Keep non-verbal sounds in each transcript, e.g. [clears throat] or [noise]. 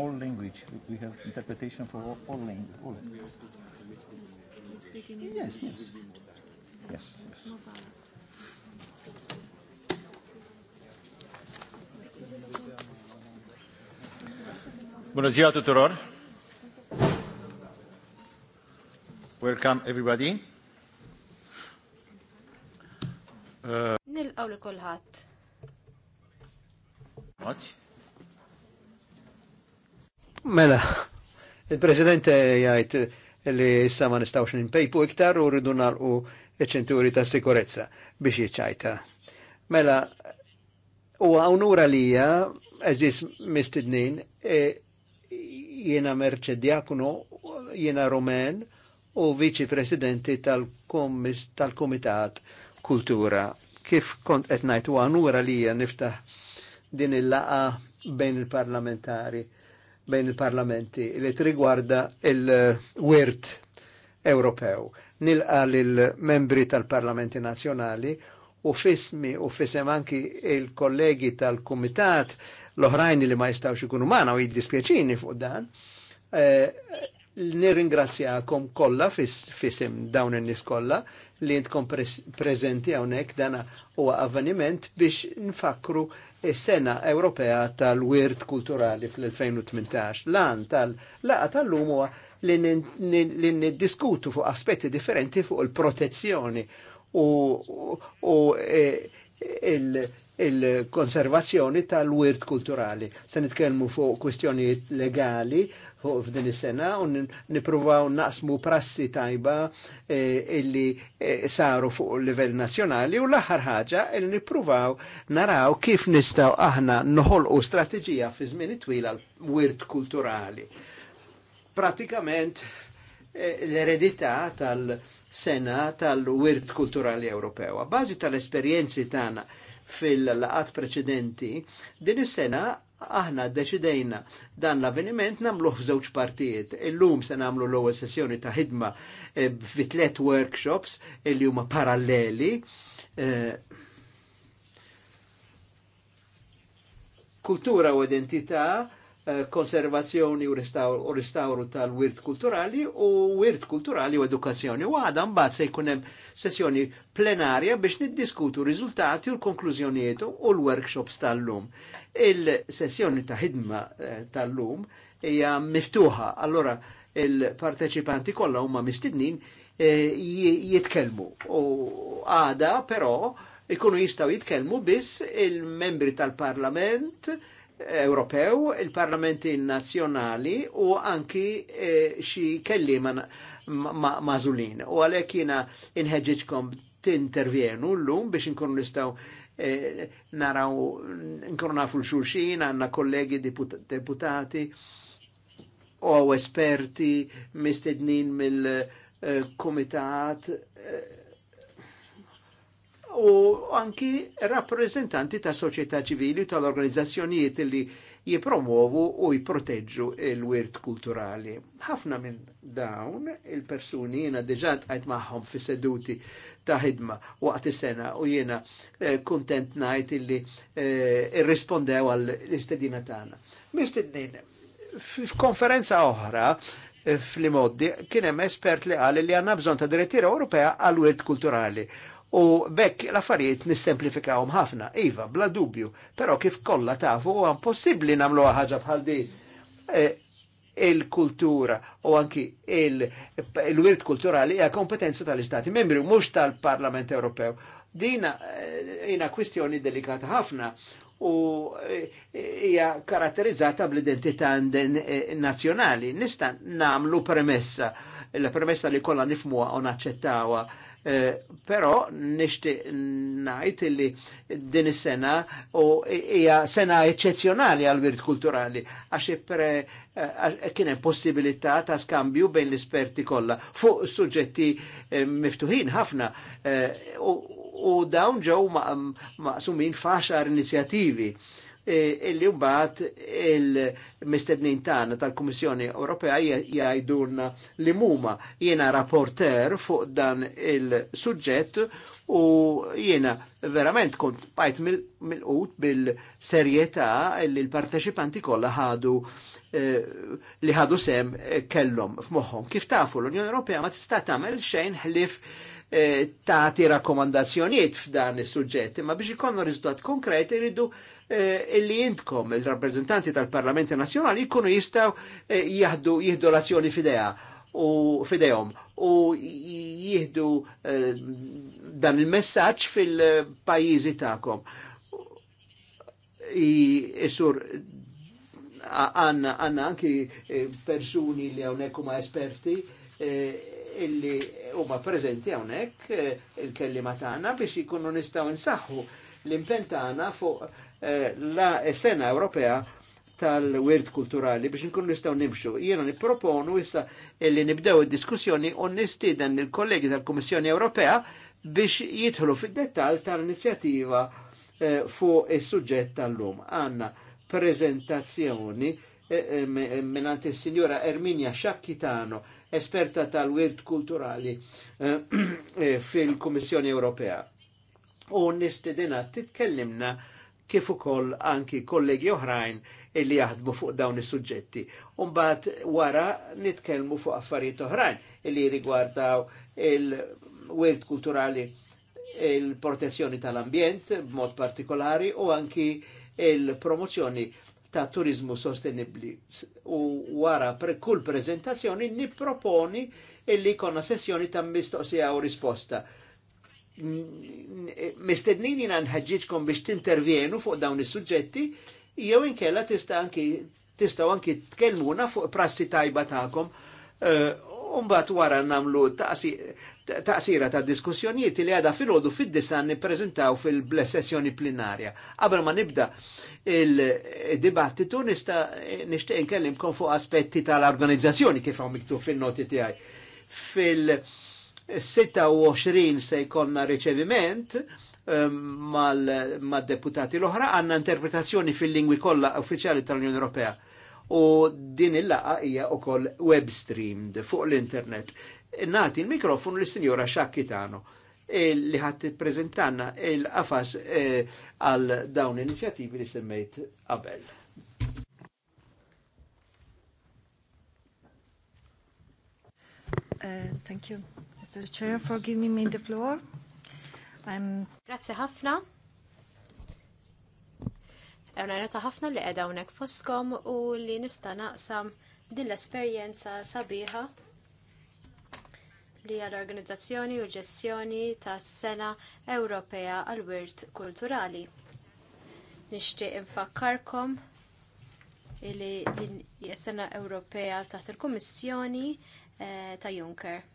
all language. We have interpretation for all, all language. All. Yes, yes. Yes, yes. Bună ziua tuturor! Welcome everybody. Uh, Nilqaw li kulħadd. Much. Mela, il-President jgħajt li issa ma nistawx ninpejpu iktar u rridu nalqu iċ-ċenturi ta' sikurezza biex jiċċajta. Mela, u għawnura hija eżis mistidnin, e, jena merċe diakonu, jena rumen u viċi presidenti tal-Komitat tal Kultura. Kif kont etnajt u għanura li niftaħ din il-laqa bejn il-parlamentari bejn il-parlamenti li trigwarda il-wirt Ewropew. Nilqa l-membri tal-parlamenti nazjonali u fismi u fisem anki il-kollegi tal-komitat l-oħrajn li ma jistawx ikunu mana u jiddispieċini fuq dan. Eh, Nirringrazzjakom kollha fisem dawn in-nies kollha li jintkom prezenti għonek dana u avveniment biex nfakru sena Ewropea tal-wirt kulturali fl-2018. Lan tal-laqa tal-lum huwa li niddiskutu fuq aspetti differenti fuq il-protezzjoni u e, il-konservazzjoni tal-wirt kulturali. Se nitkellmu fuq kwestjoni legali, fuq f'din is-sena u nippruvaw naqsmu prassi tajba eh, illi eh, saru fuq livell nazzjonali u l-aħħar ħaġa illi nippruvaw naraw kif nistgħu aħna noħolqu strateġija fi żmien twil għal-wirt kulturali. Pratikament eh, l-eredità tal-sena tal-wirt kulturali Ewropew. Bażi tal-esperjenzi tagħna fil-laqat preċedenti, din is-sena aħna deċidejna dan l-avveniment namluħ f'żewġ partijiet. Illum se namlu l-ewwel sessjoni ta' ħidma eh, fi tliet workshops li huma paralleli. Eh, kultura u identità Eh, konservazzjoni u ristawru tal-wirt kulturali u wirt kulturali u edukazzjoni. U għada mbagħad se jkun hemm sessjoni plenarja biex niddiskutu riżultati u l-konklużjonijiet u l-workshops tal-lum. Il-sessjoni ta' ħidma eh, tal-lum hija miftuħa. Allora il-parteċipanti kollha huma mistednin eh, jitkellmu. U għada però ikunu jistaw jitkellmu biss il-membri tal-parlament Ewropew, il-parlamenti nazjonali u anki e, xi kelli mażulin. u għalhekk jiena inħeġġitkom tintervjenu llum biex inkunu nistgħu e, naraw nkunu nafu l-xulxin, għandna kollegi deputati u esperti mistednin mill-komitat e, u anki rappresentanti ta' soċjetà ċivili tal-organizzazzjonijiet li jipromuovu u jiproteġġu il-wirt kulturali. Ħafna minn dawn il-persuni jiena diġà tqajt magħhom fi seduti ta' ħidma waqt is-sena u jiena eh, kuntent ngħid illi rrispondew eh, irrispondew għall istedina tagħna. Mistednin, f'konferenza oħra eh, fl-imoddi kien hemm espert li qal li għandna bżonn ta' direttiva Ewropea għal wirt kulturali U bekk l-affarijiet nissemplifikawhom ħafna, iva, bla dubju, però kif kollha tafu huwa impossibbli nagħmluha ħaġa bħal din. E, il-kultura u anki il-wirt kulturali hija kompetenza tal-Istati membri, mhux tal-Parlament Ewropew. Dina eh, hija kwistjoni delikata ħafna u eh, hija karatterizzata bl-identità eh, nazzjonali. Nista' namlu premessa, la premessa li kollha nifmuha u naċċettawha Eh, però nishti najt illi din sena u hija sena eċċezzjonali għal wirt kulturali għax eh, kien possibilità ta' skambju bejn l-esperti kollha fuq suġġetti eh, miftuħin ħafna u dawn ġew maqsumin faxar inizjattivi. Eh, illi mbagħad il-mistednin tagħna tal-Kummissjoni Ewropea jgħidulna li huma jiena rapporter fuq dan il-suġġett u jiena verament kont bajt mil qut bil-serjetà li l-parteċipanti kollha ħadu eh, li ħadu sem kellhom f'moħħhom. Kif tafu l-Unjoni Ewropea ma tista' tagħmel xejn ħlif eh, tagħti rakkomandazzjonijiet f'dan is-suġġett, imma biex ikollna riżultat konkreti jridu Eh, illi jintkom il-rappresentanti tal-Parlamenti Nazjonali jkunu jistaw eh, jihdu jihdu l-azzjoni fidea u fidejom u jihdu eh, dan il-messaġġ fil pajizi ta'kom. Isur e għanna għanna anki persuni li għonek ma esperti illi huma prezenti għonek il-kellima tagħna biex jikunu nistaw nsaħħu l-impentana fuq eh, la sena Ewropea tal-wirt kulturali biex nkun nistaw nimxu. Jiena nipproponu issa li nibdew id-diskussjoni u nistieden il-kollegi tal-Kummissjoni Ewropea biex jidħlu fid dettall tal-inizjattiva eh, fuq is-suġġett tal-lum. Għanna prezentazzjoni eh, minnant il-Sinjora Erminia Xakkitano, esperta tal-wirt kulturali [clears throat] fil-Kummissjoni Ewropea u nistidina titkellimna kif ukoll anki kollegi oħrajn illi jaħdmu fuq dawn is-suġġetti. Umbagħad wara nitkellmu fuq affarijiet oħrajn illi rigwardaw il-wirt kulturali il-protezzjoni tal-ambjent b'mod partikolari u anki il-promozzjoni ta' turizmu sostenibli. U wara pre kull prezentazzjoni nipproponi illi konna sessjoni ta' mistoqsija u risposta mistednin jina nħagġiċkom biex t-intervjenu fuq dawn is-suġġetti, jew inkella tista' anki tistgħu anki tkellmuna fuq prassi tajba tagħkom eh, Umbat wara namlu taqsira ta' diskussjonijiet li għada fil-ħodu fil-disan niprezentaw fil-sessjoni plenarja. Qabel ma nibda il-dibattitu nista nishtiq nkellimkom fuq aspetti tal-organizzazzjoni kif hawn miktub fil-noti tiegħi. Fil-, -noti 26 se jkollna riċeviment mal-deputati ehm, mal deputati l oħra għanna interpretazzjoni fil-lingwi kollha uffiċjali tal-Unjoni Ewropea. U din il-laqa hija wkoll web streamed fuq l-internet. Nagħti il-mikrofonu lis-Sinjora Xakkitano e li ħadd tippreżentanna il-qafas e, għal dawn l-inizjattivi li semmejt qabel. Uh, thank you. Mr. Chair for giving me the floor. I'm... Grazie ħafna. Ewna rata ħafna li edha unek foskom u li nista naqsam din l-esperienza sabiħa li għal organizzazzjoni u ġestjoni tas sena Ewropea għal wirt kulturali. Nixtieq infakkarkom li din sena Ewropea taħt il-Kummissjoni eh, ta' Juncker.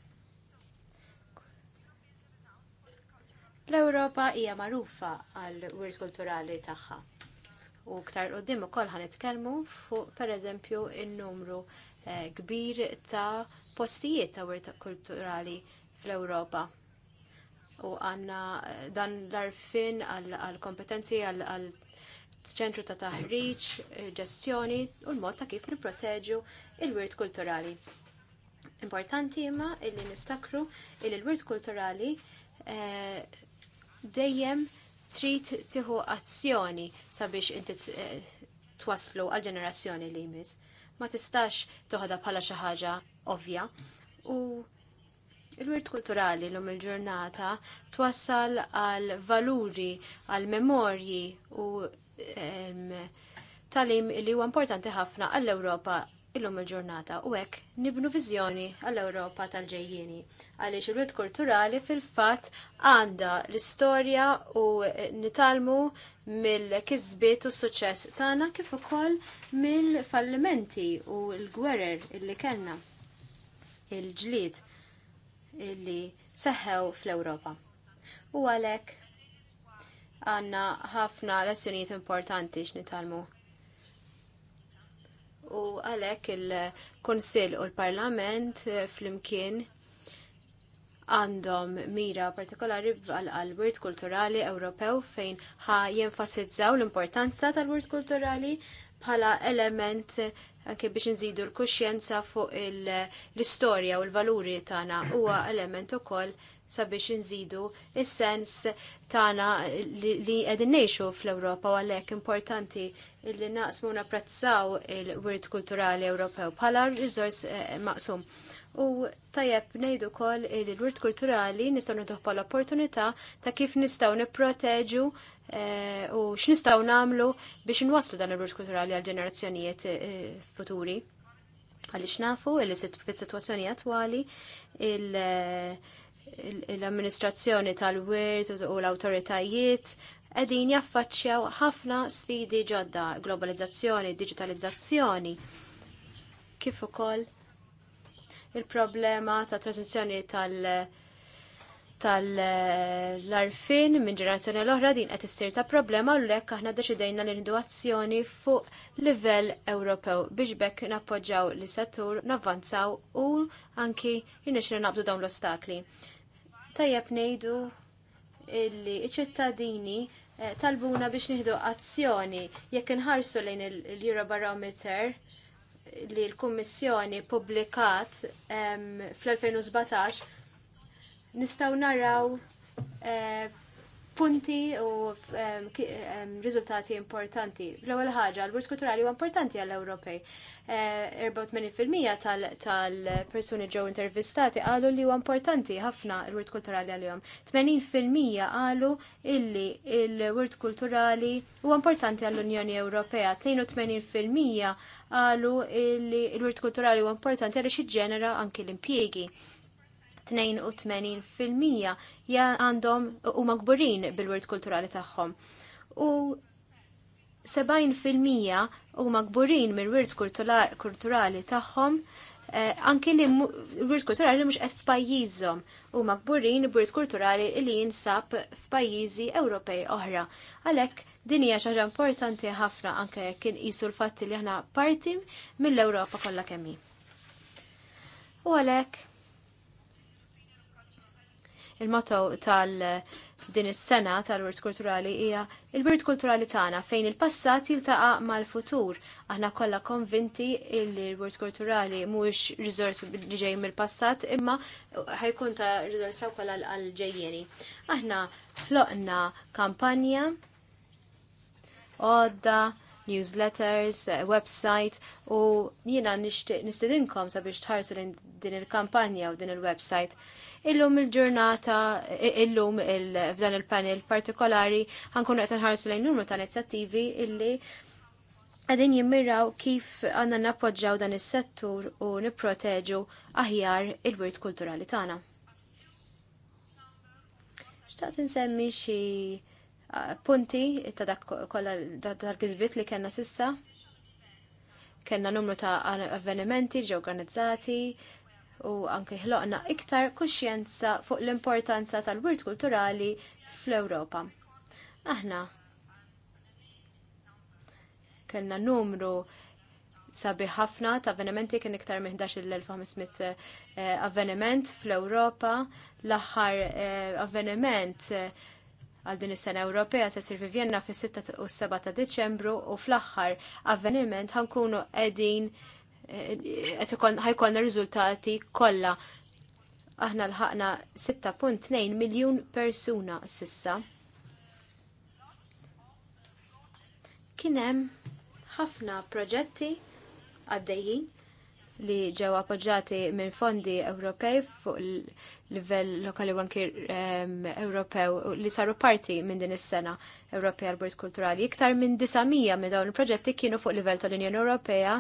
L-Ewropa hija magħrufa għal wirs kulturali tagħha. U ktar qudiem ukoll ħanitkellmu fuq pereżempju in-numru eh, kbir ta' postijiet ta' wirt kulturali fl-Ewropa u għanna eh, dan l-arfin għal-kompetenzi għal-ċentru ta' taħriċ, eh, ġestjoni u l-mod ta' kif niproteġu il-wirt kulturali. Importanti imma illi niftakru illi l-wirt kulturali dejjem trid tieħu azzjoni sabiex inti eh, twaslu għal ġenerazzjoni li jmiss. Ma tistax toħda bħala xi ħaġa ovvja. U il-wirt kulturali l-lum il-ġurnata twassal għal valuri, għal memorji u tal-im li huwa importanti ħafna għall-Ewropa illum il-ġurnata u hekk nibnu viżjoni għall-Ewropa tal-ġejjieni għaliex il-wirt kulturali fil-fatt għandha l-istorja u nitalmu mill-kisbiet u s-suċċess tagħna kif ukoll mill-fallimenti u l-gwerer illi kellna il-ġlied illi seħħew fl-Ewropa. U għalhekk għandna ħafna lezzjonijiet importanti x'nitalmu u għalhekk il-Kunsill u l-Parlament eh, flimkien għandhom mira partikolari għal-wirt kulturali Ewropew fejn ħa jenfasizzaw l-importanza tal-wirt kulturali bħala element anke biex nżidu l-kuxjenza fuq l-istorja u l-valuri tagħna huwa element ukoll sabiex nżidu is-sens tagħna li qegħdin ngħixu fl-Ewropa u għalhekk importanti li naqsmu napprezzaw il-wirt kulturali Ewropew bħala riżors eh, maqsum. U tajjeb ngħidu wkoll li l-wirt kulturali nistgħu nieħduh bħala opportunità ta' kif nistgħu nipproteġu eh, u x'nistgħu nagħmlu biex inwasslu dan il-wirt kulturali għal ġenerazzjonijiet eh, futuri għalix nafu il-situazzjoni attwali il- l-amministrazzjoni tal-wirt u l-autoritajiet edin jaffaċċjaw ħafna sfidi ġodda, globalizzazzjoni, digitalizzazzjoni, kif ukoll il-problema ta' trasmissjoni tal- tal-arfin minn ġenerazzjoni l-oħra din qed issir ta' problema u lek aħna deċidejna l azzjoni fuq livell Ewropew biex bekk nappoġġaw li settur navvanzaw u anki jinnexxina nabdu dawn l-ostakli tajjeb ngħidu illi iċ-ċittadini eh, talbuna biex nieħdu azzjoni jekk inħarsu lejn il-Eurobarometer li l-Kummissjoni publikat fl-2017 nistaw naraw eh, punti u ehm, ehm, riżultati importanti. L-ewwel ħaġa, l-wirt kulturali huwa importanti għall-Ewropej. Eh, fil-mija tal-persuni ġew intervistati qalu li huwa importanti ħafna l-wirt kulturali għalihom. 80% qalu illi l-wirt kulturali huwa importanti għall-Unjoni Ewropea. 82% qalu illi l-wirt kulturali huwa importanti għaliex iġġenera anki l-impjiegi. 82% ja għandhom huma magburin bil-wirt kulturali tagħhom. U 70% huma magburin mill-wirt kulturali tagħhom eh, anki li l-wirt kulturali mhux qed f'pajjiżhom huma magburin bwirt kulturali li jinsab f'pajjiżi Ewropej oħra. Għalhekk din hija xi ħaġa importanti ħafna anke kien qisu l-fatt li aħna parti mill-Ewropa kollha kemm U għalhekk Il-motto tal-din is-sena tal-Wirt Kulturali hija il-Wirt Kulturali tagħna fejn il-passat jiltaqa' mal-futur. Aħna kollha konvinti li l-Wirt Kulturali mhuwiex riżors li ġej mill-passat imma ħajkun ta' riżorsa wkoll għal ġejjieni Aħna ħloqna kampanja għodda newsletters, website u jina nistidinkom sabiex tħarsu din il-kampanja u din il-website. Illum il-ġurnata, illum f'dan il-panel partikolari, għankun qed nħarsu lejn numru ta' inizjattivi illi għadin jimmiraw kif għanna nappoġġaw dan is-settur u nipproteġu aħjar il-wirt kulturali tagħna. Xtaqt insemmi xi punti ta' dak kollha tal-kisbit li kellna sissa. Kellna numru ta' avvenimenti ġew organizzati, u anke ħloqna iktar kuxjenza fuq l-importanza tal-wirt kulturali fl-Ewropa. Aħna kellna numru sabi ħafna ta' avvenimenti kien iktar minn 11.500 eh, avveniment fl-Ewropa. L-aħħar eh, avveniment eh, għal din is-sena Ewropea se sir Vienna fis-6 u 7 ta' Deċembru u fl-aħħar avveniment ħankunu qegħdin Eh, eh, ħajkon rizultati kollha. Aħna lħaqna 6.2 miljun persuna sissa. Kien hemm ħafna proġetti għaddejjin li ġew appoġġjati minn fondi Ewropej fuq livell lokali u ehm, Ewropew li saru parti minn din is-sena Ewropea l-Bord Kulturali. Iktar minn 900 minn dawn il-proġetti kienu fuq livell tal-Unjoni Ewropea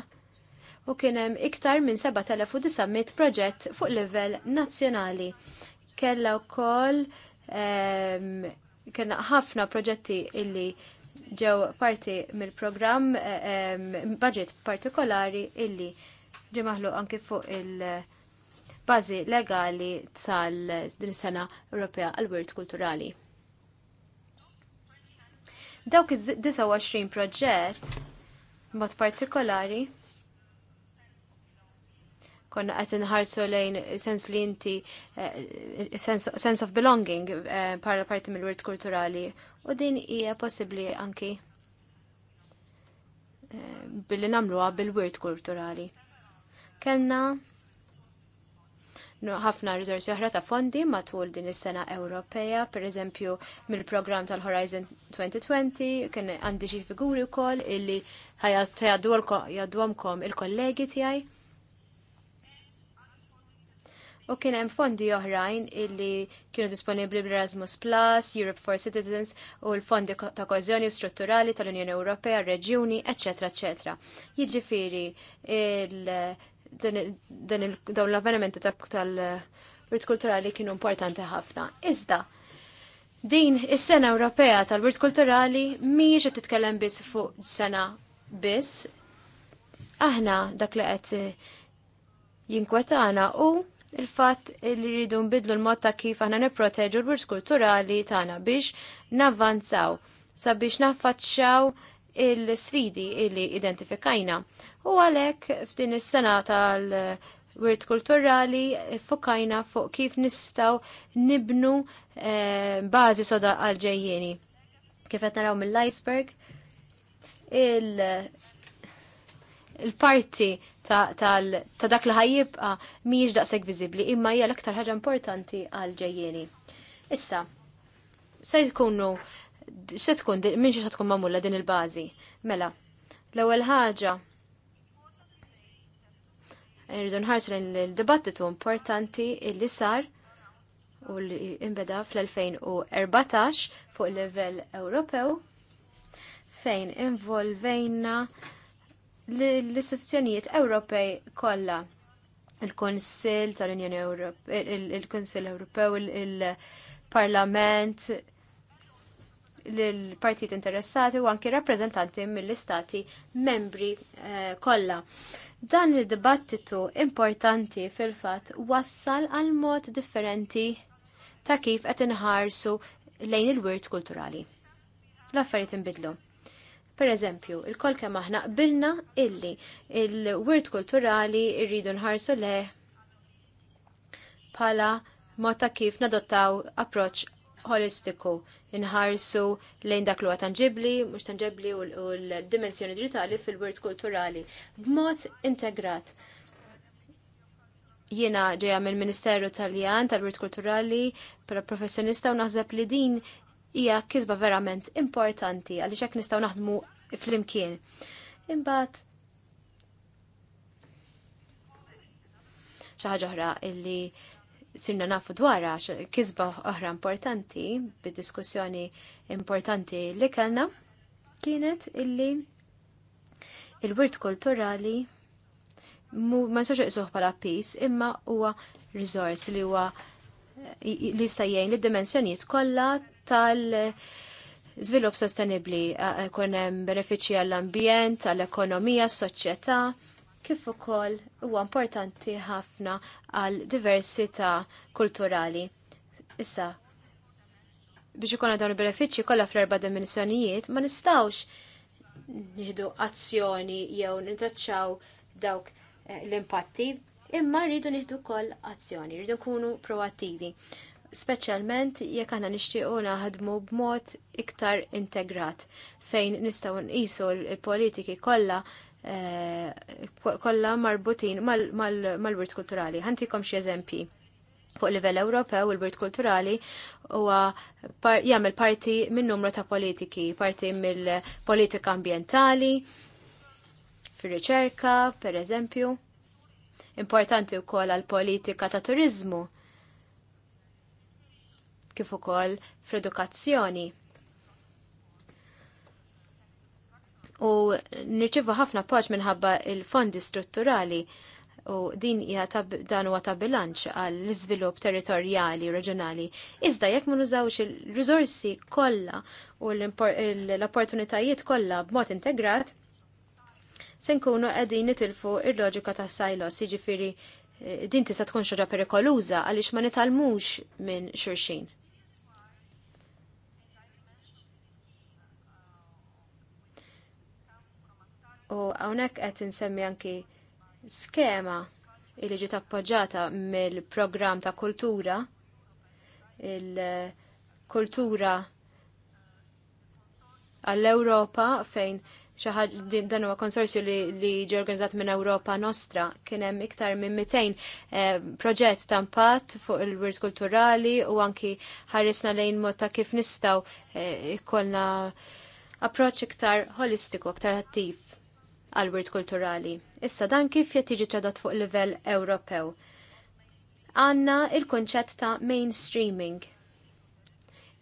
u kien hemm iktar minn 7900 proġett fuq livell nazzjonali. Kella wkoll um, ehm, kien ħafna proġetti illi ġew parti mill-programm um, budget partikolari illi ġimaħlu anki fuq il-bażi legali tal-din sena Ewropea għal-Wirt Kulturali. Dawk iż-29 proġett mod partikolari konna qed inħarsu lejn sens li inti eh, sense of belonging parla eh, parti mill-wirt kulturali u din hija possibbli anki eh, billi namluha bil-wirt kulturali. Kellna ħafna riżorsi oħra ta' fondi matul din is-sena Ewropea, pereżempju mill-programm tal-Horizon 2020, kien għandi xi figuri wkoll illi ħajadduhomkom il-kollegi tiegħi U kien hemm fondi oħrajn illi kienu disponibbli bl-Erasmus Plus, Europe for Citizens u l-fondi ta' kozjoni u strutturali tal-Unjoni Ewropea, reġjuni, eċetera, eċetera. Jiġifieri dawn l-avvenimenti tal-wirt kulturali kienu importanti ħafna. Iżda, din is-sena Ewropea tal-wirt kulturali mhijiex qed titkellem biss fuq sena biss. Aħna dak li qed jinkwetana u il-fatt li rridu nbidlu l-mod ta' kif aħna nipproteġu l-wirt kulturali tagħna biex navvanzaw sabiex naffaċċaw il-sfidi illi identifikajna. U għalhekk f'din is-sena tal-wirt kulturali fukajna fuq kif nistgħu nibnu eh, bażi soda għal ġejjeni Kif qed naraw mill-iceberg, il- il-parti ta', dak li ħajjibqa mhijiex daqshekk vizibli, imma hija l-aktar ħaġa importanti għal ġejjeni. Issa, se tkunu se tkun minn xi tkun mamulla din il-bażi. Mela, l-ewwel ħaġa irridu nħarsu lejn l dibattitu importanti illi sar u li imbeda fl-2014 fuq il-level Ewropew fejn involvejna l-istituzzjonijiet Ewropej kollha il-Konsil tal-Unjoni Ewropea, il-Konsil Ewropew, il-Parlament, l-partijiet interessati u anki rappresentanti mill-istati membri eh, kollha. Dan il-dibattitu importanti fil-fatt wassal għal mod differenti ta' kif qed inħarsu lejn il-wirt kulturali. L-affarijiet inbidlu. Per eżempju, il-kol kemm aħna qbilna illi il-wirt kulturali irridu nħarsu leħ pala mod ta' kif nadottaw approċ holistiku inħarsu lejn dak li huwa tanġibli, mhux tanġibli u l-dimensjoni digitali fil-wirt kulturali b'mod integrat. Jiena ġejja mill-Ministeru Taljan tal-Wirt Kulturali bħala professjonista u naħseb li din hija kisba verament importanti għaliex hekk nistgħu naħdmu flimkien. Imbagħad xi ħaġa oħra illi sirna nafu dwarha kisba oħra importanti bid-diskussjoni importanti li kellna kienet illi il-wirt kulturali ma nistax iqsuh bħala pis imma huwa riżors li huwa li jista' jgħin lid dimensjonijiet kollha tal- Zvilup sostenibli, kunem benefiċi għall-ambjent, għall-ekonomija, s-soċjetà, kif ukoll huwa importanti ħafna għal diversità kulturali. Issa, biex ikun dawn il-benefiċċji kollha fl-erba' dimensjonijiet ma nistgħux nieħdu azzjoni jew nintraċċaw dawk eh, l-impatti, imma rridu nieħdu wkoll azzjoni, rridu nkunu proattivi speċjalment jekk aħna nixtiequ naħdmu b'mod iktar integrat fejn nistgħu nqisu l-politiki kollha eh, kollha marbutin mal-wirt kulturali. Ħantikom xi eżempji fuq livell Ewropew il-wirt kulturali huwa jagħmel parti minn numru ta' politiki, parti mill-politika ambjentali, fir-riċerka, per eżempju. Importanti wkoll għal politika ta' turizmu kif ukoll fl-edukazzjoni. U nirċivu ħafna appoġġ minħabba il-fondi strutturali u din hija dan huwa ta' bilanċ għall iżvilupp territorjali u reġjonali. Iżda jekk ma nużawx il-riżorsi kollha u l-opportunitajiet kollha b'mod integrat, se nkunu qegħdin nitilfu il-loġika ta' silos, jiġifieri eh, din tista' tkun ħaġa perikoluża għaliex ma nitalmux minn xulxin. U hawnhekk qed insemmi anki skema li ġiet appoġġjata mill-programm ta' kultura il-kultura għall-Ewropa fejn dan huwa konsorzju li, ġi organizzat minn Ewropa Nostra kien hemm iktar minn 200 eh, proġett ta' impatt fuq il-wirt kulturali u anki ħarisna lejn mod ta' kif nistgħu eh, ikollna approċċ iktar holistiku, iktar attiv għal wirt kulturali. Issa dan kif jett jiġi tradott fuq livell Ewropew. Għanna il-konċett ta' mainstreaming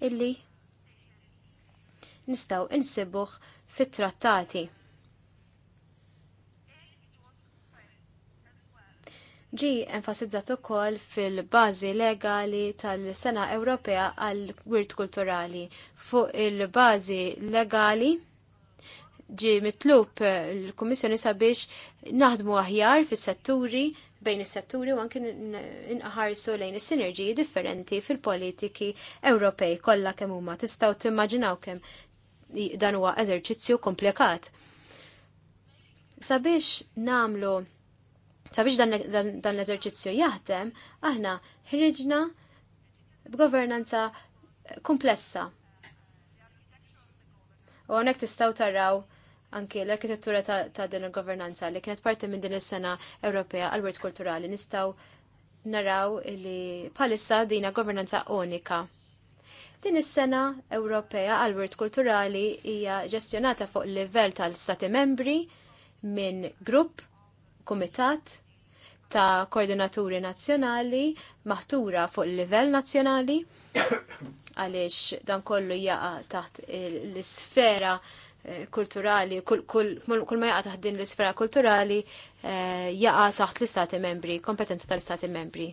illi nistaw insibuħ fit-trattati. ġi enfasizzat ukoll fil-bażi legali tal-Sena Ewropea għall wirt Kulturali fuq il-bażi legali ġi mitlub eh, l-Komissjoni sabiex naħdmu aħjar fis-setturi bejn is-setturi u anke inqaħarsu lejn is-sinerġiji differenti fil-politiki Ewropej kollha kemm huma tistgħu timmaġinaw kemm dan huwa eżerċizzju komplikat. Sabiex namlu sabiex dan, dan, dan l-eżerċizzju jaħdem, aħna ħriġna b'governanza komplessa U għonek tistaw taraw anki l-arkitettura ta' din il-governanza li kienet parti minn din is-sena Ewropea għal-Wirt Kulturali nistaw naraw li palissa dina governanza unika. Din is-sena Ewropea għal-Wirt Kulturali hija ġestjonata fuq livell tal-Stati membri minn grupp, kumitat, ta' koordinaturi nazzjonali maħtura fuq livell nazzjonali għaliex dan kollu jaqa taħt l-sfera eh, kulturali, kull ma jaqa taħt din l-sfera kulturali eh, jaqa taħt l-istati membri, kompetenza tal-istati membri.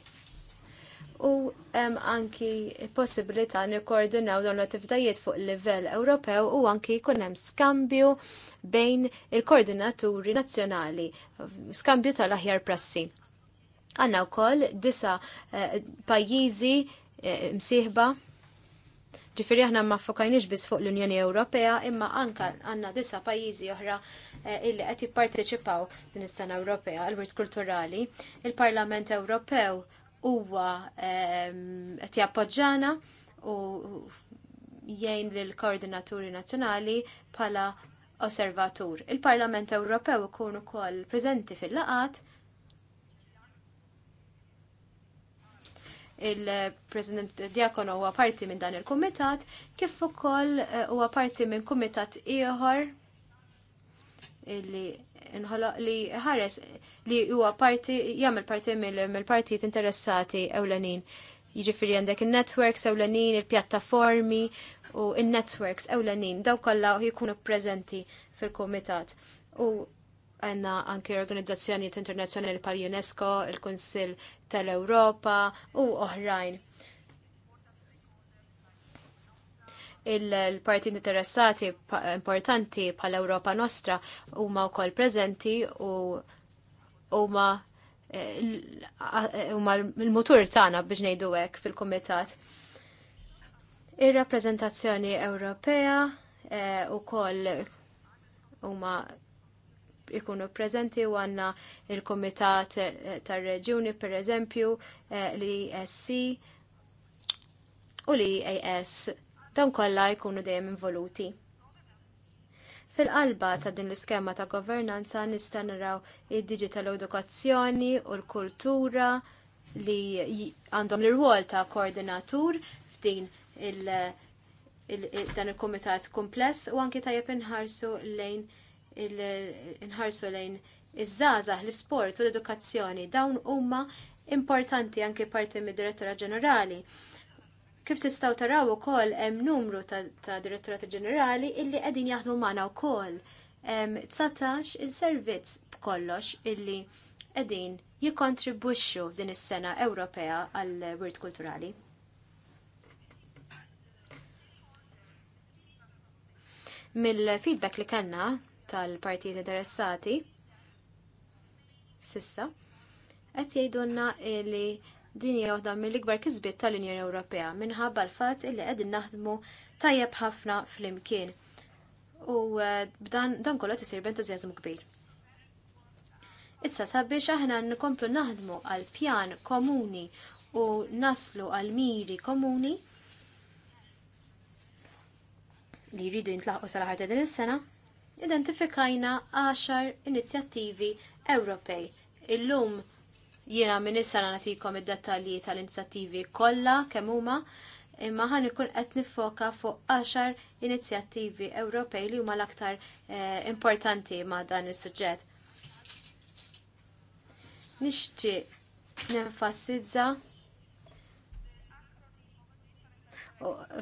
U hemm anki possibilità nikkoordinaw dawn l-attivitajiet fuq livell Ewropew u anki jkun hemm skambju bejn il-koordinaturi nazzjonali, skambju tal-aħjar prassi. Għandna wkoll disa eh, pajjiżi msieħba Ġifiri aħna ma fokajniex biss fuq l-Unjoni Ewropea imma anka għandna disa pajjiżi oħra eh, illi qed jipparteċipaw din is-sena Ewropea għall wirt kulturali. Il-Parlament Ewropew huwa ehm, qed jappoġġana u jgħin lill koordinaturi nazzjonali bħala osservatur. Il-Parlament Ewropew ikun ukoll preżenti fil-laqat il-President Diakon huwa parti minn dan il-kumitat, kif ukoll eh, huwa parti minn kumitat ieħor illi li ħares li huwa parti jagħmel parti mill-partijiet interessati ewlenin. Jiġifieri għandek in-networks ewlenin, il-pjattaformi u in-networks ewlenin daw kollha jkunu preżenti fil-kumitat. U għanna anki organizzazzjonijiet internazzjonali pal UNESCO, il-Konsil tal-Europa u oħrajn. Il-parti interessati importanti pal Europa Nostra huma wkoll preżenti u huma eh, huma l-mutur tagħna biex ngħidu hekk fil-kumitat. Ir-rappreżentazzjoni Ewropea eh, u koll huma ikunu prezenti u għanna il-Komitat eh, tar-Reġjuni per eżempju eh, li esc u li AS dan kollha jkunu dejjem involuti. Fil-qalba ta' din l-iskema ta' governanza nista' naraw id-digital edukazzjoni u l-kultura li għandhom l-rwol ta' koordinatur f'din il- dan il-komitat kompless u anki tajjeb inħarsu lejn nħarsu lejn iż-żgħażagħ, l-isport u l-edukazzjoni dawn huma importanti anke parti mid direttorat Ġenerali. Kif tistgħu taraw ukoll hemm numru ta', ta Ġenerali illi qegħdin jaħdmu magħna wkoll. Hemm il-servizz b'kollox illi qegħdin jikkontribwixxu f'din is-sena Ewropea għall-Wirt Kulturali. mill-feedback li kellna tal-partijiet interessati sissa qed jgħidulna li din hija waħda mill-ikbar kisbiet tal-Unjoni Ewropea minħabba l-fatt li qegħdin naħdmu tajjeb ħafna flimkien. U eh, b'dan dan kollha tisir b'entużjażmu kbir. Issa sabiex aħna nkomplu naħdmu għal pjan komuni u naslu għal miri komuni li jridu jintlaħqu sal-ħarta din is-sena, identifikajna 10 inizjattivi Ewropej. Illum jiena minn issa nagħtikom id-dettalji tal-inizjattivi kollha kemm huma, imma ħan ikun qed nifoka fuq 10 inizjattivi Ewropej li huma l-aktar eh, importanti ma' dan is-suġġett. Nixtieq nenfasizza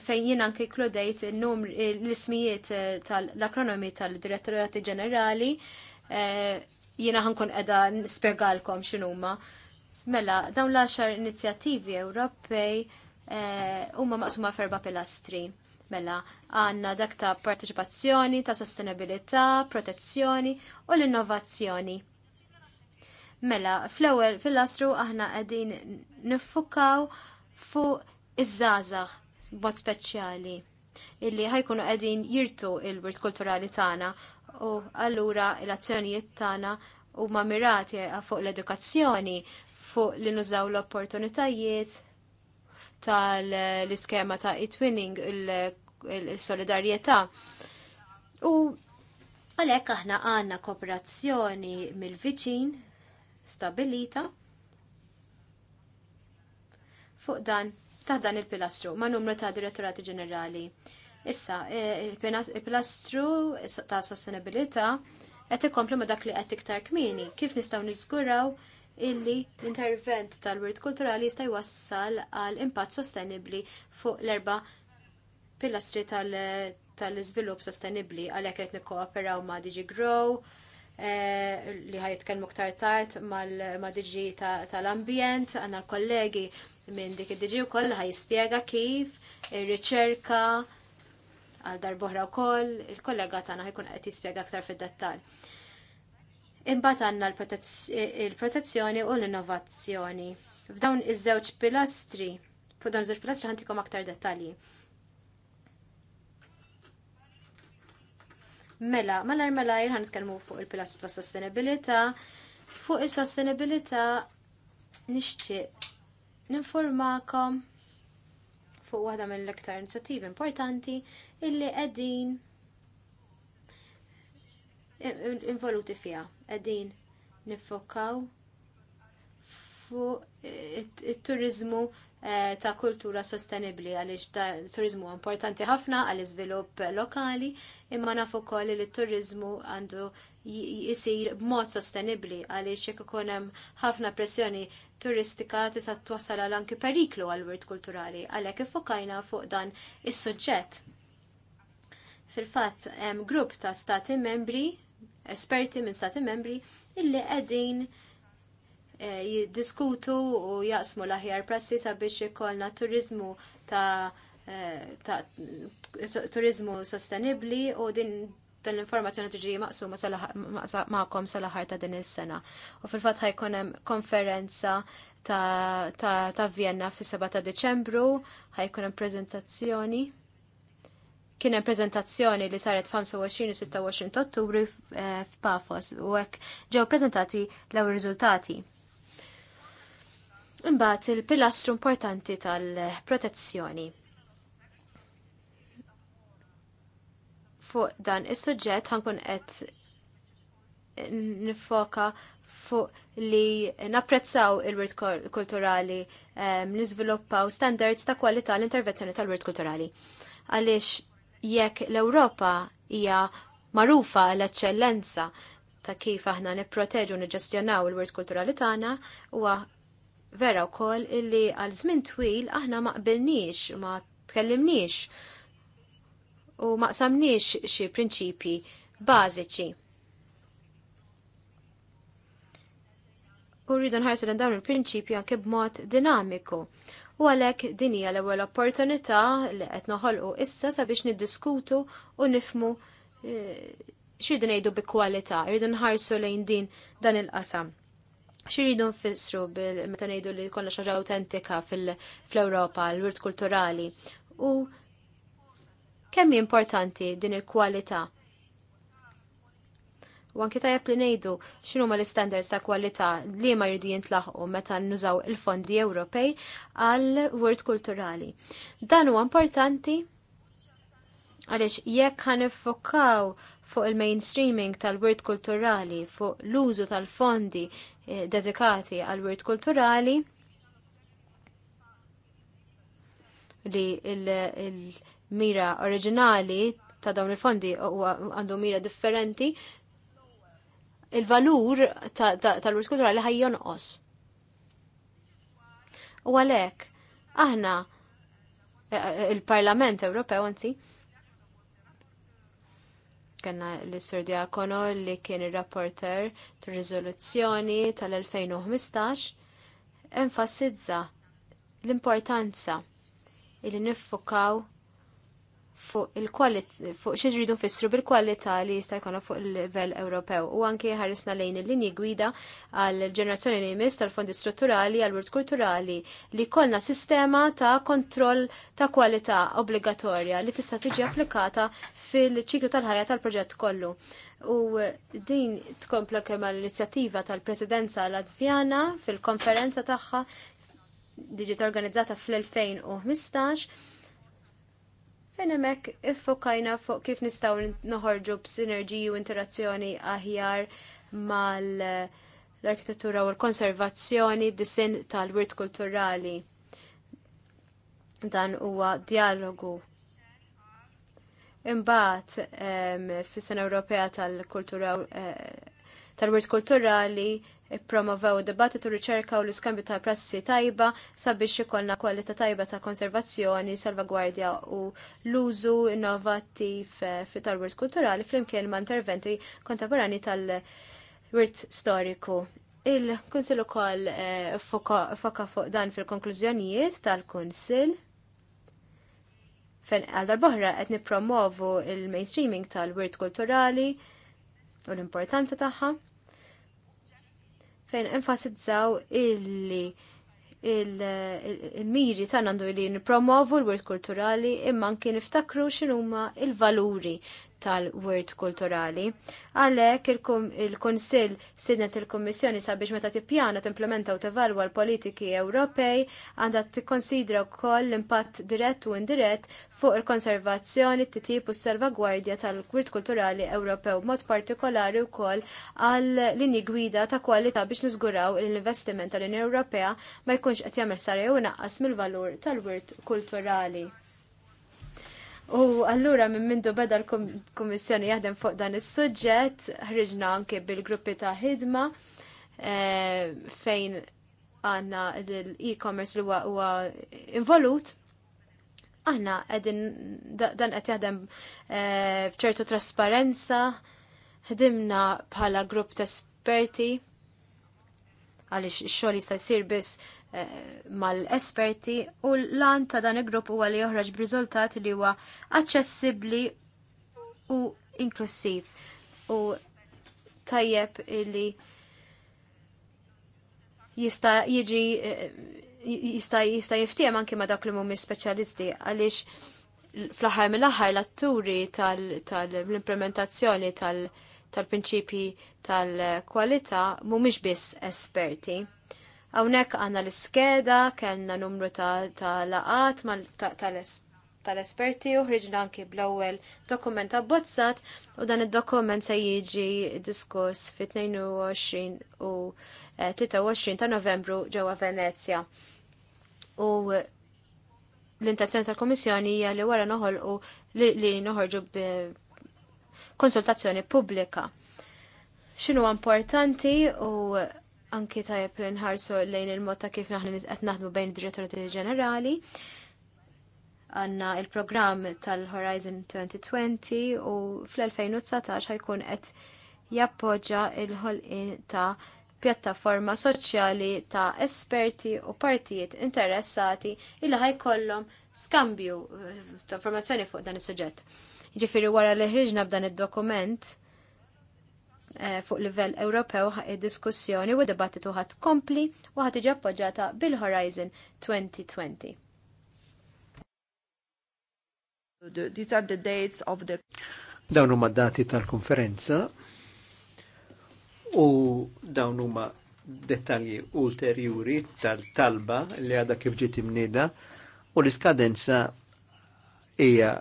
fejn jien anke klodejt l-ismijiet eh, tal-akronomi tal-direttorati ġenerali eh, jiena ħankun edha nispjegalkom x'inhuma. Mela, dawn l-għaxar inizjattivi Ewropej eh, huma maqsuma ferba pilastri. Mela, għanna dak ta' parteċipazzjoni, ta' sostenibilità, protezzjoni u l-innovazzjoni. Mela, fl-ewwel fil-lastru aħna qegħdin niffukaw fuq iż-żgħażagħ bot speċjali illi ħajkunu qegħdin jirtu il-wirt kulturali tagħna u allura l-azzjonijiet tagħna huma mirati fuq l-edukazzjoni, fuq li nużaw l-opportunitajiet tal-iskema ta' it-twinning il-solidarjetà. U għalhekk aħna għandna kooperazzjoni mill-viċin stabilita fuq dan ta' dan il-pilastru ma' numru ta' direttorati ġenerali. Issa, eh, il-pilastru ta' sostenibilità qed ikomplu ma' dak li qed iktar kmini. Kif nistgħu niżguraw illi l-intervent tal-wirt kulturali jista' jwassal għal impatt sostenibbli fuq l-erba' pilastri tal-iżvilupp sostenibli sostenibbli għalhekk qed nikkooperaw ma' Digi Grow, eh, li ħajt kelmu ktar tard ma diġi tal-ambjent, għanna kollegi minn dik id-diġi u koll ħajispiega kif ir-riċerka għal darbohra u koll, il-kollega tana ħajkun għet jispiega aktar fil-dettal. Imbat għanna il-protezzjoni u l-innovazzjoni. F'dawn iż-żewġ pilastri, fuq dawn iż-żewġ pilastri ħantikom aktar dettalji. Mela, mela mela ħan nitkellmu fuq il-pilastri ta' sostenibilità, fuq is-sostenibilità nixtieq ninformakom fuq waħda mill-iktar inizjattivi importanti illi qegħdin involuti fiha, qegħdin niffokaw fuq it-turizmu eh, ta' kultura sostenibli għaliex turiżmu turizmu importanti ħafna għal iżvilupp lokali imma naf ukoll li t-turizmu għandu jisir b'mod sostenibli għaliex jekk ikun hemm ħafna pressjoni turistika tista' twassal għal anki periklu għal wirt kulturali għalhekk ifokajna fuq dan is-suġġett. Fil-fatt hemm grupp ta' stati membri, esperti minn stati membri illi qegħdin eh, jiddiskutu u jaqsmu l-aħjar prassi sabiex ikollna turizmu ta' eh, ta' turizmu sostenibli u din dan l-informazzjoni tiġi maqsuma maqom sal ħar ta' din is-sena. U fil-fatt ħajkun hemm konferenza ta' Vienna fis-7 ta' Deċembru, ħajkun hemm preżentazzjoni kien hemm preżentazzjoni li saret 25 u 26 Ottubru eh, f'Pafos u hekk ġew preżentati l-ewwel riżultati. Imbagħad il-pilastru importanti tal-protezzjoni. fuq dan is-suġġett ħankun qed nifoka fuq li napprezzaw il-wirt kulturali niżviluppaw ehm, standards ta' kwalità l-intervenzjoni tal-wirt kulturali. Għaliex jekk l-Ewropa hija magħrufa l-eċċellenza ta' kif aħna nipproteġu niġġestjonaw il-wirt kulturali tagħna huwa vera wkoll illi għal żmien twil aħna ma qbilniex ma tkellimniex u maqsamniex xi prinċipi bażiċi. U rridu nħarsu l dawn il-prinċipju anke b'mod dinamiku. U għalhekk din hija l-ewwel opportunità li qed noħolqu issa sabiex niddiskutu u nifmu eh, xirridu ngħidu bi kwalità, rridu nħarsu lejn din dan il-qasam. Xirridu nfissru bil-meta ngħidu li kollha xaġa awtentika fil-Ewropa, l-wirt kulturali. U Kemm importanti din il-kwalità? U anki tajab li ngħidu xinu ma l-istandards ta' kwalità li ma jridu jintlaħqu meta nużaw il-fondi Ewropej għal wirt kulturali. Dan huwa importanti għaliex jekk ħan fuq il-mainstreaming tal-wirt kulturali, fuq l-użu tal-fondi eh, dedikati għal-wirt kulturali, li mira oriġinali ta' dawn il-fondi u għandu mira differenti, il-valur tal-wirt kulturali ħaj jonqos. U għalek, aħna eh, eh, il-Parlament Ewropew anzi, kanna l-Sir Diakono li kien il-rapporter tal-rizoluzzjoni tal-2015, enfasizza l-importanza il-niffukaw fuq il-kwalità fuq xi ġridu fissru bil-kwalità li jista' jkollha fuq il-livell Ewropew u anke ħarisna lejn il-linji gwida għal ġenerazzjoni li jmiss tal-fondi strutturali għal wirt kulturali li kollna sistema ta' kontroll ta' kwalità obbligatorja li tista' tiġi applikata fil-ċiklu tal-ħajja tal-proġett kollu. U din tkompla kemm l-inizjattiva tal-Presidenza Latvjana fil-konferenza tagħha li ġiet organizzata fl-2015 Enemek iffokajna fuq kif nistaw noħorġu b'sinerġiji u interazzjoni aħjar mal l-arkitettura u l-konservazzjoni disin tal-wirt kulturali. Dan huwa dialogu. Imbagħad fis-Sena Ewropea tal-Kultura eh, tal-Wirt Kulturali ippromovew u riċerka u l-iskambju ta' prassi tajba sabiex ikollna kwalità tajba ta' konservazzjoni, salvagwardja u l-użu innovattiv eh, fit tal-wirt kulturali flimkien ma' interventi kontemporani tal-wirt storiku. Il-Kunsil ukoll eh, foka fuq dan fil-konklużjonijiet tal-Kunsil fejn għal darbohra qed nippromovu il-mainstreaming tal-wirt kulturali u l-importanza tagħha fejn enfasizzaw illi il-miri tan għandu li nipromovu l-wirt kulturali imma anki niftakru x'inhuma il-valuri tal-wirt kulturali. Għalhekk il-Kunsill sidnet il-Kummissjoni sabiex meta tippjana timplementa u tevalwa l-politiki Ewropej għandha tikkonsidra wkoll l-impatt dirett u indirett fuq il-konservazzjoni, t-tip u s-salvagwardja tal-wirt kulturali Ewropew mod partikolari wkoll għal linji gwida ta' kwalità biex niżguraw l-investiment tal-Unjoni Ewropea ma jkunx qed jagħmel sarja u mill-valur tal-wirt kulturali. U allura minn mindu beda l-Kummissjoni jaħdem fuq dan is-suġġett, ħriġna anke bil-gruppi ta' ħidma eh, fejn għanna l-e-commerce li huwa involut. Aħna qegħdin dan qed jaħdem eh, bċertu trasparenza, ħdimna bħala grupp ta' esperti għaliex ix-xogħol jista' jsir biss Eh, mal-esperti u l-lan ta' dan il-grupp huwa li joħroġ b'riżultat li huwa aċċessibbli u inklusiv u tajjeb li jista' jiġi eh, jista' jista' jiftiem anke ma' dak li mhumiex speċjalisti għaliex fl-aħħar mill-aħħar l-atturi tal-implementazzjoni tal-prinċipji tal-kwalità mhumiex biss esperti. Hawnhekk għandna l-iskeda, kellna numru ta' laqat tal-esperti u ħriġna anki bl-ewwel dokument abbozzat u dan id-dokument se jiġi diskuss fit-22 u 23 eh, ta' Novembru ġewwa Venezja. U l-intenzjoni tal-Komissjoni hija li wara noħolqu li noħorġu konsultazzjoni pubblika. X'inhu importanti u anki tajab li nħarsu lejn il-mod ta' kif naħna qed naħdmu bejn id ġenerali. Għanna il-programm tal-Horizon 2020 u fl-2019 ħajkun qed jappoġġa il-ħolqin ta' pjattaforma soċjali ta' esperti u partijiet interessati illi ħajkollhom skambju ta' informazzjoni fuq dan is-suġġett. Ġifieri wara li ħriġna b'dan id-dokument, Eh, fuq livell Ewropew id-diskussjoni eh, u dibattitu ħadd kompli u ħadd iġi appoġġjata bil-Horizon 2020. The, these are the dates of the Dawn huma dati tal-konferenza u dawn huma dettalji ulterjuri tal-talba li għadha kif ġiet imnida u l-iskadenza hija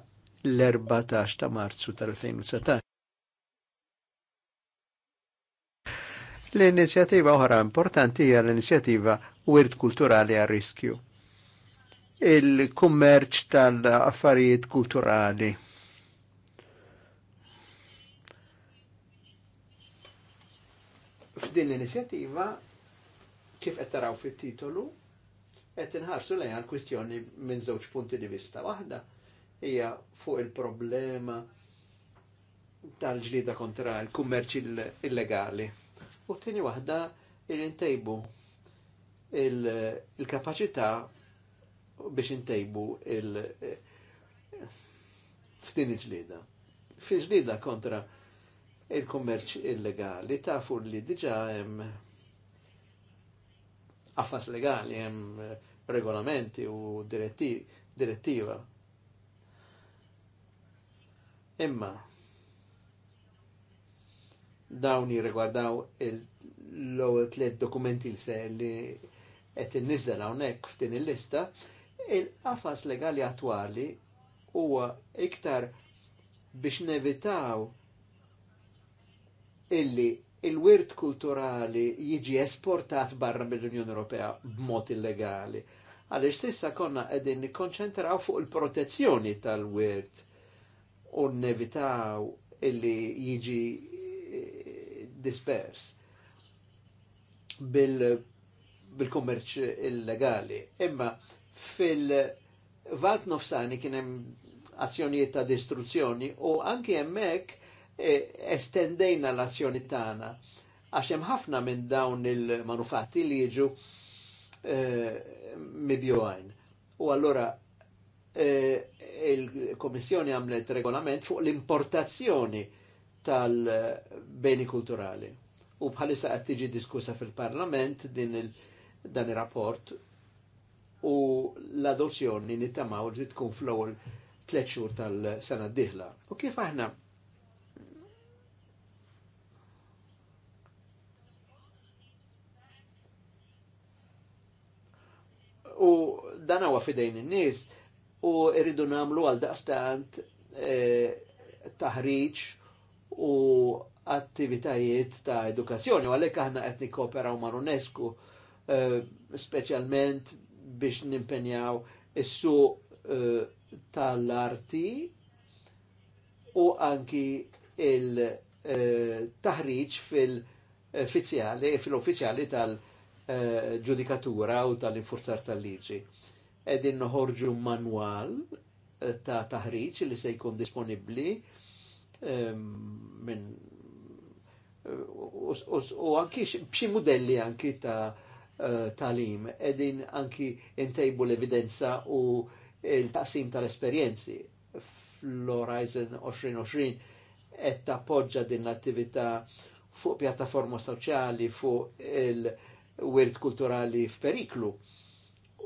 l-14 ta' Marzu tal-2019. L-inizjattiva oħra importanti hija l-inizjattiva Wirt Kulturali għal Riskju. Il-kummerċ tal-affarijiet kulturali. F'din l-inizjattiva kif qed taraw fit-titolu qed inħarsu lejn kwistjoni minn żewġ punti di vista. Waħda hija fuq il-problema tal-ġlida kontra l-kummerċ illegali. Il u t-tini wahda il-intejbu il-kapacità biex intejbu il- f'din il-ġlida. Fil-ġlida kontra il-kommerċ illegali tafu li diġa hemm affas legali hemm regolamenti u direttiva. Imma dawn jirregwardaw l-ewwel tliet dokumenti li se li qed innizzel hawnhekk f'din il-lista, il-qafas legali attwali huwa iktar biex nevitaw illi il-wirt kulturali jiġi esportat barra mill-Unjoni Ewropea b'mod illegali. Għaliex sissa konna qegħdin nikkonċentraw fuq il-protezzjoni tal-wirt u nevitaw illi jiġi dispers bil-kummerċ illegali. Imma fil-Valt Nofsani kien hemm azzjonijiet ta' distruzzjoni u anki hemmhekk e, estendejna l-azzjoni tagħna għax hemm ħafna minn dawn il-manufatti li jiġu eh, mibjuajn. U allora e, il-Komissjoni għamlet regolament fuq l-importazzjoni tal-beni kulturali. U bħalissa qed tiġi diskussa fil-Parlament din il dan ir-rapport u l-adozzjoni nittama li tkun fl-ewwel tliet xhur tal-sena d-dieħla. U kif aħna U dan huwa fidejn in-nies u rridu namlu għal daqstant e, taħriġ u attivitajiet ta' edukazzjoni, u għalek aħna qed nikoperaw ma' UNESCO eh, specialment biex nimpenjaw issu eh, tal-arti u anki il fil eh, uh, fil-uffiċjali fil tal-ġudikatura u tal-infurzar tal-liġi. Edin noħorġu manwal ta' taħriġ li se jkun disponibli Ehm, minn u anki bxie modelli anki ta' eh, talim edin anki intejbu l-evidenza u il-taqsim tal-esperjenzi fl-Horizon 2020 ta poġġa din l-attività fuq pjattaforma soċjali fuq il-wirt kulturali f'periklu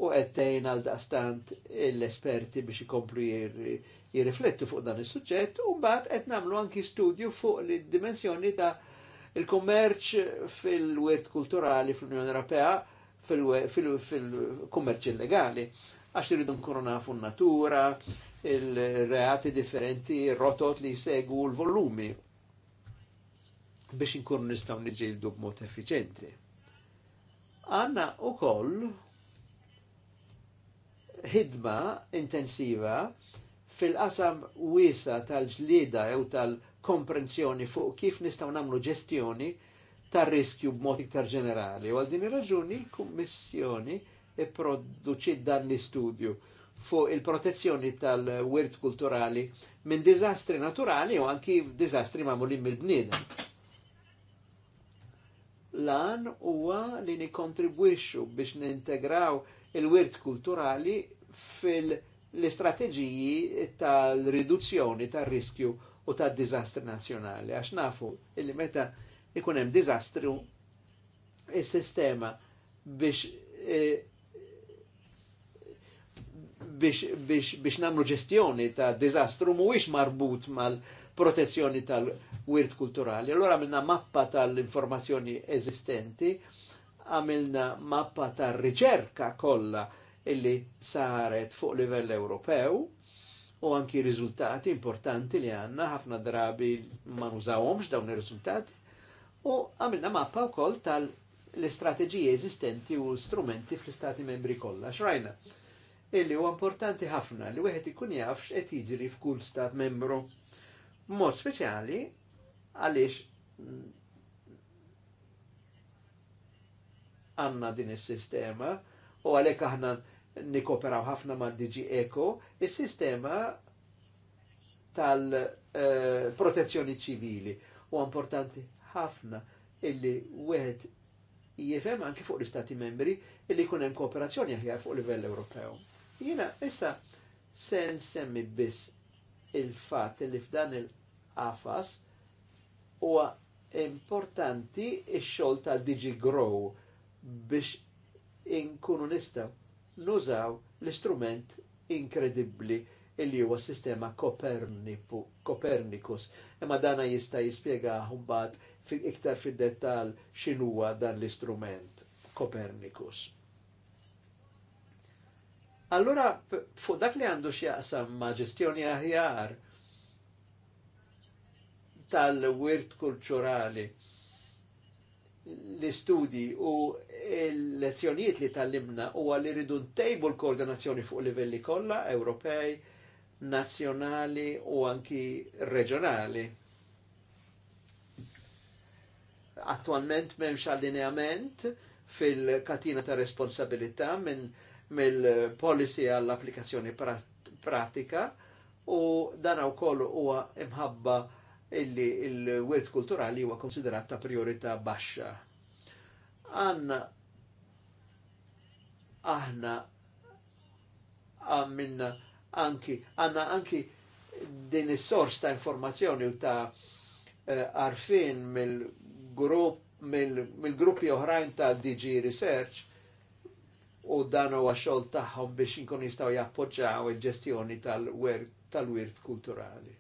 u qed għal daqstant l-esperti biex ikomplu jirriflettu fuq dan is-suġġett u mbagħad qed nagħmlu anki studju fuq l-dimensjoni ta' il-kummerċ fil-wirt kulturali fl-Unjoni Ewropea fil-kummerċ illegali għax irridu nkunu nafu natura, il-reati differenti, il-rotot li jsegwu l-volumi biex nkunu nistaw niġildu b'mod effiċenti. Għanna u koll ħidma intensiva fil-qasam wisa tal-ġlida jew tal-komprensjoni fuq kif nistaw namlu ġestjoni tal riskju b'mod iktar ġenerali. U għal dini ir-raġuni kummissjoni ipproduċi dan l-istudju fuq il-protezzjoni tal-wirt kulturali minn dizastri naturali u anki dizastri magħmulin mill-bniedem. Lan huwa li nikontribwixxu biex nintegraw il-wirt kulturali fil- l-istrateġiji tal-riduzzjoni tal-riskju u tal-dizastri nazjonali. Għax nafu illi meta ikun hemm dizastru is-sistema biex e, biex, biex, biex namlu ġestjoni ta' dizastru mhuwiex marbut mal-protezzjoni tal-wirt kulturali. Allora għamilna mappa tal-informazzjoni eżistenti, għamilna mappa tal-riċerka kollha illi saret fuq livell Ewropew u anki riżultati importanti li għanna ħafna drabi ma nużawhomx dawn ir-riżultati u għamilna mappa wkoll tal-istrateġiji eżistenti u strumenti fl-istati membri kollha. Xrajna illi huwa importanti ħafna li wieħed ikun jafx qed jiġri f'kull stat membru. Mod speċjali għaliex għanna din is-sistema u għalhekk aħna nikoperaw ħafna ma' DG Eco, is-sistema tal-protezzjoni uh, ċivili u importanti ħafna illi wieħed jifem anki fuq l-Istati membri illi jkun hemm kooperazzjoni aħjar fuq livell Ewropew. Jiena issa se nsemmi biss il-fatt li f'dan il-qafas huwa importanti x-xogħol tal-Digi Grow biex inkunu nistaw nużaw l-istrument inkredibbli illi huwa sistema Kopernikus. Imma dana jista' jispjega mbagħad iktar fid-dettall xinuwa dan l-istrument Kopernikus. Allura fuq dak li għandu x'jaqsam ma' ġestjoni aħjar tal-wirt kulturali l-istudji u il-lezzjonijiet li tal-limna u għalli ridu ntejbu l-koordinazzjoni fuq livelli kollha Ewropej, nazzjonali u anki reġjonali. Attualment memx allineament fil-katina ta' responsabilità minn mill-policy għall-applikazzjoni pratika u dan wkoll huwa imħabba illi il-wirt kulturali huwa konsiderat ta' priorità baxxa għanna aħna għamminna anki, għanna anki din is-sors ta' informazzjoni u ta' għarfin eh, mill-grupp mill-gruppi mil oħrajn ta' DG Research u dan huwa xogħol tagħhom biex inkun jistgħu jappoġġjaw il-ġestjoni tal-wirt tal-wirt kulturali.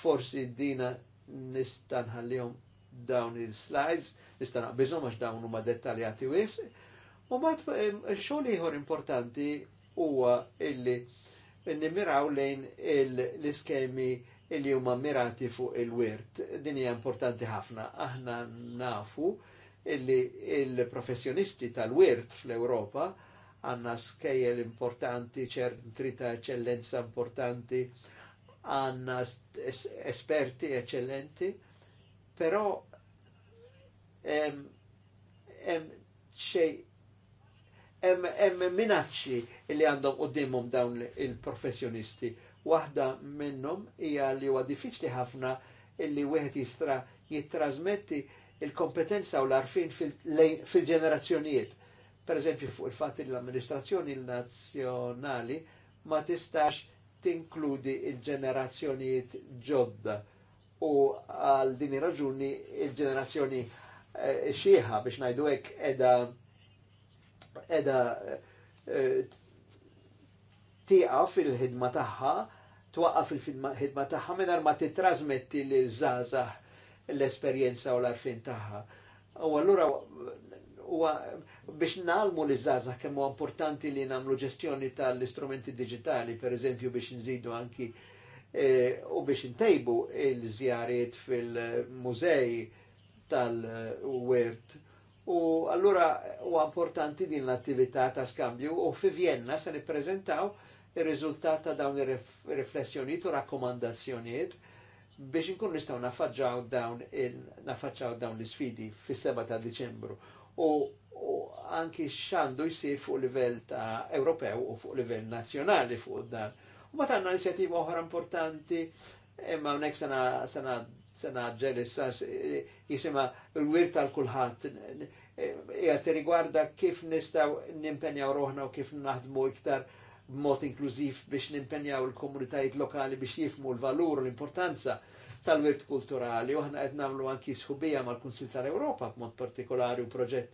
Forsi dina nista' nħallihom dawn is slides nista' naqbiżhom għax dawn huma dettaljati wis. U mat xogħol ieħor importanti huwa illi nimmiraw lejn l-iskemi illi huma mirati fuq il-wirt. Din hija importanti ħafna. Aħna nafu illi il-professjonisti tal-wirt fl-Ewropa għanna skejjel importanti, ċentri ta' eccellenza importanti, għanna esperti eccellenti, però hemm hemm minacċi li għandhom qudiemhom dawn il-professjonisti. Waħda minnhom hija li huwa diffiċli ħafna illi wieħed jistra jittrażmetti il-kompetenza u l-arfin fil-ġenerazzjonijiet. Per eżempju, fuq il-fatt li l-amministrazzjoni nazzjonali ma tistax tinkludi il-ġenerazzjonijiet ġodda u għal din raġuni il-ġenerazzjoni Eh, xieħa biex najdu hekk edha edha eh, tiqa fil-ħidma tagħha, twaqqaf fil-ħidma tagħha mingħajr ma titrasmetti li zazah l-esperjenza u l-arfin tagħha. U allura biex nalmu li zazah kemm huwa importanti li nagħmlu ġestjoni tal-istrumenti digitali, per eżempju biex nżidu anki eh, u biex intejbu il-żjariet fil-mużej tal-Wert. U allura u importanti din l-attività ta' skambju u fi Vienna se nippreżentaw ir rizultat ta' dawn il-riflessjoniet u rakkomandazzjoniet biex nkun nistaw nafagġaw dawn nafagġaw dawn l sfidi fis-7 ta' Deċembru U, u anki xandu jisir fuq livell ta' Ewropew u fuq livell nazjonali fuq dan. U ma tanna inizjattiva oħra importanti imma hawnhekk sena sena ġelis, jisima l wirt tal-kulħat. Jgħat riguarda kif nistaw nimpenjaw roħna u kif naħdmu iktar mod inklużiv biex nimpenjaw l komunitajiet lokali biex jifmu l-valur u l-importanza tal-wirt kulturali. U ħna qed nagħmlu anki sħubija mal-Kunsil tal-Ewropa b'mod partikolari u proġett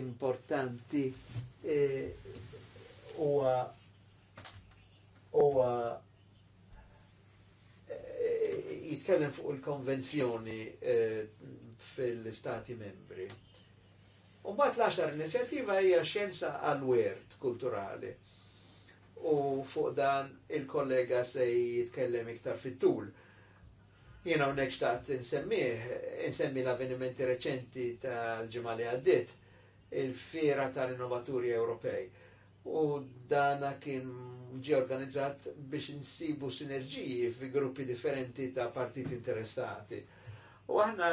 importanti u e, nitkellem fuq il-konvenzjoni eh, fil-stati membri. Umbat l-axar inizjattiva hija xjenza għal-wert kulturali. U fuq dan il-kollega se jitkellem iktar fit-tul. Jena unnek xtaqt insemmih, insemmi l-avvenimenti reċenti tal-ġemali għaddit, il-fira tal-innovaturi Ewropej. U dana kien ġi organizzat biex nsibu sinerġiji fi gruppi differenti ta' partiti interessati. U għanna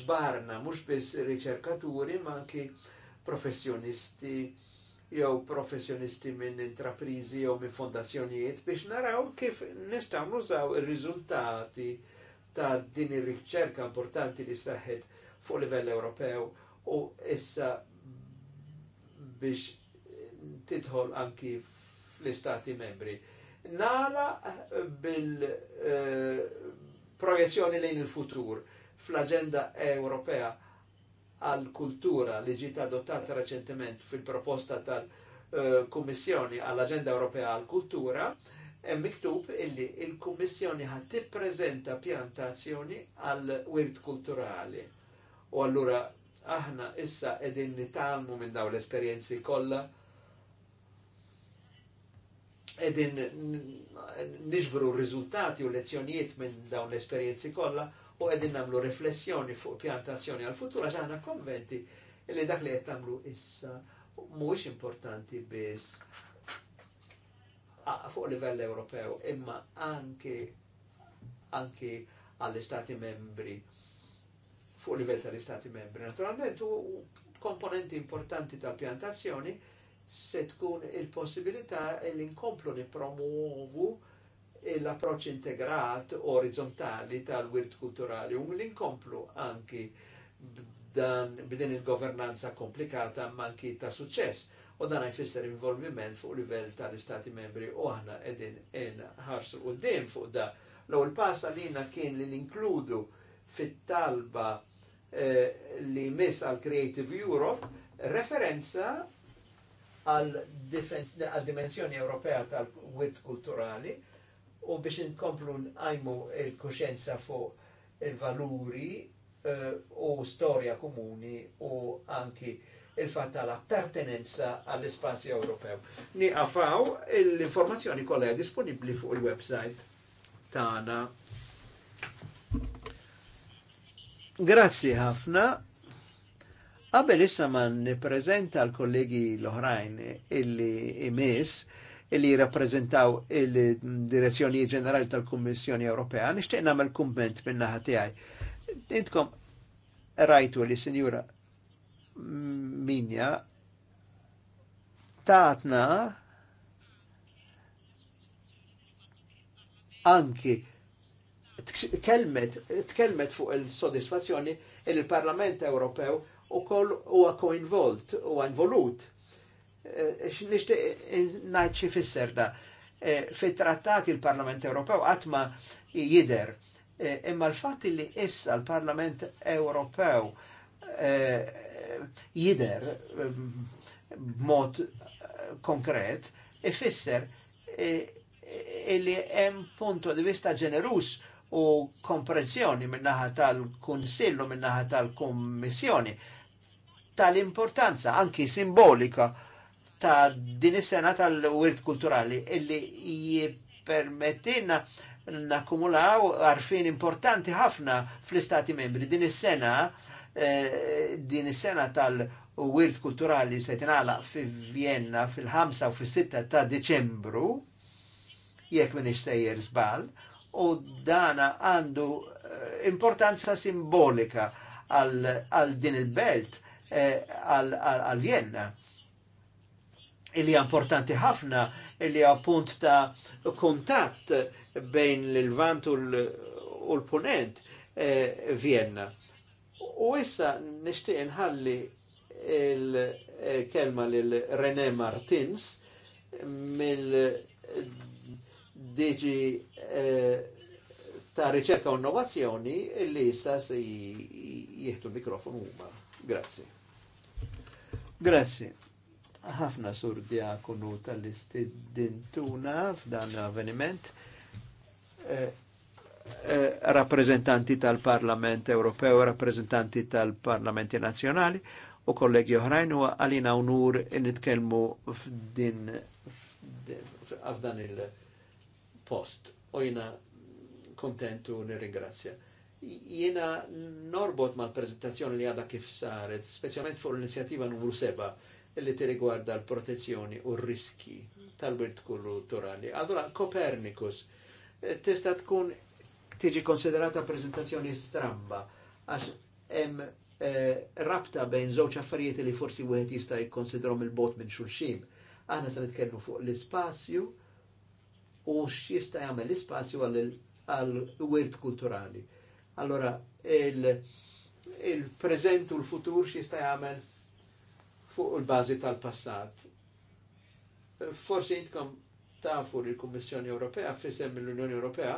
ġbarna mux biex riċerkaturi ma anki professjonisti jew professjonisti minn intraprizi jew minn fondazzjonijiet biex naraw kif nistgħu nużaw ir-riżultati ta' din ir-riċerka importanti li saħħet fuq livell Ewropew u issa biex tidħol anki fl-istati membri. Nala eh, bil-projezzjoni eh, lejn il-futur fl-agenda Ewropea għal-kultura li ġiet adottata reċentement fil-proposta tal-Kummissjoni eh, għall-Aġenda Ewropea għal-Kultura, hemm miktub illi il-Kummissjoni ħad tippreżenta pjantazzjoni għall-wirt kulturali. U allura aħna issa qegħdin nitalmu minn daw l-esperjenzi kollha edin nixbru r-riżultati u lezzjonijiet minn dawn l-esperienzi kolla u edin namlu riflessjoni fuq pjantazzjoni għal-futura ġana konventi li dak li qed tagħmlu issa mhuwiex importanti biss fuq livell Ewropew imma anke anke għall-istati membri fuq livell tal-istati membri. Naturalment u komponenti importanti tal-pjantazzjoni se tkun il-possibilità li nkomplu nipromuovu l-approċ integrat orizzontali tal-wirt kulturali u li nkomplu anki dan b'din il-governanza komplikata ma anki ta' suċċess u dan jfisser involviment fuq livell tal-istati membri u aħna edin nħarsu u d din fuq da. L-ewwel pass għalina kien li ninkludu fit-talba eh, li miss għal Creative Europe referenza għal dimensjoni Ewropea tal-wit kulturali u biex inkomplu nqajmu il-kuxenza fuq il-valuri eh, u storja komuni u anki il-fat tal-appartenenza għall-ispazju Ewropew. Niqafaw l-informazzjoni kollha disponibli fuq il-website tagħna. Grazzi ħafna Qabel issa ma nippreżenta l-kollegi l-oħrajn illi imis illi jirrappreżentaw il-Direzzjoni Ġenerali tal-Kummissjoni Ewropea, nixtieq nagħmel kumment minn naħa tiegħi. Intkom rajtu li sinjura Minja tatna anki tkellmet fuq il-sodisfazzjoni il-Parlament Ewropew u koll u involt u involut. Eh, Nishtiq eh, najċi fisser da. Eh, fit-trattat il-Parlament Ewropew għatma jider. Imma l fat li issa l-Parlament Ewropew jider b'mod konkret, ifisser illi hemm punto di vista ġenerus u komprensjoni minnaħa tal-Kunsillu minnaħa tal-Kommissjoni tal-importanza anki simbolika ta' din is-sena tal-wirt kulturali illi jippermettina nakkumulaw għarfin importanti ħafna fl-istati membri. Din is-sena eh, din is-sena tal-wirt kulturali se tingħalaq fi Vienna fil-5 u fis-6 ta' Deċembru jekk m'iniex sejjer żball u dana għandu eh, importanza simbolika għal din il-belt Eh, għal Vienna illi importanti ħafna illi punt ta' kontatt bejn l-Vant u l-Punent eh, Vienna. U issa nishtiq nħalli il-kelma l René Martins mill diġi eh, ta' riċerka u innovazzjoni illi issa si jihtu mikrofonu huma. Grazie. Grazie. Ħafna sur diakonu tal-istiddintuna f'dan l-avveniment. Eh, eh, rappresentanti tal-Parlament Ewropew, rappresentanti tal-Parlamenti Nazzjonali u kollegi oħrajn u għalina unur nitkelmu f'din f'dan il-post. Ojna jina kontentu nirringrazzja. Jiena norbot ma l prezentazzjoni li għada kif saret, speċjalment fuq l-inizjattiva numru 7 illi ti riguarda l-protezzjoni u r-riski tal-wirt kulturali. Allora, Copernicus testa tkun tiġi konsiderata prezentazzjoni stramba għax em eh, rabta bejn żewġ affarijiet li forsi wieħed jista' jikkonsidrom il-bot minn xulxim. Aħna se nitkellmu fuq l-ispazju u x'jista' jagħmel l-ispazju għal wirt kulturali. Allora, il-prezent il u l-futur x'jista' jagħmel fuq il-bażi tal-passat. Forsi intkom tafu li l-Kummissjoni Ewropea f'isem l-Unjoni Ewropea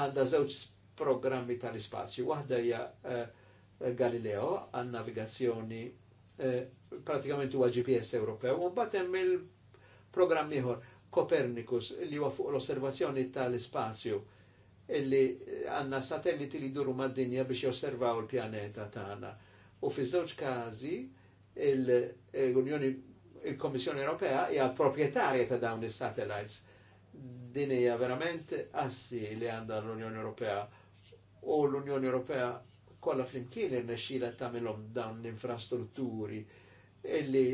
għandha żewġ programmi tal-ispazju. Waħda hija uh, Galileo għan navigazzjoni uh, pratikament huwa GPS Ewropew, u mbagħad hemm il-programm ieħor Copernicus li huwa fuq l-osservazzjoni tal-ispazju illi għanna satelliti li duru mad-dinja biex josservaw il-pjaneta tagħna. U fi żewġ każi l-Unjoni il-Kommissjoni Ewropea hija proprjetarja ta' dawn is-satellites. Din hija verament assi li għandha l-Unjoni Ewropea u l-Unjoni Ewropea kollha flimkien irnexxiela tagħmilhom dawn l-infrastrutturi illi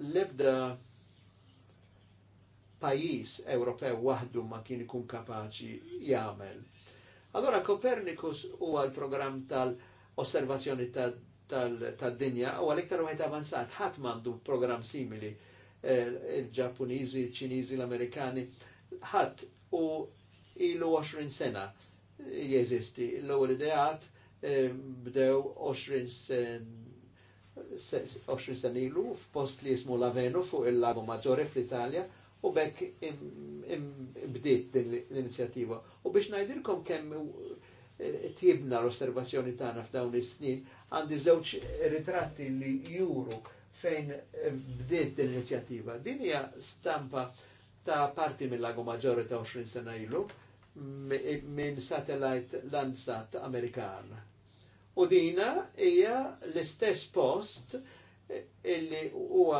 l-ebda pajis Ewropew waħdu ma kien ikun kapaċi jagħmel. Allora Copernicus huwa l-programm tal-osservazzjoni tad-dinja u għal-iktar wieħed avanzat ħadd m'għandu programm simili eh, il-Ġappuniżi, il-Ċiniżi, l-Amerikani, ħadd u ilu 20 sena jeżisti. L-ewwel ideat eh, bdew 20 sen ilu f'post li jismu Lavenu fuq il-Lago Maggiore fl-Italja U bekk imbdiet din l-inizjattiva. U biex najdilkom kemm eh, tibna l-osservazzjoni tagħna f'dawn is-snin, għandi żewġ ritratti li juru fejn eh, bdiet din l-inizjattiva. Din hija stampa ta' parti mill-lago maġġori ta' 20 sena ilu minn satellite Landsat Amerikan. U dina hija l-istess post illi huwa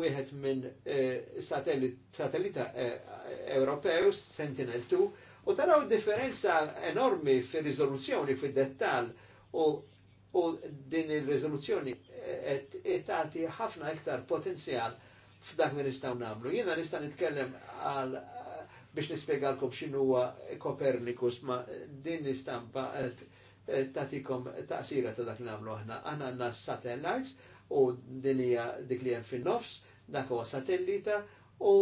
wieħed minn eh, satellita eh, Ewropew, Sentinel-2, u taraw differenza enormi fir riżoluzzjoni fid dettal u din ir-riżoluzzjoni qed eh, tagħti ħafna iktar potenzjal f'dak li nistgħu nagħmlu. Jiena nista' nitkellem għal biex nispjegalkom x'inhuwa Kopernikus ma din istampa tagħtikom taqsira ta' dak li nagħmlu aħna. Aħna għandna satellites u dinija dik li hemm fin-nofs, dak huwa satellita u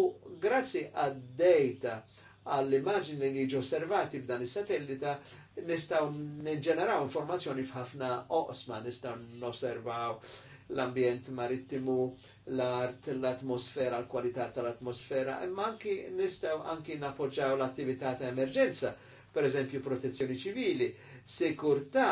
grazzi għad għall-immaġni li jiġu osservati b'dan is-satellita nistgħu niġġeneraw informazzjoni f'ħafna oqsma, nistgħu nosservaw l-ambjent marittimu, l-art, l-atmosfera, l-kwalità tal-atmosfera, imma anki nistaw anki napoġġaw l-attività ta' emerġenza, per eżempju protezzjoni ċivili, sikurta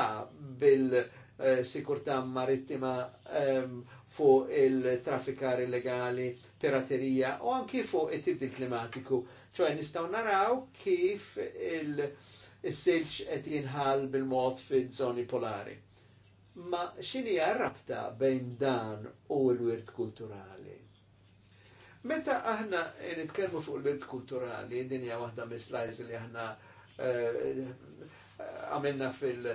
bil- Eh, sikurta marittima ehm, fuq il-traffikar illegali, piraterija u anki fuq it-tibdil klimatiku. ċoħi nistaw naraw kif il-silġ qed jinħal bil-mod fil zoni polari. Ma xini rabta bejn dan u l-wirt kulturali? Meta aħna nitkellmu fuq l-wirt kulturali, dinja waħda mis-slajz li aħna eh, għamilna fil-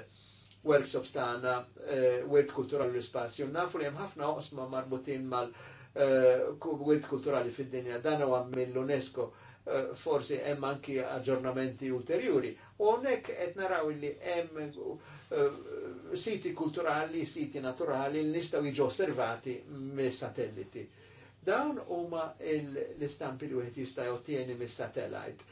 workshops tagħna eh, wirt kulturali l-ispazju. Nafu li hemm ħafna oqsma marbutin mal-wirt eh, kulturali fid-dinja dan huwa mill-UNESCO eh, forsi hemm anki aġġornamenti ulterjuri. U hawnhekk qed naraw li hemm siti kulturali, siti naturali li nistgħu jiġu osservati mis-satelliti. Dawn huma l-istampi li wieħed jista' jottieni mis-satellite.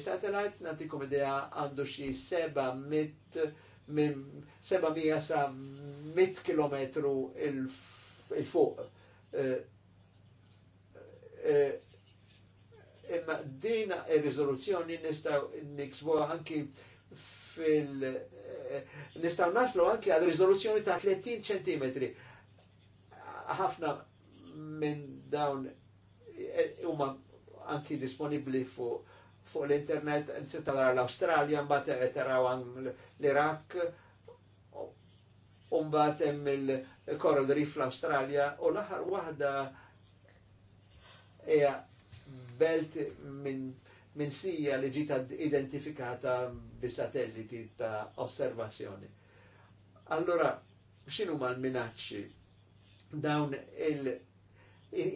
Satellite nagħtikom idea għandu seba 700 minn 700 sa 100 km il-fuq. Eh, eh, eh, imma dina il riżoluzzjoni nistaw niksbu anki fil- nistaw naslu anki għal riżoluzzjoni ta' 30 cm. Ħafna minn dawn huma anki disponibli fuq fuq l-internet nsitta l l-Australja, mbagħad taraw l-Irak, u mbagħad hemm il-Coral Reef l-Australia u l-aħħar waħda hija belt minn min sija li ġiet identifikata bi-satelliti ta' osservazzjoni. Allora, x'inhu l minacċi dawn il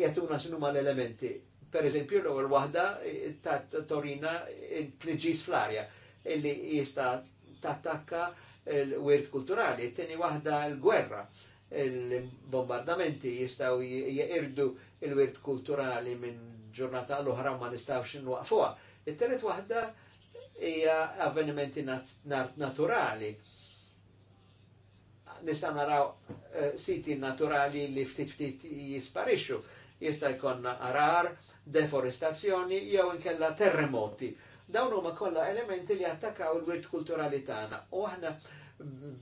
jatuna x'inhu l-elementi Per eżempju, l-ewwel waħda eh, ta' Torina eh, tliġis fl-arja illi jista' tattakka l-wirt kulturali, t tini waħda l-gwerra l bombardamenti jistaw jirdu l wirt kulturali minn ġurnata l-oħra ma nistawx n-waqfuwa. It-teret waħda hija avvenimenti naturali. Nistaw naraw eh, siti naturali li ftit ftit jisparixxu. Jista' jkollna arar, deforestazzjoni jew inkella terremoti. Dawn huma kollha elementi li attakaw il-wirt kulturali tagħna u aħna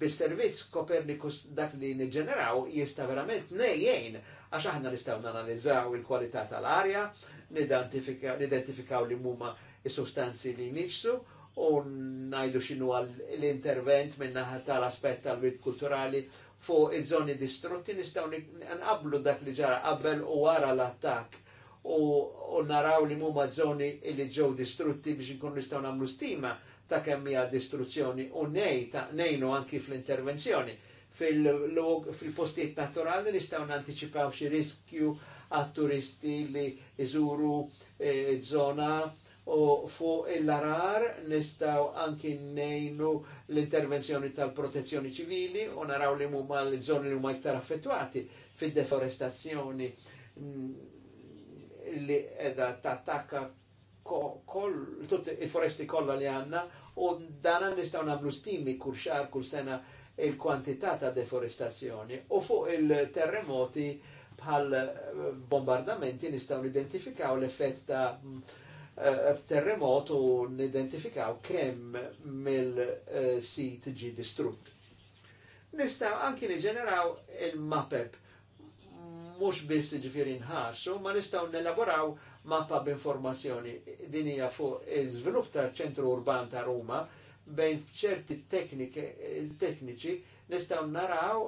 bis-servizz Kopernikus dak li niġġeneraw jista' verament nejjejn għax aħna nistgħu nanalizzaw il-kwalità tal-arja, nidentifikaw li huma is-sustanzi li niġsu u najdu xinu l-intervent minnaħa tal-aspett tal-wirt kulturali fuq iż żoni distrutti nistgħu nqablu dak li ġara qabel u wara l-attakk u naraw li mumma zoni li ġew distrutti biex nkun nistgħu nagħmlu stima ta' kemm hija distruzzjoni u nej ta' nejnu anki fl-intervenzjoni. Fil-postijiet fil naturali nistgħu nanticipaw xi riskju għat-turisti li iżuru eh, zona u fuq il-larar nistaw anki nejnu l-intervenzjoni tal-protezzjoni ċivili u naraw li mumma l zoni li huma iktar affettwati fid-deforestazzjoni mm, li edha tattakka il-foresti kolla li għanna u dana nistaw nagħmlu stimi kull xar kull sena il-kwantità ta' deforestazzjoni u fuq il-terremoti bħal eh, bombardamenti nistaw nidentifikaw l-effett ta' eh, terremotu u nidentifikaw kem mill-sit eh, ġi distrutt. Nistaw anki niġeneraw il-mapep mhux biss ġifiri nħarsu, ma nistgħu nelaboraw mappa b'informazzjoni din hija fuq iż ta' ċentru urban ta' Roma bejn ċerti tekniċi nistaw naraw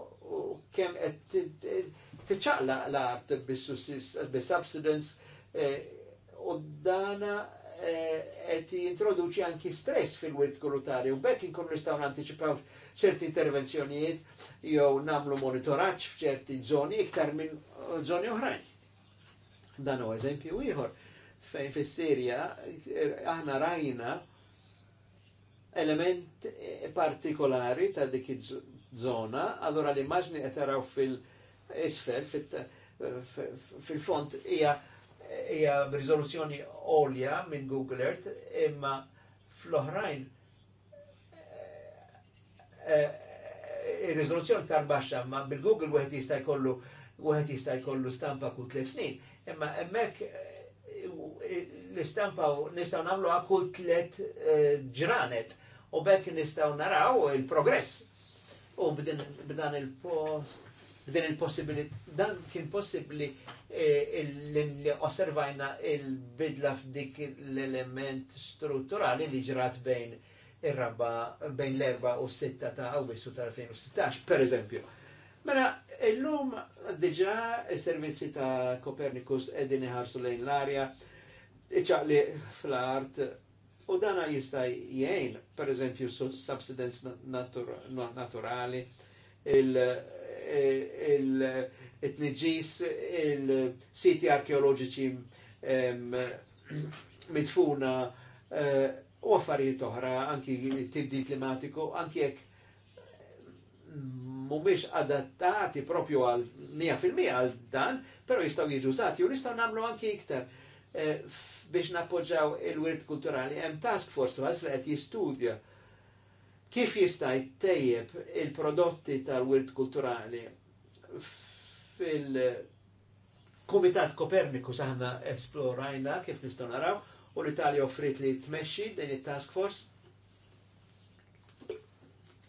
kemm qed tiċċaqla l-art bis-subsidence eh, u dana eh, qed jintroduċi anki stress fil-wirt kulutari u bekk inkun nistgħu nanticipaw ċerti intervenzjonijiet jew namlu monitoraċ f'ċerti zoni iktar minn zoni oħrajn. Dan u eżempju ieħor fejn fis-Sirja aħna rajna element partikolari ta' dik iż-żona, allura l-immaġni qed taraw fil-isfel fil-font hija hija b'riżoluzzjoni għolja minn Google Earth, imma fl-oħrajn Eh, eh, ir-riżoluzzjoni tar baxxa ma bil-Google wieħed jista' jkollu wieħed jista' jkollu stampa kull tliet snin. Imma hemmhekk eh, l-istampa nistgħu nagħmluha kull tliet ġranet u bekk nistgħu naraw il-progress. U b'dan il-post b'din il-possibili, dan kien possibbli li osservajna il-bidla f'dik l-element strutturali li ġrat bejn il rabba bejn l erba u s-sitta ta' Awwissu ta' 2016 per eżempju. Mela, il-lum diġa il servizzi ta' Copernicus edin iħarsu lejn l-arja, iċaqli fl-art, u dana jista' jgħin, per eżempju, subsidence naturali, il-tniġis, il tniġis il siti arkeologiċi [clears throat] mitfuna, eh, u affarijiet oħra, anki tibdi klimatiku, anki jekk mumiex adattati propju għal 100% għal dan, pero jistaw jiġu użati u nistaw namlu anki iktar eh, biex nappoġġaw il-wirt kulturali. Hemm task force tuħas li qed jistudja kif jista' jtejjeb il-prodotti tal-wirt kulturali fil-Kumitat Kopernikus aħna esplorajna kif nistgħu naraw u l-Italja offrit li tmexxi din it-task force.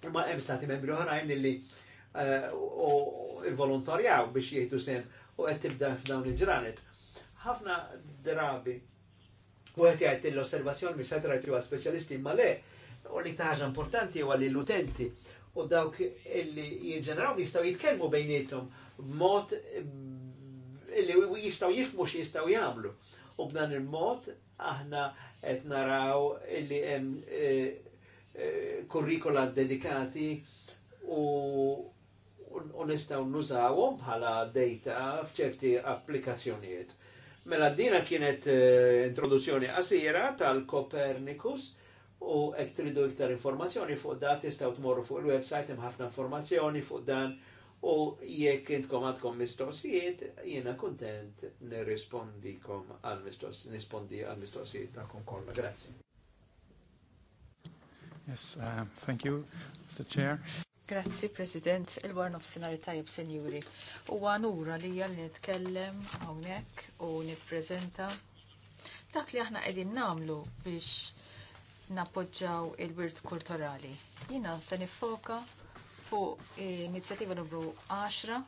Imma hemm stati membri oħrajn li eh, u volontarjaw biex jieħdu sem u qed tibda f'dawn il-ġranet. Ħafna drabi u qed jgħid l-osservazzjoni mhix qed rajtu speċjalisti imma le, u li ħaġa importanti huwa li l-utenti u dawk illi jiġġeneraw jistgħu jitkellmu bejnietom b'mod mm, illi jistgħu jifmu xi jistgħu jagħmlu u b'dan il-mod aħna qed naraw illi hemm eh, kurrikula eh, dedikati u nistgħu nużawhom bħala data f'ċerti applikazzjonijiet. Mela dina kienet eh, introduzzjoni qasira tal-Copernicus u hekk tridu iktar informazzjoni fuq dat tistgħu tmorru fuq il-website hemm ħafna informazzjoni fuq dan u jekk intkom għadkom mistoqsijiet, jiena kuntent nirrispondikom għal nispondi għal mistoqsijiet ta' kollha. Grazzi. Yes, uh, thank you, Mr. Chair. Grazzi, President. Il-Warn of Sinari Tajib Senjuri. U ura li jgħal nitkellem għonek u niprezenta dak li aħna qegħdin namlu biex napoġġaw il-wirt kulturali. Jina se nifoka fuq eh, inizjattiva numru 10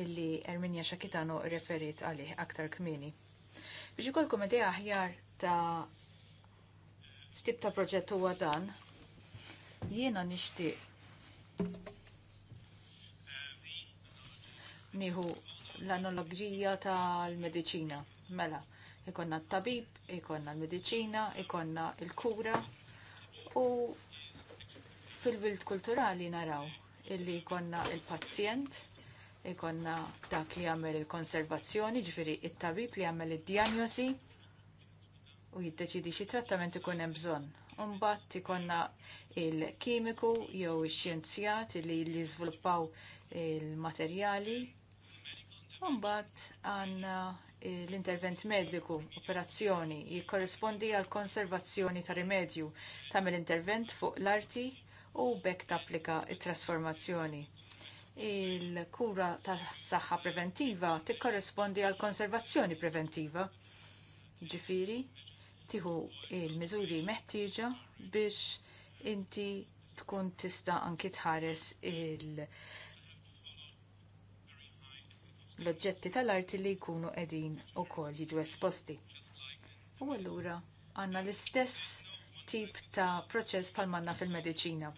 illi Erminja Xakitano referit għalih aktar kmini. Biex ikolkom idea aħjar ta' stib ta' proġett huwa dan, jiena nixtieq nieħu l-analogija tal-mediċina. Mela, ikonna t-tabib, ikonna l-mediċina, ikonna il-kura u fil-wild kulturali naraw illi konna il-pazjent, ikonna dak li għamel il-konservazzjoni, ġifiri il-tabib li għamel il-diagnosi u jiddeċidi xi trattament ikun hemm bżonn. Imbagħad ikonna il-kimiku jew ix-xjenzjat li jiżviluppaw il-materjali. mbagħad għandna l-intervent mediku, operazzjoni, jikkorrispondi għal konservazzjoni ta' rimedju, tagħmel intervent fuq l-arti u bekk tapplika t trasformazzjoni Il-kura tas-saħħa preventiva tikkorrespondi għall konservazzjoni preventiva. Ġifiri, tieħu l miżuri meħtieġa biex inti tkun tista anki tħares il- l-oġġetti tal-arti li jkunu qegħdin ukoll jiġu esposti. U allura għandna l-istess tip ta' proċess bħal manna fil-mediċina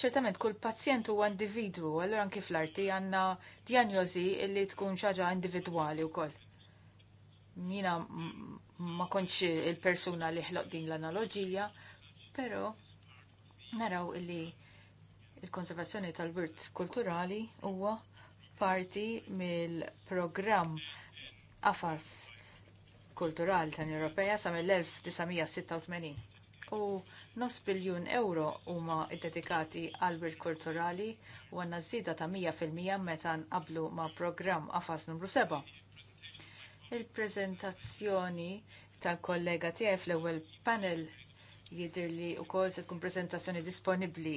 ċertament kull pazjent huwa individwu, allora anki fl-arti għandna diagnosi li tkun xaġa individwali wkoll. Mina ma konċ il-persuna li ħloq din l-analoġija, però naraw li il-konservazzjoni tal-wirt kulturali huwa parti mill-programm AFAS kulturali tan Ewropea sa mill-1986 u nofs biljun euro huma ddedikati għal wirt kulturali u għandna żieda ta' 100% meta nqablu ma' programm Fas numru 7. Il-preżentazzjoni tal-kollega tiegħi fl-ewwel panel jidhirli wkoll se tkun preżentazzjoni disponibbli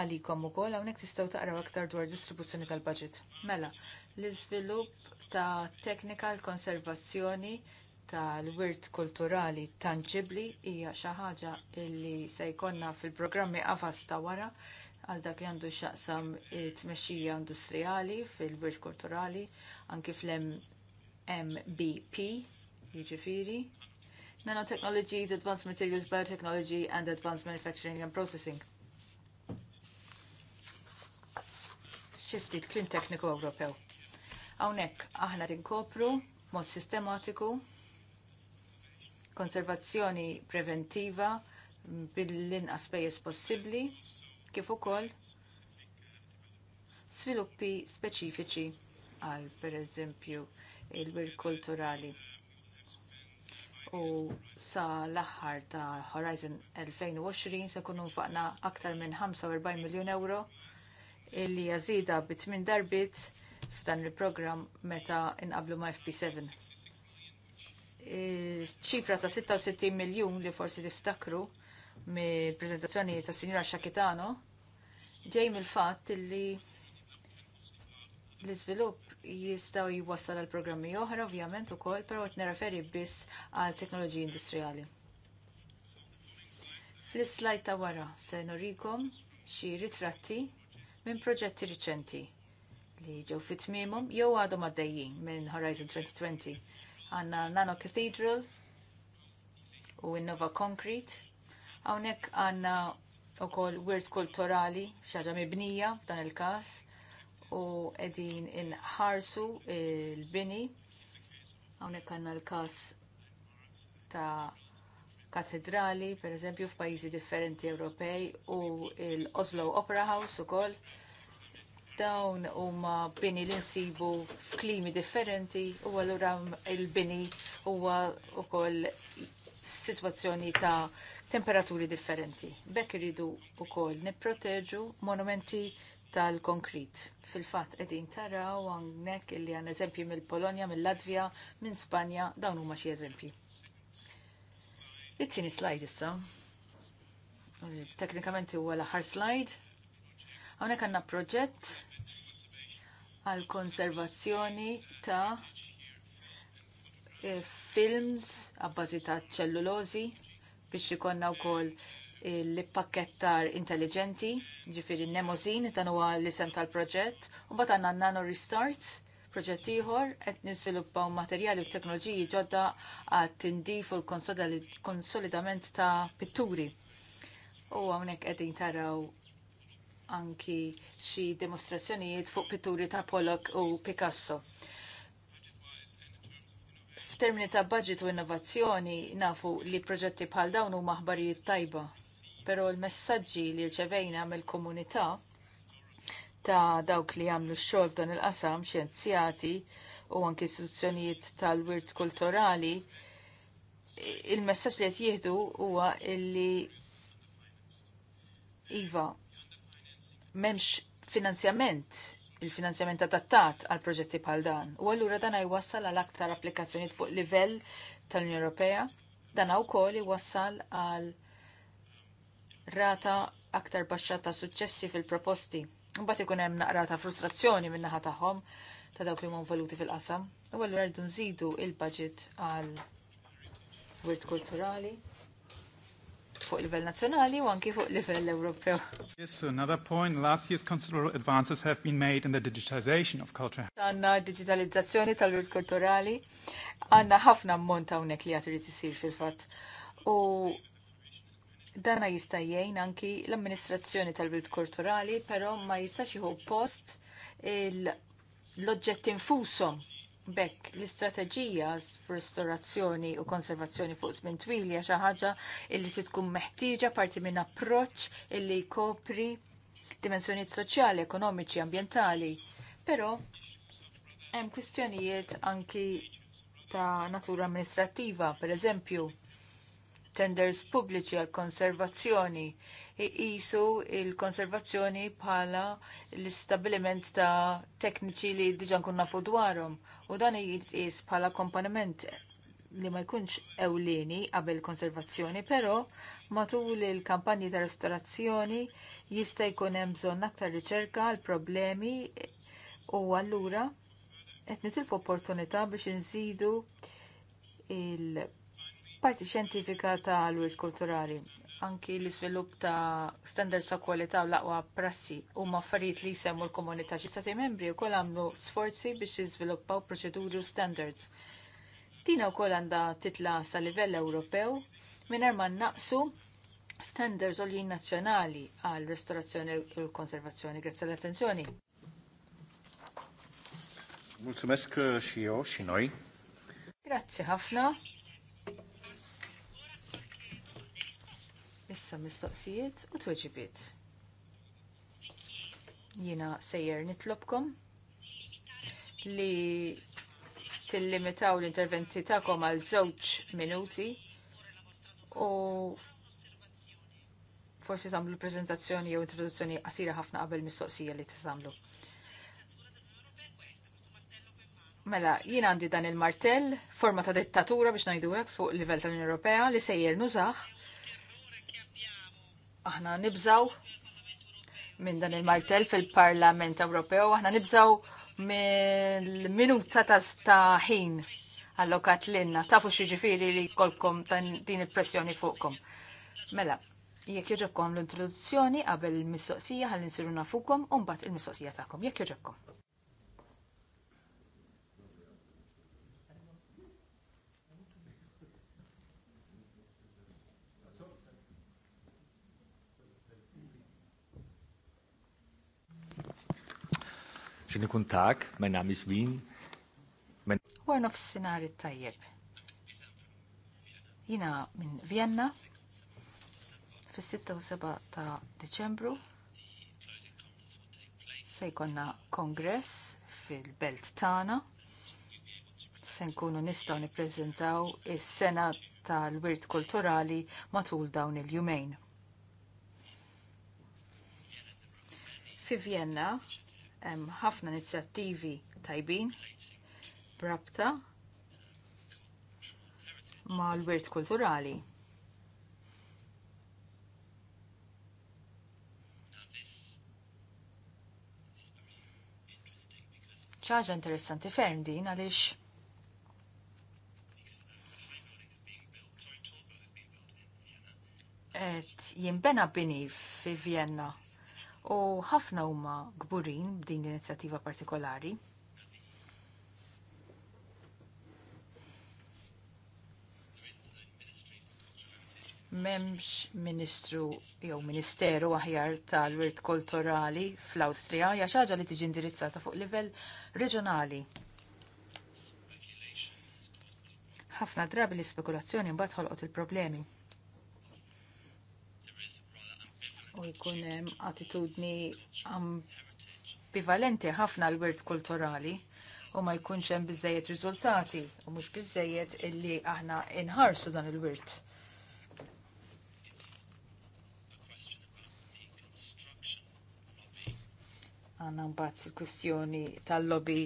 għalikom ukoll hawnhekk tistgħu taqraw aktar dwar distribuzzjoni tal-budget. Mela, l-iżvilupp ta' teknika l-konservazzjoni tal-wirt kulturali tangibli hija xi ħaġa li se jkollna fil-programmi qafas ta' wara għal dak li għandu xaqsam it-tmexxija industrijali fil-wirt kulturali anki fl-MBP jiġifieri. Nanotechnologies, Advanced Materials, Biotechnology and Advanced Manufacturing and Processing. Shifted Clean tekniku Ewropew. Hawnhekk aħna tinkopru mod sistematiku konservazzjoni preventiva bil-inqas pejjeż possibbli, kif ukoll sviluppi speċifiċi għal pereżempju il-wir kulturali. U sa l-aħħar ta' Horizon 2020 se kunu faqna aktar minn 45 miljun euro illi jażida bit tmien darbit f'dan il-programm meta inqablu ma' FP7 ċifra ta' 66 miljun li forsi tiftakru mill-prezentazzjoni ta' Sinjora Xakitano ġej mill-fatt li l-iżvilupp jistgħu jwassal għal programmi oħra ovvjament ukoll, però qed nirreferi biss għal teknoloġiji industrijali. Fl-slajd ta' wara se norikom xi ritratti minn proġetti riċenti li ġew fit tmiemhom jew għadhom għaddejjin minn Horizon 2020 għanna Nano Cathedral u Innova Concrete. Hawnhekk għanna wkoll wirt kulturali xaġa mibnija dan il-każ u qegħdin inħarsu l-bini. Hawnhekk għandna l-każ ta' katedrali, per eżempju, f'pajjiżi differenti Ewropej u l-Oslo Opera House ukoll Dawn huma bini li nsibu f'klimi differenti u allura il-bini huwa wkoll situazzjoni ta' temperaturi differenti. B'hekk iridu wkoll nipproteġu monumenti tal-konkrit. Fil-fat, edin taraw għannek illi għan eżempji mill-Polonja, mill-Latvija, minn Spanja, dawn huma xi eżempji. It-tieni slide issa. Teknikament huwa l-aħħar slide. Hawnhekk għandna proġett għal konservazzjoni ta' eh, films għabbażi ta' ċellulożi biex ikonna wkoll l-pakkettar intelligenti, ġifiri nemozin, tan huwa l-isem tal-proġett, u bat għanna Nano Restart, proġett ieħor qed niżviluppaw materjali u teknoloġiji ġodda għat tindif u l-konsolidament ta' pitturi. U hawnhekk qegħdin taraw anki xi dimostrazzjonijiet fuq pitturi ta' Pollock u Picasso. F'termini ta' budget u innovazzjoni nafu li proġetti bħal dawn huma aħbarijiet tajba, però l-messaġġi li rċevejna mill-komunità ta' dawk li għamlu x-xogħol f'dan il-qasam xjenzjati u anki istituzzjonijiet tal-wirt kulturali, il-messaġġ li qed jieħdu huwa li Iva, memx finanzjament il-finanzjament adattat għal proġetti bħal dan. U allura dan jwassal għal aktar applikazzjoniet fuq livell tal-Unjoni Ewropea, dan wkoll jwassal għal rata aktar baxxa ta' suċċessi fil-proposti. Mbagħad ikun hemm naqra ta' frustrazzjoni min-naħa tagħhom ta' dawk li huma voluti fil-qasam. U għallura rridu nżidu il-budget għal wirt kulturali fuq livell nazzjonali u anki fuq livell Ewropew. Yes, another point, last year's considerable advances have been made in the digitization of culture. Għanna digitalizzazzjoni tal-wirt kulturali, għanna ħafna ammont hawnhekk li għatri tisir fil-fatt. U dana jista' jgħin anki l-amministrazzjoni tal-wirt kulturali, però ma jistax jieħu post l-oġġett infushom Bekk, l-istrateġija f'ristorazzjoni u konservazzjoni fuq żmien twil hija xi ħaġa li se tkun meħtieġa parti minn approċċ li jkopri dimensjonijiet soċjali, ekonomiċi, ambjentali. Però hemm kwistjonijiet anki ta' natura amministrativa, per eżempju, tenders pubbliċi għal konservazzjoni jisu il-konservazzjoni bħala l-istabiliment ta' tekniċi li diġan nkun nafu u dan jis bħala komponiment li ma jkunx ewlieni qabel konservazzjoni, però matul il-kampanji ta' ristorazzjoni jista' jkun hemm bżonn aktar riċerka għal problemi u allura qed nitilfu opportunità biex inżidu il-parti xjentifika tal-wirt kulturali anki l-iżvilupp ta' standards ta' kwalità u l-aqwa prassi huma affarijiet li jsemmu l-komunità xi stati membri wkoll għamlu sforzi biex jiżviluppaw proċeduri u standards. Tina wkoll għandha titla sa' livell Ewropew mingħajr ma naqsu standards u nazzjonali għal ristorazzjoni u konservazzjoni. Grazzi l-attenzjoni. Mulțumesc uh, și Grazie ħafna. Issa mistoqsijiet u tweġibiet. Jina sejjer nitlobkom li tillimitaw l-interventi tagħkom għal żewġ minuti u forsi l prezentazzjoni jew introduzzjoni qasira ħafna qabel mistoqsija li tagħmlu. Mela, jina għandi dan il-martell, forma ta' dittatura biex ngħidu hekk fuq livell tal-Unjoni Ewropea li sejjer nużaħ aħna nibżaw minn dan il-martel fil-Parlament Ewropew, aħna nibżaw mill-minuta ta' ħin allokat l-inna, tafu xieġifiri li kolkom din il-pressjoni fuqkom. Mela, jekk joġobkom l-introduzzjoni qabel il-mistoqsija ħalli nsiru fuqkom u mbagħad il-mistoqsija tagħkom. Jekk joġobkom. Schönen guten Tag, mein Name ist Wien. Mein Warn Tajjeb. Jina minn Vienna, fis-6 ta' Deċembru, se jkonna kongress fil-belt tagħna. Se nkunu nistgħu nippreżentaw is-sena tal-wirt kulturali matul dawn il-jumejn. Fi Vienna hemm ħafna inizjattivi tajbin brabta mal wirt kulturali. ċaġa interessanti ferm din għaliex et jimbena bini fi Vienna u ħafna huma gburin b'din l-inizjattiva partikolari. memx ministru jew ministeru aħjar tal-wirt kulturali fl-Awstrija hija xi ħaġa li tiġi indirizzata fuq livell reġjonali. Ħafna drabi l-ispekulazzjoni mbagħad ħolqot il-problemi. u jkun hemm attitudni ambivalenti ħafna l-wirt kulturali u ma jkunx hemm biżejjed riżultati u mhux biżejjed illi aħna inħarsu dan il-wirt. Għanna mbagħad il-kwistjoni tal-lobby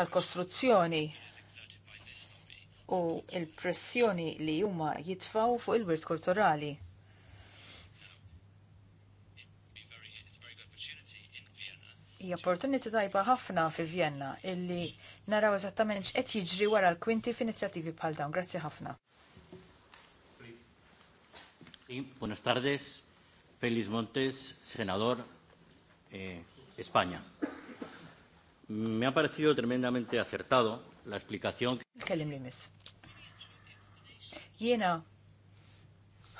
tal-kostruzzjoni u il-pressjoni li huma jitfaw fuq il-wirt kulturali. hija opportunità tajba ħafna fi Vienna illi naraw eżattament x'qed jiġri wara l-kwinti f'inizjattivi bħal dawn. Grazzi ħafna. Buenas tardes, Félix Montes, senador eh, España. Me ha parecido tremendamente acertado la explicación. Kellim li miss. Jena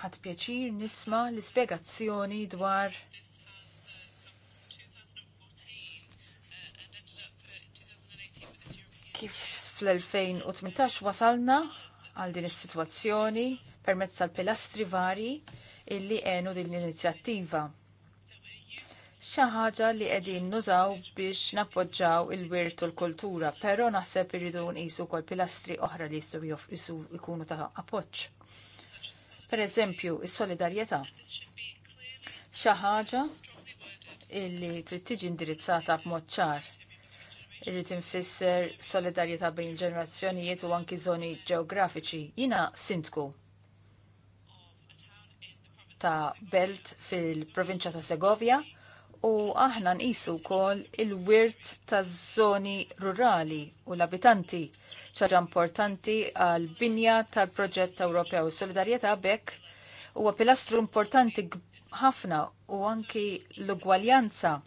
ħat pjaċir nisma l-ispiegazzjoni dwar kif fl-2018 wasalna għal din is-sitwazzjoni permezz tal-pilastri vari illi għenu din l-inizjattiva. Xi ħaġa li qegħdin nużaw biex nappoġġaw il-wirt u l-kultura, però naħseb irridu nqisu wkoll pilastri oħra li jistgħu jkunu ta' appoġġ. Per eżempju, is-solidarjetà. Xi ħaġa illi trid tiġi indirizzata b'mod ċar irrid infisser solidarjetà bejn il-ġenerazzjonijiet u anki żoni ġeografiċi. Jina sindku ta' Belt fil-provinċja ta' Segovia u aħna nqisu wkoll il-wirt taż-żoni rurali u l-abitanti ċaġa importanti għal binja tal-proġett Ewropew. Solidarjetà bekk huwa pilastru importanti ħafna u anki l-ugwaljanza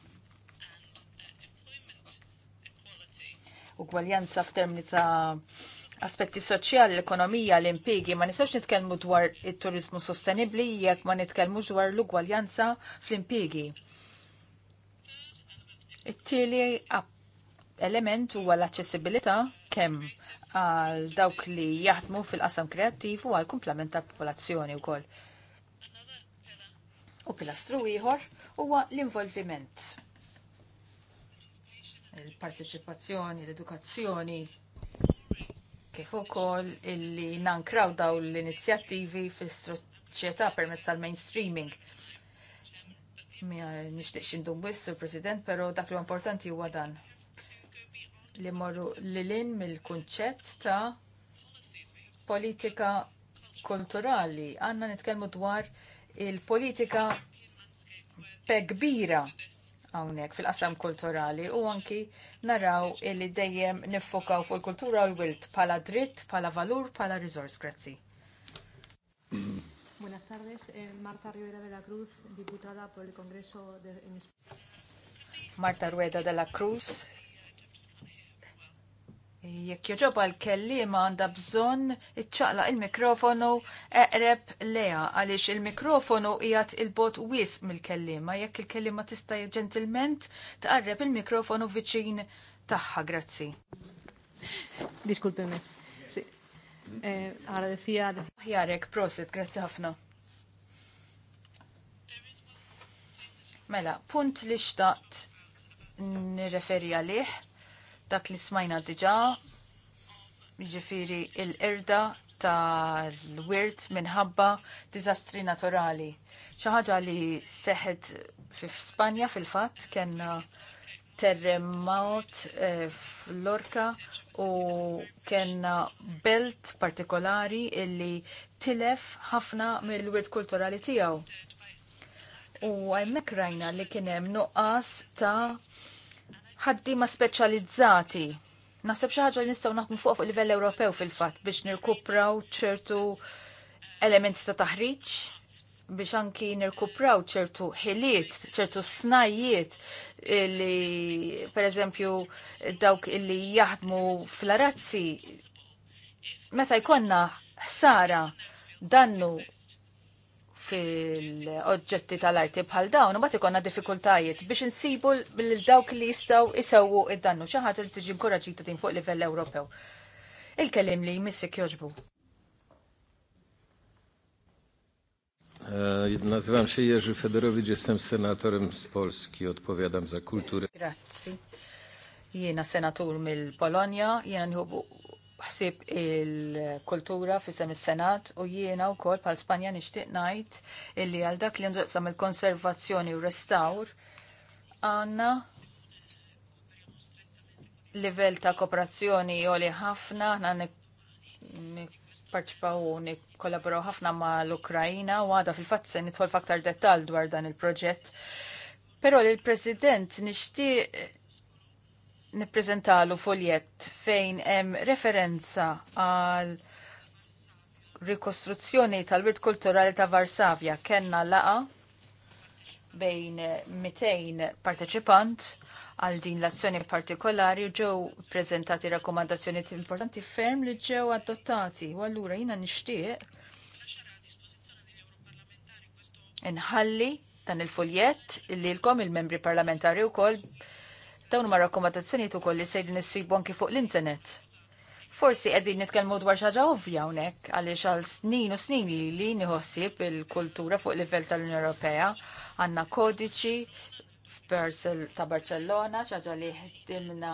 ugwaljanza f'termini ta' aspetti soċjali, l-ekonomija, l-impigi, ma nistgħux nitkellmu dwar it-turizmu sostenibbli jekk ma nitkellmux dwar l-ugwaljanza fl-impigi. It-tieli element huwa l-aċċessibilità kemm għal dawk li jaħdmu fil-qasam kreattiv u għal kumplament tal-popolazzjoni wkoll. U pilastru ieħor huwa l-involviment il-parteċipazzjoni, l-edukazzjoni, kif ukoll illi nankraw daw l-inizjattivi fis-soċjetà permezz tal-mainstreaming. Nixtieqx indum wissu l-President, però dak li importanti huwa dan li morru lilin mill-kunċett ta' politika kulturali. Għanna nitkellmu dwar il-politika pegbira. kbira hawnhekk fil-qasam kulturali u anki naraw illi dejjem niffokaw fuq il-kultura u l-wilt bħala dritt, bħala valur, bħala riżors. Grazzi. Buenas tardes, eh, Marta Rivera de la Cruz, diputada por el Congreso de Marta Rueda de la Cruz, Jekk joġoba l-kellima għanda bżon iċċaqla il-mikrofonu eqreb leja għaliex il-mikrofonu jgħat il-bot wis mill-kellima. Jekk il-kellima tista' ġentilment taqreb il-mikrofonu viċin tagħha, grazzi. Diskulpemi. Eh, Għaradessija. Jarek, prosit, grazzi ħafna. Mela, punt li xtaqt nirreferi għalih dak li smajna diġa, ġifiri il-irda tal-wirt minħabba dizastri naturali. ċaħġa li seħed fi Spanja fil-fat kena terremot eh, fl-orka u kena belt partikolari illi tilef ħafna mill-wirt kulturali tijaw. U għajmek rajna li kienem nuqqas ta' ħaddiema speċjalizzati. Naħseb xi ħaġa li nistgħu naħdmu fuq fuq livell Ewropew fil-fatt biex nirkupraw ċertu elementi ta' taħriġ biex anki nirkupraw ċertu ħiliet, ċertu snajiet li per eżempju dawk illi jaħdmu fl-arazzi meta jkonna ħsara dannu fil-oġġetti tal-arti bħal dawn, u bat ikonna diffikultajiet biex insibu l-dawk li jistaw jisawu id-dannu xaħġa li tiġi inkoraġita din fuq livell Ewropew. Il-kelim li jmissek joġbu. Eh, nazywam się Jerzy Federowicz, jestem senatorem z Polski, odpowiadam za kulturę. Grazzi. Jiena senatur mill polonia jena ħsib il-kultura sem il-Senat u jiena u kol pal Spanja nishtiq najt illi għal dak li nduqsam il-konservazzjoni u restaur għanna livell ta' kooperazzjoni joli ħafna ħna parċipaw u nikkollaboraw ħafna ma' l-Ukrajina u għada fil fat se nidħol faktar dettal dwar dan il-proġett. Pero l-President nishtiq nippreżentalu foljett fejn hemm referenza għal rikostruzzjoni tal-wirt kulturali ta' Varsavja kenna laqa bejn 200 parteċipant għal din l-azzjoni partikolari u ġew prezentati rakkomandazzjoni importanti ferm li ġew adottati. U allura jina nixtieq inħalli dan il-fuljett li l-kom il-membri parlamentari u kol Dawn ma' rakkomandazzjonijiet ukoll li sejdin nissibu anki fuq l-internet. Forsi qegħdin nitkellmu dwar xi ħaġa ovvja hawnhekk għaliex għal snin u snin li li niħossib il-kultura fuq livell tal-Unjoni Ewropea għandna kodiċi f'Persel ta' Barcellona xaġa li ħdimna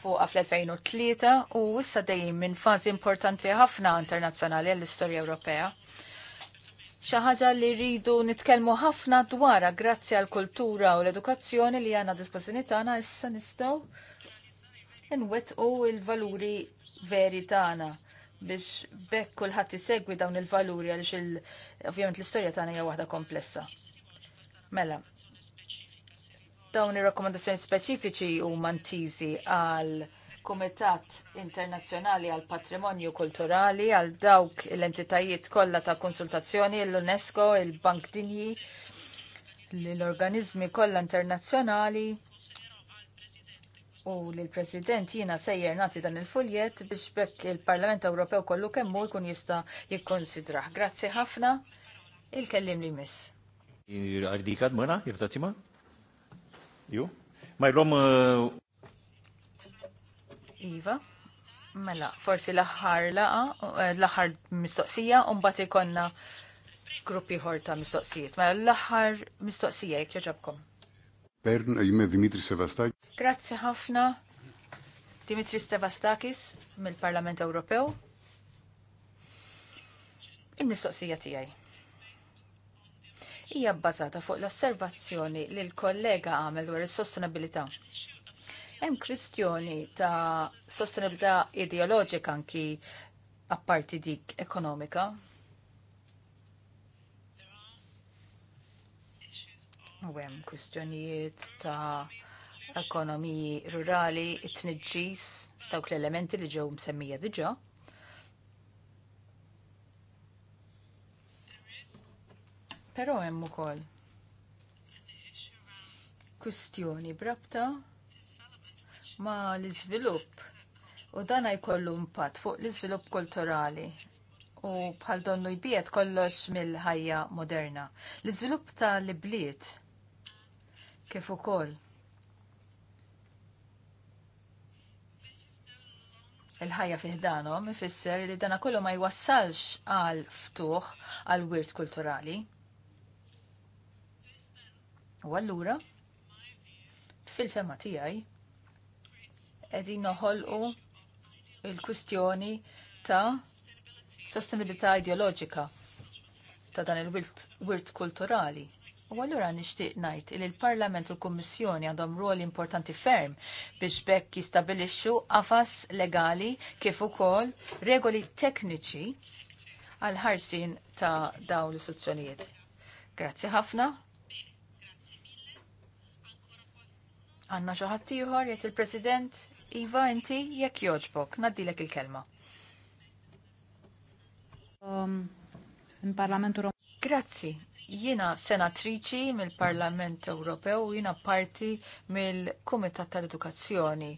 fuq fl-2003 u issa dejjem minn fażi importanti ħafna internazzjonali għall-istorja Ewropea xi ħaġa li rridu nitkellmu ħafna dwarha grazzi għall kultura u l-edukazzjoni li għandna dispożizzjoni tagħna issa nistgħu u l-valuri veri tagħna biex bekk kulħadd isegwi dawn il-valuri għaliex il ovvjament l-istorja tagħna hija waħda komplessa. Mela, dawn ir-rakkomandazzjoni speċifiċi huma ntiżi għal Kumitat Internazzjonali għal Patrimonju Kulturali għal dawk l-entitajiet kollha ta' konsultazzjoni l-UNESCO, il-Bank Dinji, l-organizmi kollha internazzjonali u l-President jiena sejjer nati dan il-fuljet biex bekk il-Parlament Ewropew kollu kemmu jkun jista' jikkonsidrah. Grazzi ħafna. Il-kellim li miss. Ardikad mwana, jirtatima? Ju? Ma jrom eh, Iva. Mela, forsi l-aħħar laqa, eh, l-aħħar mistoqsija, un-bat ikonna gruppi ħorta mistoqsijiet. Mela, l-aħħar mistoqsija, jek joġabkom. Pern, eh, jime Dimitri Sevastakis. Grazzi ħafna. Dimitri Sevastakis, mill-Parlament Ewropew. Il-mistoqsija tijaj. Ija bbażata fuq l-osservazzjoni li l-kollega għamel dwar is-sostenabilità Hemm kwistjoni ta' sostenibilità ideoloġika anki apparti dik ekonomika. U hemm kwistjonijiet ta' ekonomiji rurali, it-tniġġis, dawk l-elementi li ġew msemmija diġà. Però hemm ukoll kwistjoni brabta ma l-izvilupp u dan jkollu impatt fuq l-izvilupp kulturali u bħal donnu jbiet kollox mill-ħajja moderna. L-izvilupp tal-bliet kif ukoll il-ħajja fiħdanom ifisser li dana kollu ma jwassalx għal ftuħ għal wirt kulturali. U allura, fil-fema tiegħi, edin noħolqu il-kustjoni ta' sostenibilità ideoloġika ta' dan il-wirt kulturali. U għallura nishtiq najt il parlament u l-Kommissjoni għandhom ruoli importanti ferm biex bekk jistabilixxu qafas legali kif ukoll regoli tekniċi għal ħarsin ta' dawn l-istituzzjonijiet. Grazzi ħafna. Għanna xaħat ieħor jgħid il-President Iva, inti jekk joġbok, naddilek il-kelma. Um, Parlamentu Grazzi. Jiena senatriċi mill-Parlament Ewropew, jiena parti mill-Kumitat tal-Edukazzjoni.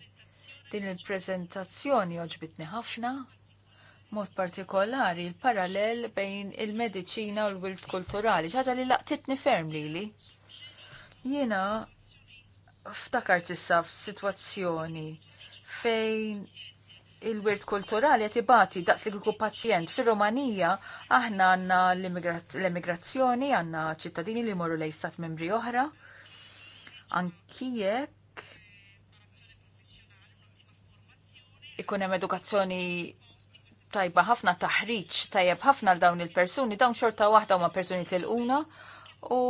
Din il-prezentazzjoni oġbitni ħafna, mod partikolari il-parallel bejn il-medicina u l-wilt kulturali, ċaġa li laqtitni ferm li li. Jina ftakart issa f-situazzjoni fejn il-wirt kulturali qed bati daqs li kieku pazjent. Fir-Rumanija aħna għandna l emigrazzjoni għandna ċittadini li jmorru lejn stat membri oħra. Anki jekk ikun hemm edukazzjoni tajba ħafna taħriġ tajjeb ħafna l dawn il-persuni, dawn xorta waħda huma persuni tilquna u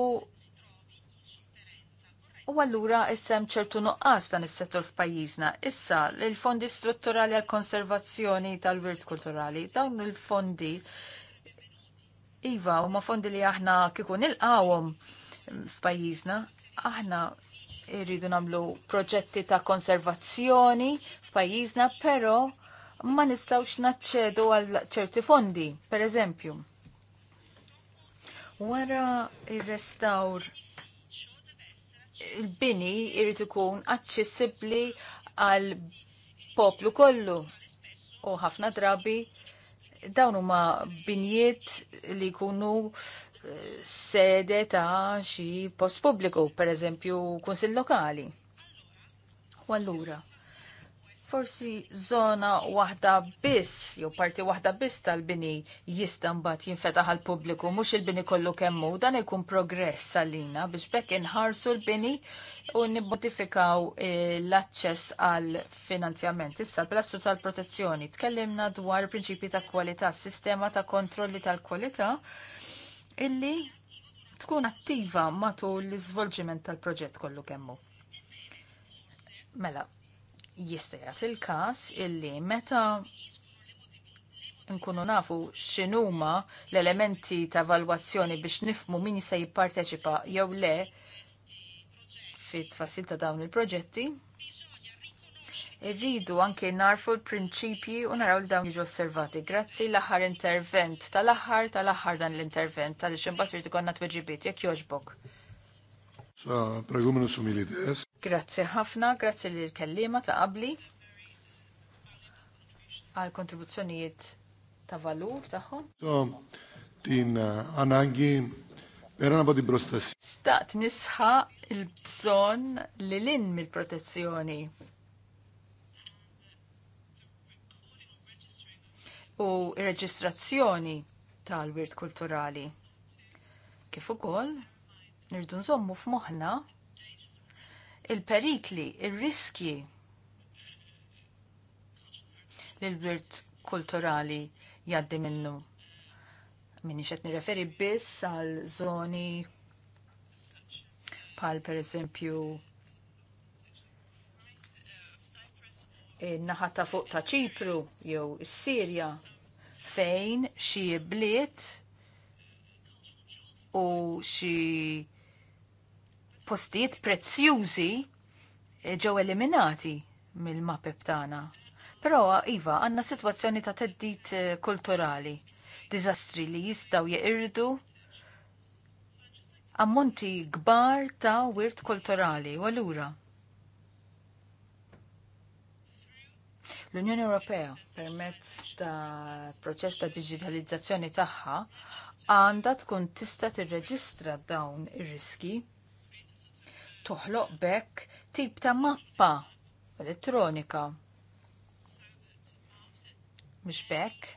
U allura issem ċertu nuqqas dan is-settur f'pajjiżna. Issa l-fondi strutturali għal konservazzjoni tal-wirt kulturali, dawn il-fondi iva huma fondi li aħna kieku nilqawhom f'pajjiżna, aħna irridu nagħmlu proġetti ta' konservazzjoni f'pajjiżna, però ma nistgħux naċċedu għal ċerti fondi, per eżempju. Wara ir-restawr il-bini jrid ikun aċċessibbli għal poplu kollu. U ħafna drabi dawn huma binjiet li jkunu eh, sede ta' xi post pubbliku, pereżempju kunsill lokali. U allura forsi zona waħda biss, jew parti waħda biss tal-bini jista' mbagħad jinfetaħ għal pubbliku, mhux il-bini kollu kemmu, dan ikun progress għalina biex bekk inħarsu l-bini u nibbodifikaw eh, l-aċċess għal finanzjament. Issa l tal-protezzjoni tkellimna dwar prinċipji ta' kwalità, sistema ta' kontrolli tal-kwalità illi tkun attiva matul l izvolġiment tal-proġett kollu kemmu. Mela, jista' jagħti il-każ illi meta nkunu nafu x'inhuma l-elementi ta' valwazzjoni biex nifmu min se jipparteċipa jew le fit-tfassil ta' dawn il-proġetti. Irridu anke narfu l-prinċipji u naraw li dawn jiġu osservati. Grazzi l-aħħar intervent tal-aħħar tal-aħħar dan l-intervent tal-ixembat konna t tweġibiet jekk jogħġbok. Grazzi ħafna, grazzi li l-kellima ta' qabli għal kontribuzzjonijiet ta' valur tagħhom. So, din uh, anangi na bodi brostassi. Staqt nisħa il-bżon li l-in mil protezzjoni U reġistrazzjoni tal-wirt kulturali. Kif ukoll Nirdu nżommu f'moħħna il-perikli, il-riskji li l-birt kulturali jaddi minnu. Minni xet nireferi biss għal zoni pal per eżempju naħata fuq ta' ċipru jew is-Sirja fejn xi bliet u xi postijiet prezzjużi eh, ġew eliminati mill-mapep tagħna. Però iva għandna sitwazzjoni ta' teddit eh, kulturali, diżastri li jistgħu jeqirdu ammonti kbar ta' wirt kulturali u allura. L-Unjoni Ewropea permezz ta' proċess ta' digitalizzazzjoni tagħha għandha tkun tista' tirreġistra dawn ir-riski toħloq bekk tip ta' mappa elettronika. Mish bekk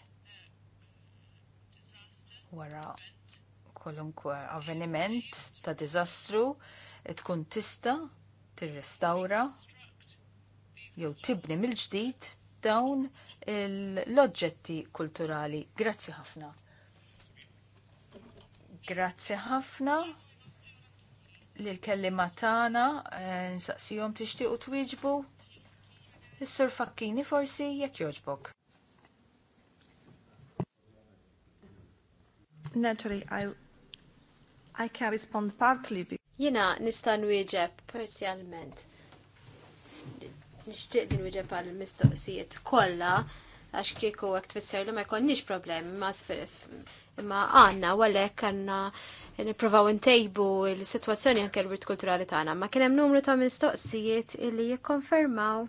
wara kolunkwe avveniment ta' diżastru tkun tista' tirrestawra jew tibni mill-ġdid dawn l-oġġetti kulturali. Grazzi ħafna. Grazzi ħafna li l-kellima tagħna eh, nsaqsihom tixtiequ twieġbu. Is-sur Fakkini forsi jekk jogħġbok. Naturally, I, I can respond partly. Jina nista' nwieġeb personalment. Nixtieq din wieġeb għal mistoqsijiet kollha għax kieku għek tfisser li ma jkonniġ problemi ma imma għanna u għalek għanna niprofaw ntejbu il situazzjoni anke l-wirt kulturali tagħna. Ma kien hemm numru ta' mistoqsijiet illi jikkonfermaw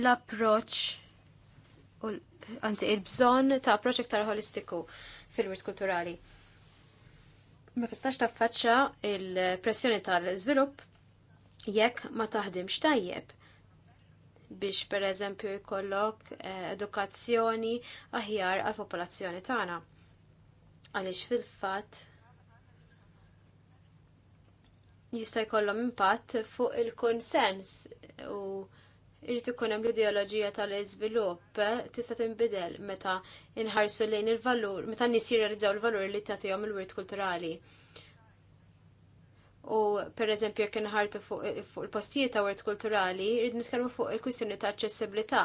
l-approċ u il-bżonn ta' approċ iktar holistiku fil-wirt kulturali. Ma tistax faċċa il-pressjoni tal-iżvilupp jekk ma taħdimx tajjeb biex per eżempju jkollok eh, edukazzjoni aħjar għal popolazzjoni tagħna. Għaliex fil-fatt jista' jkollhom impatt fuq il-konsens u jrid ikun hemm l-ideoloġija tal-iżvilupp tista' tinbidel meta inħarsu lejn il-valur, meta nies jirrealizzaw il-valur li tagħtihom il-wirt kulturali u per eżempju jekk inħartu fuq il-postijiet ta' art kulturali, rrid nitkellmu fuq il-kwistjoni ta' aċċessibilità.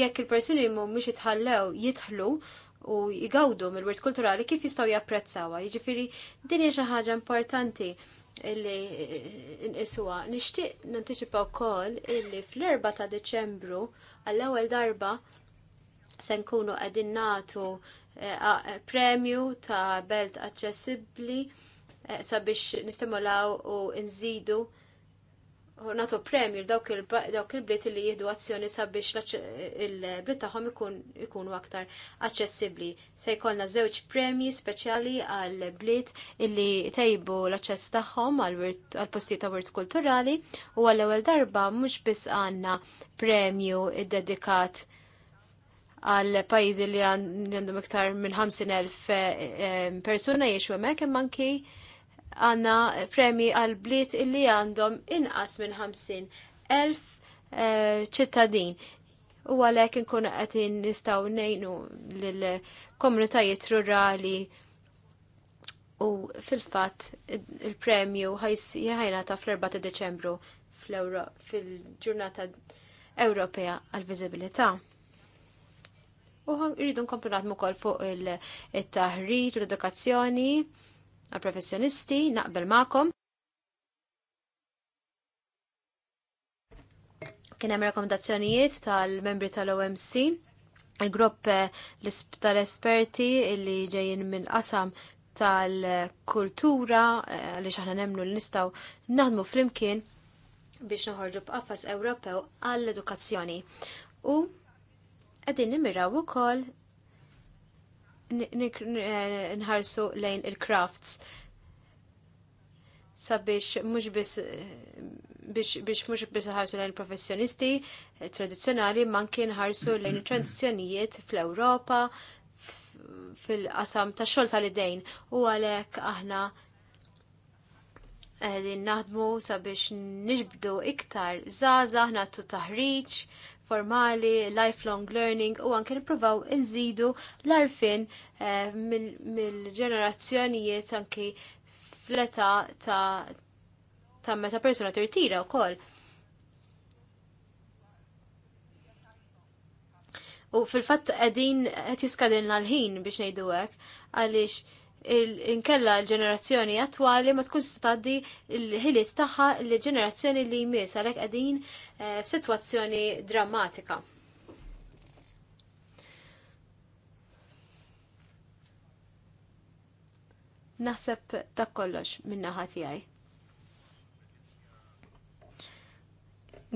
Jekk il-persuni mhumiex jitħallew jidħlu u jgawdu mill-wirt kulturali kif jistgħu japprezzawha. Jiġifieri din hija xi ħaġa importanti illi nqisuha. Nixtieq nanticipa wkoll illi fl-4 ta' Deċembru għall-ewwel darba se nkunu qegħdin nagħtu eh, eh, premju ta' belt aċċessibbli Eh, sabiex nistimulaw u nżidu u natu premju dawk il-bliet li jihdu azzjoni sabiex il-bliet tagħhom ikunu aktar aċċessibbli. Se jkollna żewġ premji speċjali għal bliet illi tejbu l-aċċess tagħhom għal postijiet ta' wirt kulturali u għall ewwel darba mhux biss għandna premju id-dedikat għal pajjiżi li għandhom iktar minn 50,000 eh, eh, persuna jiexu hemmhekk imman anki għanna premi għal bliet illi għandhom inqas minn 50.000 eh, ċittadin. U għalek nkun għatin nistaw nejnu l-komunitajiet rurali u fil-fat il-premju ħajna ta' fl-4 deċembru fil-ġurnata Ewropea għal-vizibilità. U rridu nkomplu naħdmu kol fuq il-taħriġ u l-edukazzjoni. il taħrid u l edukazzjoni għal professjonisti naqbel ma'kom. Kien hemm rakkomandazzjonijiet tal-membri tal-OMC, il-grupp eh, tal-esperti li ġejjin minn qasam tal-kultura eh, li xaħna nemnu li nistaw naħdmu flimkien biex noħorġu b'qafas Ewropew għall-edukazzjoni. U qegħdin nimiraw ukoll nħarsu lejn il-crafts sabiex mhux biss biex mhux biss ħarsu lejn professjonisti eh, tradizzjonali manki nħarsu lejn tradizzjonijiet fl-Ewropa fil-qasam ta' xogħol tal-idejn u għalhekk aħna qegħdin naħdmu sabiex nġbdu iktar żgħażagħ tu taħriġ formali, lifelong learning u anke nippruvaw inżidu l-arfin eh, mill-ġenerazzjonijiet anki fl-età ta', ta meta persuna tirtira wkoll. U fil-fatt qegħdin qed jiskadin l-ħin biex ngħidu hekk għaliex inkella l-ġenerazzjoni attwali ma tkunx tgħaddi l-ħiliet tagħha l-ġenerazzjoni li jmiss għalhekk qegħdin eh, f'sitwazzjoni drammatika. Naħseb ta kollox minnaħa tiegħi.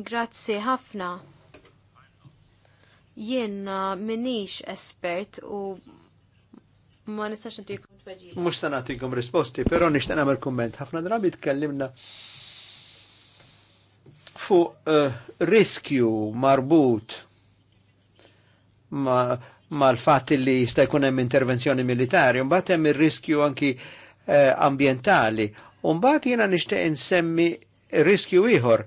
Grazzi ħafna. Jien minix espert u ma nistax ntik tweġiba. Mux sanatikom risposti, pero nishtan għamil komment. ħafna drabi tkellimna fuq eh, riskju marbut ma, l-fat li jista' jkun hemm intervenzjoni militari, mbagħad hemm ir-riskju anki uh, eh, ambientali. Mbagħad jiena nixtieq insemmi riskju ieħor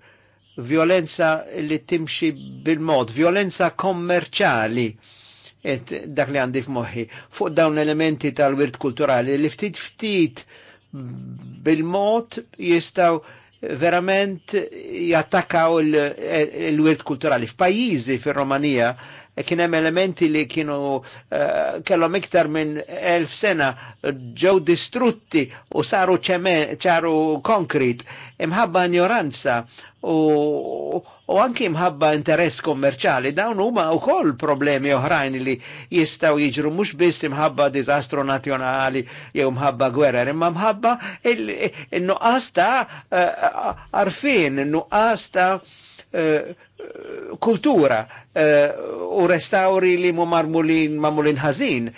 violenza li timxi bil-mod, violenza kommerċali dak li għandi f'moħħi fuq dawn elementi tal-wirt kulturali li ftit ftit bil-mod jistaw verament jattakaw il-wirt kulturali. F'pajjiżi fir-Romanija eh, kien hemm elementi li kienu kellom eh, kellhom iktar minn elf sena ġew distrutti u saru ċaru konkrit imħabba ignoranza u u anki mħabba interess kommerċali dawn huma koll problemi oħrajn li jistgħu jiġru mhux biss imħabba dizastru nazjonali jew mħabba gwerra, imma mħabba il-nuqqas ta' eh, arfin, nuqqas ta' eh, kultura eh, u restauri li mu marmulin ħażin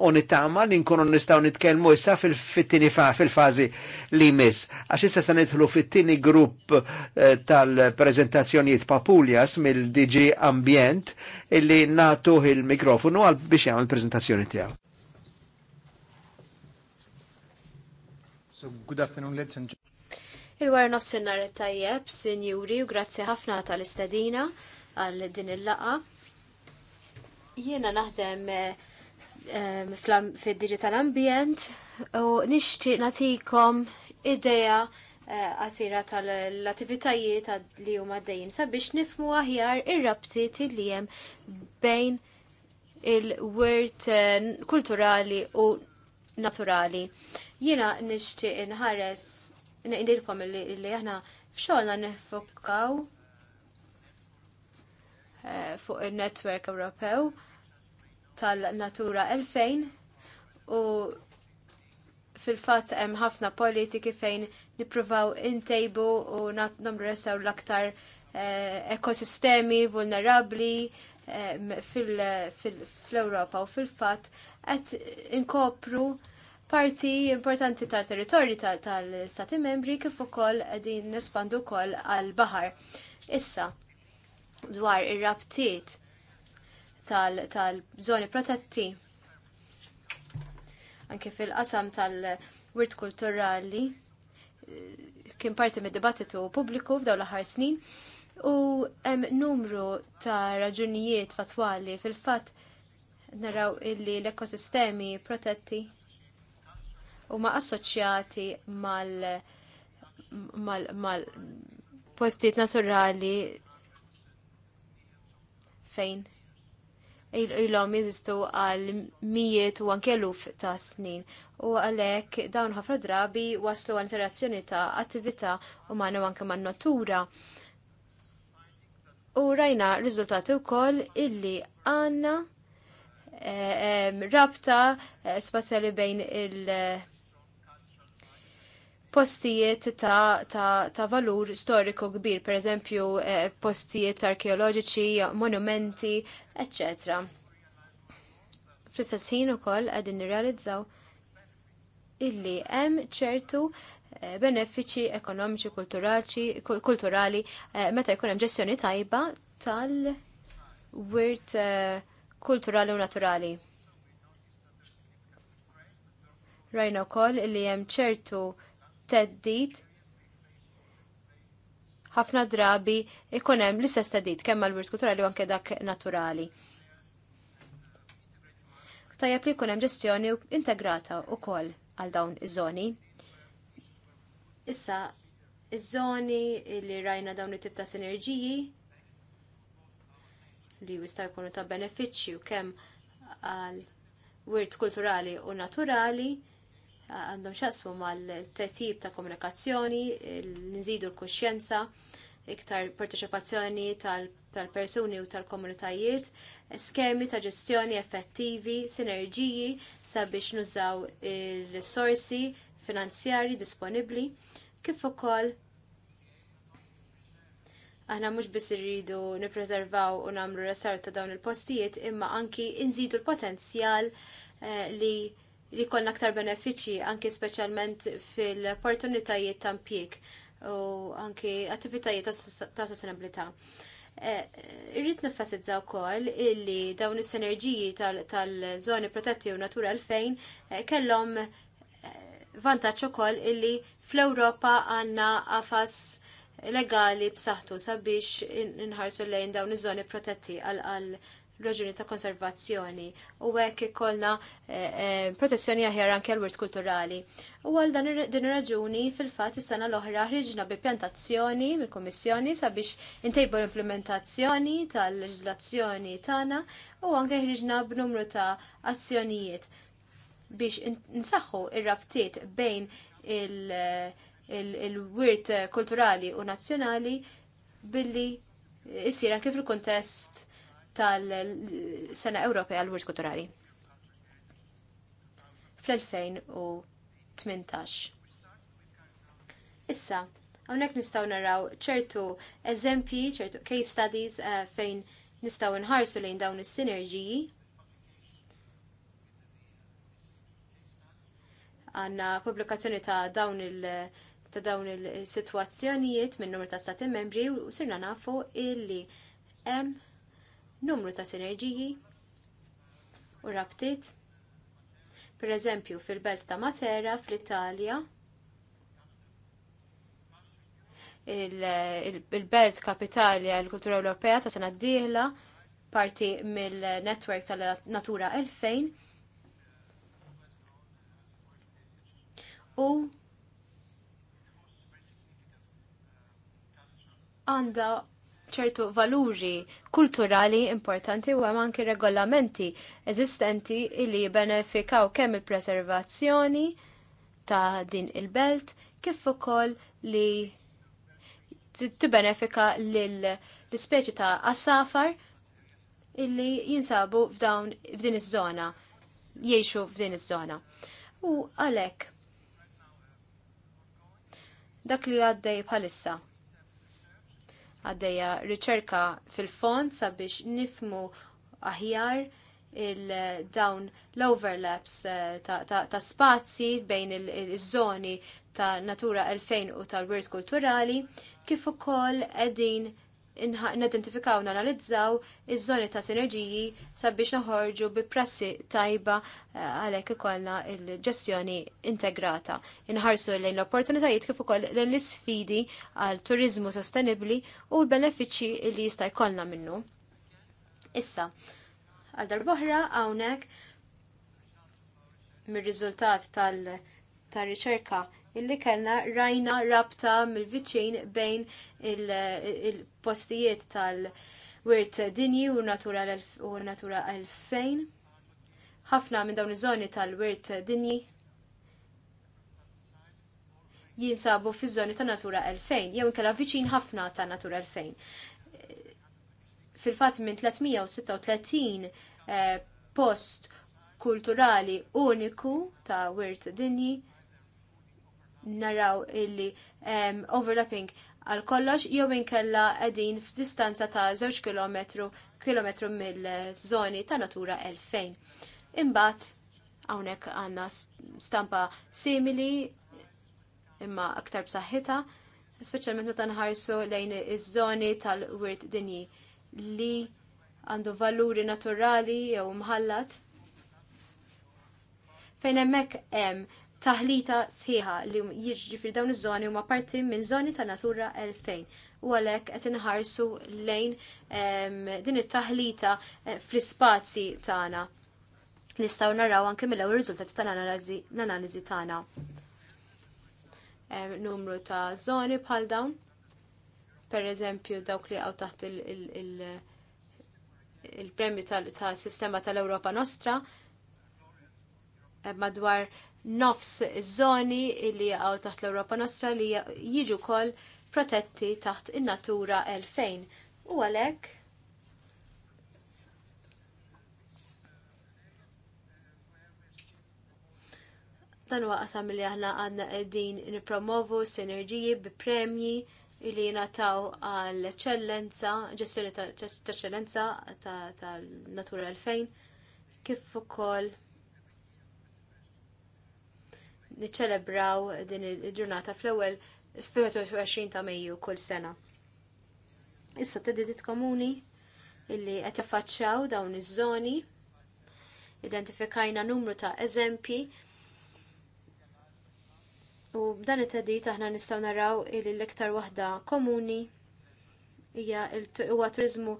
u nittama li nkunu nistaw nitkelmu issa fil-fittini fil-fazi li mis. Għax issa se nidħlu fit grupp eh, tal prezentazzjoniet Papuljas mill-DG Ambient illi natu il-mikrofonu għal biex jagħmel prezentazzjoni tiegħu. So, good afternoon, ladies and Il-wara nofsinhar tajjeb, sinjuri, u grazzi ħafna tal istadina għal din il-laqa. Jiena naħdem eh, Um, fil-digital ambient u nishtiq natikom ideja uh, għasira tal-attivitajiet li huma dejjin sabiex nifmu aħjar ir-rabtiet li hemm bejn il-wirt uh, kulturali u naturali. Jiena nixtieq nħares nindilkom li aħna f'xogħolna nifokkaw uh, fuq il-netwerk Ewropew tal-Natura 2000 u fil-fatt hemm ħafna politiki fejn nippruvaw intejbu u nomrestaw l-aktar eh, ekosistemi vulnerabli eh, fil-Europa u fil-fatt qed inkopru parti importanti tal territorju tal-Stati membri kif ukoll qegħdin nespandu wkoll għall baħar Issa, dwar ir-rabtiet tal-żoni protetti. Anke fil-qasam tal-wirt kulturali kien parti mid-dibattitu pubbliku f'daw l ħar snin u hemm numru ta' raġunijiet fatwali fil-fatt naraw illi l-ekosistemi protetti huma assoċjati mal mal, mal postijiet naturali fejn ilhom jeżistu għal mijiet u għankeluf ta' snin. U għalhekk dawn ħafna drabi waslu għal interazzjoni ta' attività u u anke man-natura. U rajna riżultati wkoll illi għandna eh, eh, rabta eh, spazjali bejn il- postijiet ta', ta, ta valur storiku kbir, per eżempju eh, postijiet arkeoloġiċi, monumenti, etc. Fl-istess ħin ukoll qegħdin nirrealizzaw illi hemm ċertu eh, benefiċi ekonomiċi kulturali eh, meta jkun hemm ġestjoni tajba tal-wirt eh, kulturali u naturali. Rajna wkoll illi hemm ċertu teddit ħafna drabi ikun hemm l-istess teddit kemm mal-wirt kulturali u anke dak naturali. Tajab li jkun hemm ġestjoni integrata wkoll għal dawn iż-żoni. Issa iż-żoni li rajna dawn it-tip ta' sinerġiji li jista' jkunu ta' benefiċċju kemm għal wirt kulturali u naturali għandhom xasfu mal-tetib ta' komunikazzjoni, nżidu l kosċenza iktar parteċipazzjoni tal-persuni u tal-komunitajiet, skemi ta' ġestjoni effettivi, sinerġiji sabiex nużaw il-risorsi finanzjari disponibli, kif ukoll aħna mhux biss irridu nippreservaw u nagħmlu resar ta' dawn il-postijiet imma anki nżidu l-potenzjal eh, li li konna aktar benefiċi anki speċjalment fil-opportunitajiet ta' impjieg u anki attivitajiet ta' sostenibilità. E, irrid nifasizza wkoll illi dawn is-sinerġiji tal-żoni protetti u natura 2000 e, kellhom e, vantaġġ ukoll illi fl-Ewropa għandna qafas legali b'saħħtu sabiex inħarsu lejn dawn iż-żoni protetti għal raġuni ta' konservazzjoni u hekk ikollna eh, eh, protezzjoni aħjar anke l-wirt kulturali. U għal dan din raġuni fil-fatt is-sena l-oħra ħriġna bi pjantazzjoni mill-Kummissjoni sabiex intejbu l-implementazzjoni tal leġizlazzjoni tagħna u anke ħriġna b'numru ta' azzjonijiet biex nsaħħu ir-rabtiet bejn il-wirt kulturali u nazzjonali billi jissir anke fil-kontest tal-Sena Ewropea għal wirt Kulturali. Fl-2018. Issa, għonek nistaw naraw ċertu eżempi, ċertu case studies uh, fejn nistaw nħarsu lejn dawn is-sinerġiji. Għanna pubblikazzjoni ta' dawn il- ta' dawn il-sitwazzjonijiet minn numru ta' stati membri u sirna nafu illi hemm numru ta' sinerġiji u rabtiet. Per eżempju, fil-belt ta' Matera fl-Italja, il-belt il kapitali għal-kultura Ewropea ta' sena d-dieħla, parti mill-network tal-Natura 2000. U għanda ċertu valuri kulturali importanti u hemm anki regolamenti eżistenti li benefikaw kemm il-preservazzjoni ta' din il-belt kif ukoll li tibbenefika l-ispeċi ta' asafar illi jinsabu f'dawn f'din iż-żona jgħixu f'din iż-żona. U għalhekk dak li għaddej bħalissa għaddeja riċerka fil-fond sabiex nifmu aħjar il-dawn l-overlaps eh, ta', ta spazji bejn iż-żoni ta' Natura 2000 u tal-Wirt Kulturali kif ukoll qegħdin n nanalizzaw iż-żoni ta' sinerġiji sabiex noħorġu bi prassi tajba eh, għalhekk ikollna il-ġestjoni integrata. Inħarsu lejn l-opportunitajiet kif ukoll lejn l-isfidi għal turizmu sostenibbli u l-benefiċċji li jista' jkollna minnu. Issa, għal darb'oħra hawnhekk mir-riżultat tal-riċerka tal illi kellna rajna rabta mill-viċin bejn il-postijiet il tal-wirt dinji u natura għalfejn. Ħafna minn dawn iż-żoni tal-wirt dinji jinsabu fi żoni ta' natura 2000, jew inkella viċin ħafna ta' natura 2000. Fil-fatt minn 336 eh, post kulturali uniku ta' wirt dinji naraw illi um, overlapping għal kollox jew inkella qegħdin f'distanza ta' 2 km kilometru mill-żoni ta' Natura 2000. Imbagħad hawnhekk għandna stampa simili imma aktar b'saħħitha, speċjalment meta nħarsu lejn iż-żoni tal-wirt dinji li għandu valuri naturali jew mħallat fejn hemmhekk hemm taħlita sħiħa li jiġġifri dawn iż-żoni huma parti minn żoni ta' natura 2000 u għalhekk qed inħarsu lejn din it-taħlita eh, fl-ispazji tagħna. Nistgħu naraw anke mill-ewwel riżultati tal-analiżi tagħna. Numru ta' żoni bħal dawn, per eżempju dawk li għaw taħt il-premju tal-sistema tal-Ewropa Nostra, eh, madwar nofs iż-żoni illi għaw taħt l-Europa nostra li jiġu kol protetti taħt in-natura 2000. U għalek dan huwa qasam li aħna għadna qegħdin nippromovu sinerġiji bi premji li jingħataw għal ċellenza, ġestjoni ta' ċellenza ta' natura 2000 kif ukoll niċċelebraw din il-ġurnata fl-ewwel 20 ta' Mejju kull sena. Issa t komuni illi qed jaffaċċjaw dawn iż-żoni, identifikajna numru ta' eżempji u b'dan it tedit aħna nistgħu naraw illi l-iktar waħda komuni hija huwa turizmu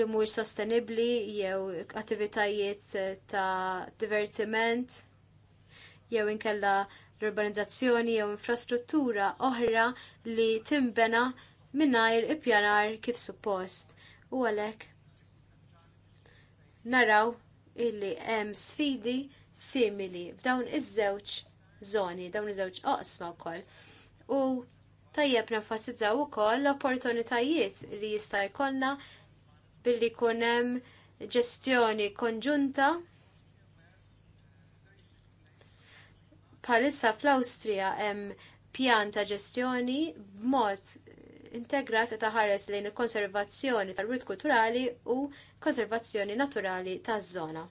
li mhuwiex sostenibbli jew attivitajiet ta' divertiment jew inkella l-urbanizzazzjoni jew infrastruttura oħra li timbena mingħajr ippjanar kif suppost. U għalhekk naraw illi hemm sfidi simili f'dawn iż-żewġ żoni, dawn iż-żewġ oqsma wkoll. U tajjeb nenfasizzaw ukoll l-opportunitajiet li jista' jkollna billi jkun hemm ġestjoni konġunta Bħalissa fl-Awstrija hemm pjan ta' ġestjoni b'mod integrat ta' ħares lejn il-konservazzjoni tal-wirt kulturali u konservazzjoni naturali taż-żona.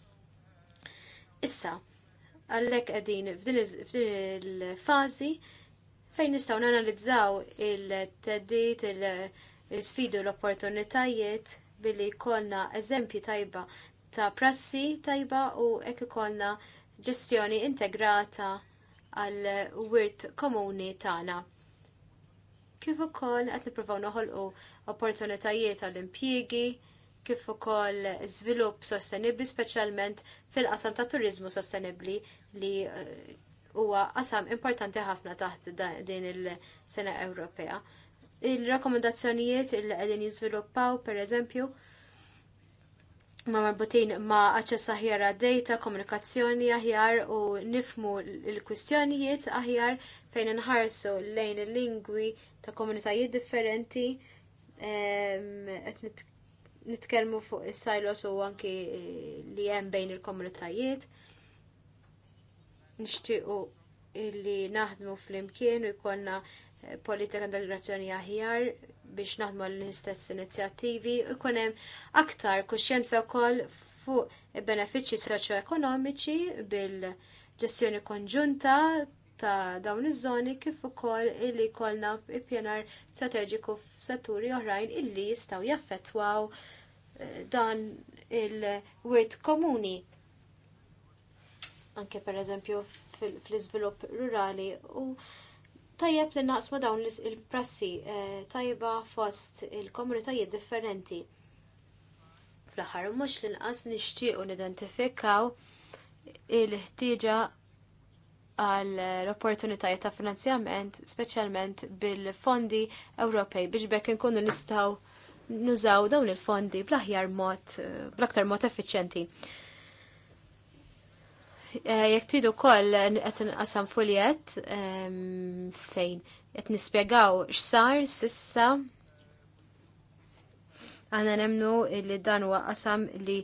Issa, għallek għedin f'din il-fazi fejn nistaw nanalizzaw il-teddit, il-sfidu l-opportunitajiet billi kolna eżempji tajba ta' prassi tajba u ek kolna ġestjoni integrata għal wirt komuni tagħna. Kif ukoll qed nippruvaw noħolqu opportunitajiet għall impjiegi kif ukoll żvilupp sostenibbli speċjalment fil-qasam ta' turiżmu sostenibbli li eh, huwa qasam importanti ħafna taħt din il-sena Ewropea. Il-rakkomandazzjonijiet li qegħdin jiżviluppaw pereżempju ma marbutin ma aċċess aħjar data, komunikazzjoni aħjar u nifmu l-kwistjonijiet aħjar fejn nħarsu lejn il-lingwi ta' komunitajiet differenti qed nitkellmu fuq is-silos u anki eh, li hemm bejn il-komunitajiet. Nixtiequ illi naħdmu fl-imkien u jkollna eh, politika integrazzjoni aħjar biex naħdmu l-istess inizjattivi u hemm aktar kuxjenza wkoll fuq il soċjoekonomiċi bil-ġestjoni konġunta ta' dawn iż-żoni kif ukoll illi jkollna ippjanar strateġiku f'setturi oħrajn illi jistgħu jaffettwaw eh, dan il-wirt komuni. Anke pereżempju fl-iżvilupp rurali u tajjeb li naqsmu dawn il-prassi eh, tajba fost il-komunitajiet differenti. Fl-aħħar mhux li inqas nixtiequ nidentifikaw il-ħtieġa għal l-opportunitajiet ta' finanzjament, speċjalment bil-fondi Ewropej biex bekk inkunu nistgħu nużaw dawn il-fondi bl-aħjar mod, eh, bl-aktar mod effiċjenti. Eh, jek tridu koll qed inqasam fuljet fejn qed nispjegaw x'sar sissa għana nemnu li dan huwa qasam li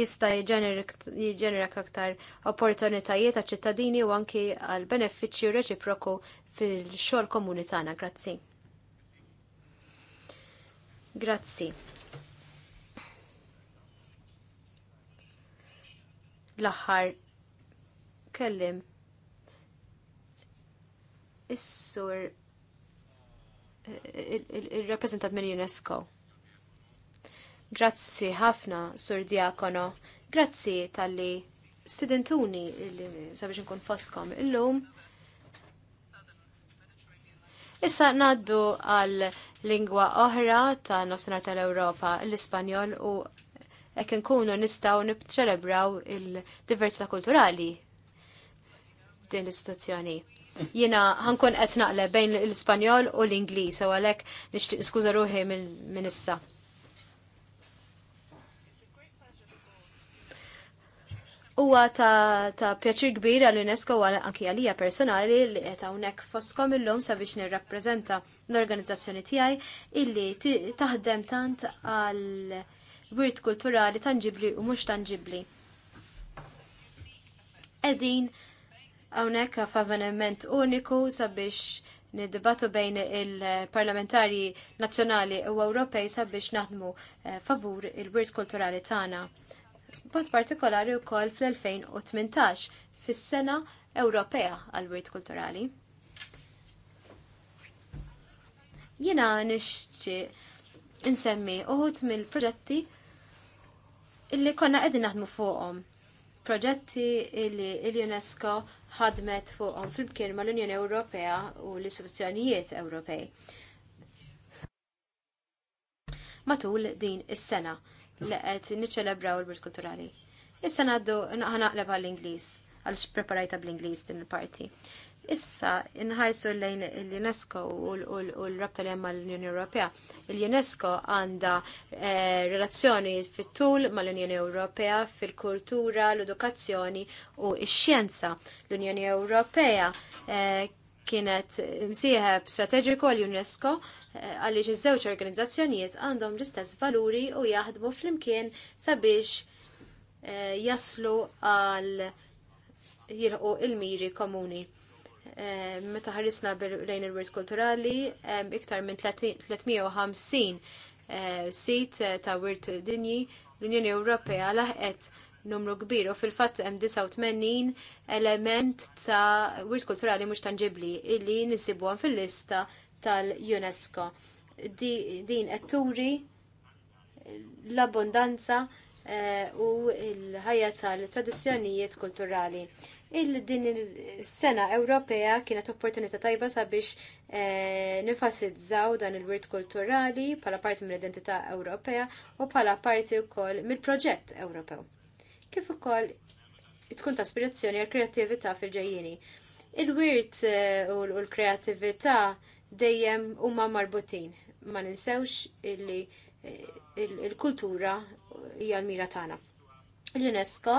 jista jiġenera aktar opportunitajiet għal ċittadini u anki għal benefiċċju reċiproku fil-xogħol komuni tagħna. Grazzi. Grazzi. L-aħħar kellim. Is-sur eh, il-rappresentant minn UNESCO. Grazzi ħafna, Sur Diakono. Grazzi tal-li studentuni sabiex nkun fostkom illum. Issa naddu għal lingwa oħra ta' nofsinhar tal-Ewropa, l-Ispanjol u hekk nkunu nistgħu niċċelebraw il-diversità kulturali din l-istituzzjoni. Jina ħankun qed naqleb bejn l-Ispanjol u l-Ingliż u għalhekk nixtieq skuża ruħi minn issa. Huwa ta', ta pjaċir kbir għall unesco u anki għalija personali li qed hawnhekk foskom illum sabiex nirrappreżenta l-organizzazzjoni tiegħi illi taħdem tant għal wirt kulturali tangibli u mhux tangibli. Edin Hawnhekk għaf avveniment uniku sabiex nid-debatu bejn il-parlamentari nazzjonali u Ewropej sabiex naħdmu eh, favur il-wirt kulturali tagħna. Spot partikolari wkoll fl-2018 fis-sena Ewropea għal-wirt kulturali. jina nixċi insemmi uħut mill-proġetti illi konna edin naħdmu fuqom proġetti li l-UNESCO ħadmet fuqhom flimkien mal-Unjoni Ewropea u l-istituzzjonijiet Ewropej. Matul din is-sena li qed niċċelebraw il bird Kulturali. Is-sena għaddu naqleb għall-Ingliż għaliex preparajta bl-Ingliż din il-parti. Issa inħarsu lejn l-UNESCO u l-rabta li għamma l-Unjoni Ewropea. L-UNESCO għanda eh, relazzjoni fit-tul ma l-Unjoni Ewropea fil-kultura, l-edukazzjoni u x-xjenza. L-Unjoni Ewropea eh, kienet msieħeb strateġiku l-UNESCO eh, għaliex iż-żewġ organizzazzjonijiet għandhom l-istess valuri u jaħdmu fl-imkien sabiex jaslu għal jilħu il-miri komuni Eh, meta ħarisna lejn il-wirt kulturali, iktar minn 350 eh, sit eh, ta' wirt dinji, l-Unjoni Ewropea laħqet numru kbir u fil-fatt hemm 89 element ta' wirt kulturali mhux tanġibbli illi nisibuhom fil-lista tal-UNESCO. Din qed turi l-abbondanza u l-ħajja tal-tradizzjonijiet kulturali il-din il-sena Ewropea kienet opportunità tajba sabiex e, dan il-wirt kulturali pala parti mill-identità Ewropea u pala parti wkoll mill-proġett Ewropew. Kif ukoll tkun ta' aspirazzjoni għal kreativita fil-ġejjini. Il-wirt eh, u l kreativita dejjem huma marbutin. Ma ninsewx illi eh, il-kultura hija l-mira tagħna. L-UNESCO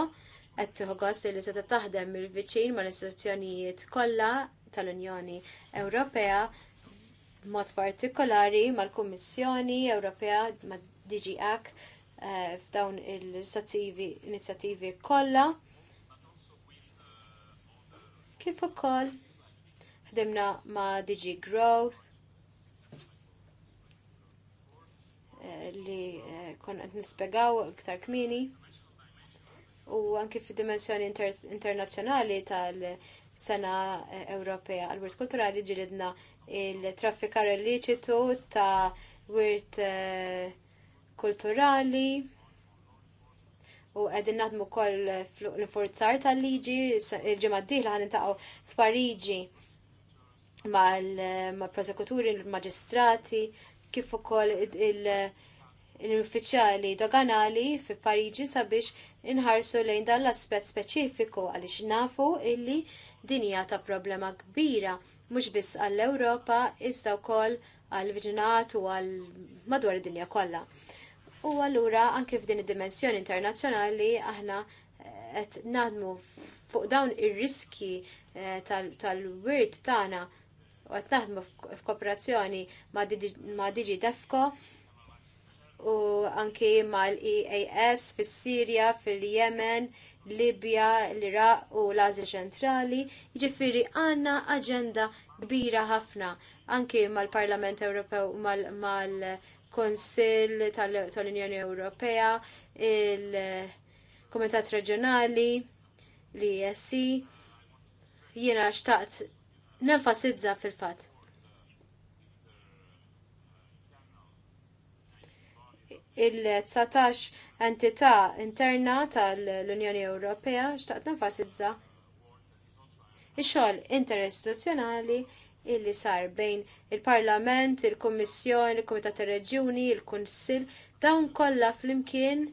qed tieħu gost li se taħdem il-viċin mal-istituzzjonijiet kollha tal-Unjoni Ewropea mod partikolari mal-Kummissjoni Ewropea mad DG Act eh, f'dawn il-inizjattivi kollha. Kif ukoll ħdimna ma' DG Growth eh, li eh, kon qed nispjegaw iktar kmieni u anki fid-dimensjoni inter internazzjonali tal-Sena eh, Ewropea għal wirt Kulturali ġilidna il-traffikar illiċitu ta' wirt eh, kulturali u għedin naħdmu koll l-forzar tal-liġi, il-ġemad diħla għan intaqaw f'Pariġi mal-prosekuturi, eh, l-magistrati, kif ukoll il-uffiċjali doganali fi Pariġi sabiex inħarsu lejn dan l-aspett speċifiku għaliex nafu illi din hija ta' problema kbira mhux biss għall-Ewropa iżda wkoll għall-viġinat u għal madwar id-dinja kollha. U allura anke f'din id-dimensjoni internazzjonali aħna eh, qed naħdmu fuq dawn ir-riski eh, tal-wirt tagħna u qed naħdmu f'kooperazzjoni ma' Digi Defco u anki mal-EAS fis-Sirja, fil-Yemen, Libja, l-Iraq u l-Azja ċentrali, ġifiri għanna aġenda kbira ħafna anki mal-Parlament Ewropew mal-Konsil tal-Unjoni Ewropea, il-Komitat Reġjonali, l-ESC, jiena xtaqt nenfasizza fil-fat il-19 entità interna tal-Unjoni Ewropea xtaqt nfasizza ix-xogħol interistituzzjonali illi sar bejn il-Parlament, il-Kummissjoni, il-Kumitat tar-Reġjuni, il-Kunsill, dawn kollha flimkien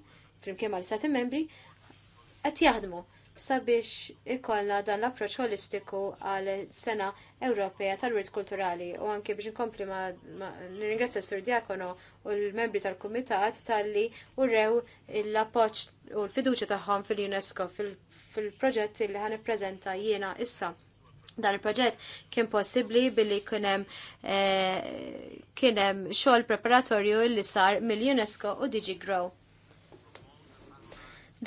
flimkien mal-Stati Membri qed jaħdmu sabiex ikollna dan l-approċ holistiku għal sena Ewropea tal-Wirt Kulturali u anke biex nkompli ma, ma nirringrazzja Sur Diakono u l-membri tal-Kumitat tal-li urrew l-appoċ u l-fiduċa tagħhom fil-UNESCO fil-proġett li ħan ippreżenta jiena issa. Dan il-proġett kien possibbli billi kienem eh, kienem xogħol preparatorju li sar mill-UNESCO u DigiGrow.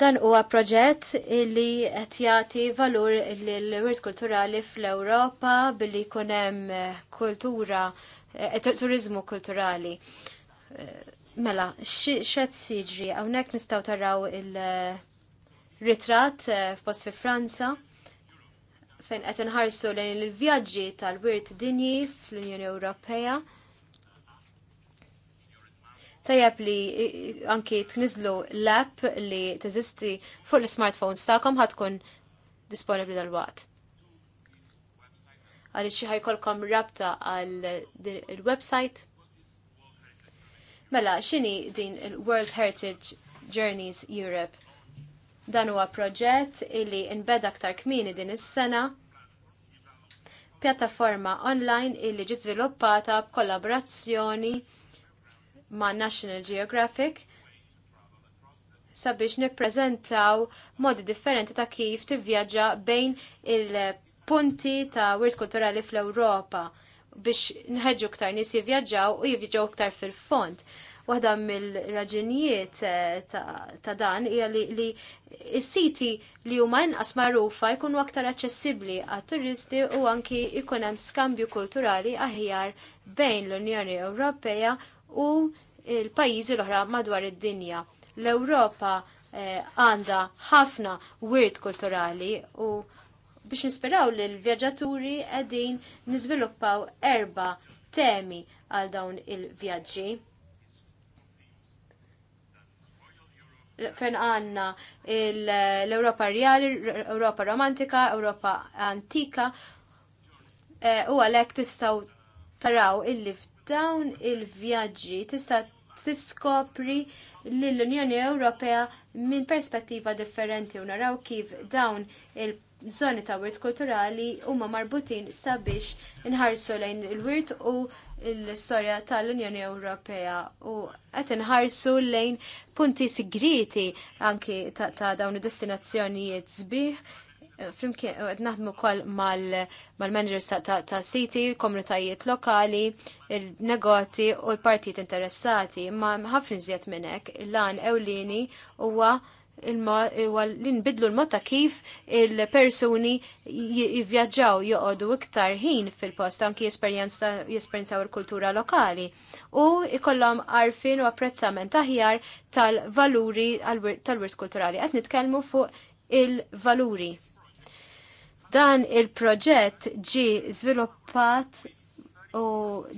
Dan huwa proġett li qed jagħti valur lill-wirt kulturali fl-Ewropa billi jkun hemm eh, kultura eh, turizmu kulturali. Eh, mela, xed siġri, hawnhekk nistgħu taraw il-ritratt f'post fi Franza fejn qed inħarsu lejn il-vjaġġi tal-wirt dinji fl-Unjoni Ewropea tajab li anki tniżlu l-app li teżisti fuq l-smartphones tagħkom ħatkun disponibbli dal-waqt. Għalli xi ħajkolkom rabta għal il-website. Mela, xini din il-World Heritage Journeys Europe? Dan huwa proġett illi inbeda aktar kmini din is-sena pjattaforma online illi ġiet żviluppata b'kollaborazzjoni ma' National Geographic sabiex nippreżentaw modi differenti ta' kif tivvjaġġa bejn il-punti ta' wirt kulturali fl-Ewropa biex nħedġu ktar nis jivvjaġġaw u jivvjaġġaw ktar fil-fond. Waħda mill-raġunijiet eh, ta' dan hija li s-siti li huma inqas magħrufa jkunu aktar aċċessibbli għat-turisti u anki jkun hemm skambju kulturali aħjar bejn l-Unjoni Ewropea u il-pajjiżi l-oħra madwar id-dinja. L-Ewropa eh, għandha ħafna wirt kulturali u biex nisperaw li l-vjaġġaturi għedin nizviluppaw erba temi għal dawn il-vjaġġi. Fen għanna l-Europa Reali, Europa Romantika, Europa Antika eh, u għalek tistaw taraw il-lift dawn il-vjaġġi tista' tiskopri li l-Unjoni Ewropea minn perspettiva differenti u naraw kif dawn il-żoni ta' wirt kulturali huma marbutin sabiex inħarsu lejn il-wirt u l-istorja tal-Unjoni Ewropea u qed inħarsu lejn punti sigriti anki ta', ta dawn id-destinazzjonijiet sbieħ flimkien qed naħdmu wkoll mal-managers ta' siti, komunitajiet lokali, il-negozji u l-partijiet interessati. Ma ħafna iżjed minnek l lan ewlieni huwa li nbidlu l-mod ta' kif il-persuni jivvjaġġaw joqogħdu iktar ħin fil-post anki jesperjenzaw il-kultura lokali u ikollom arfin u apprezzament aħjar tal-valuri tal-wirt kulturali. Qed nitkellmu fuq il-valuri Dan il-proġett ġi sviluppat u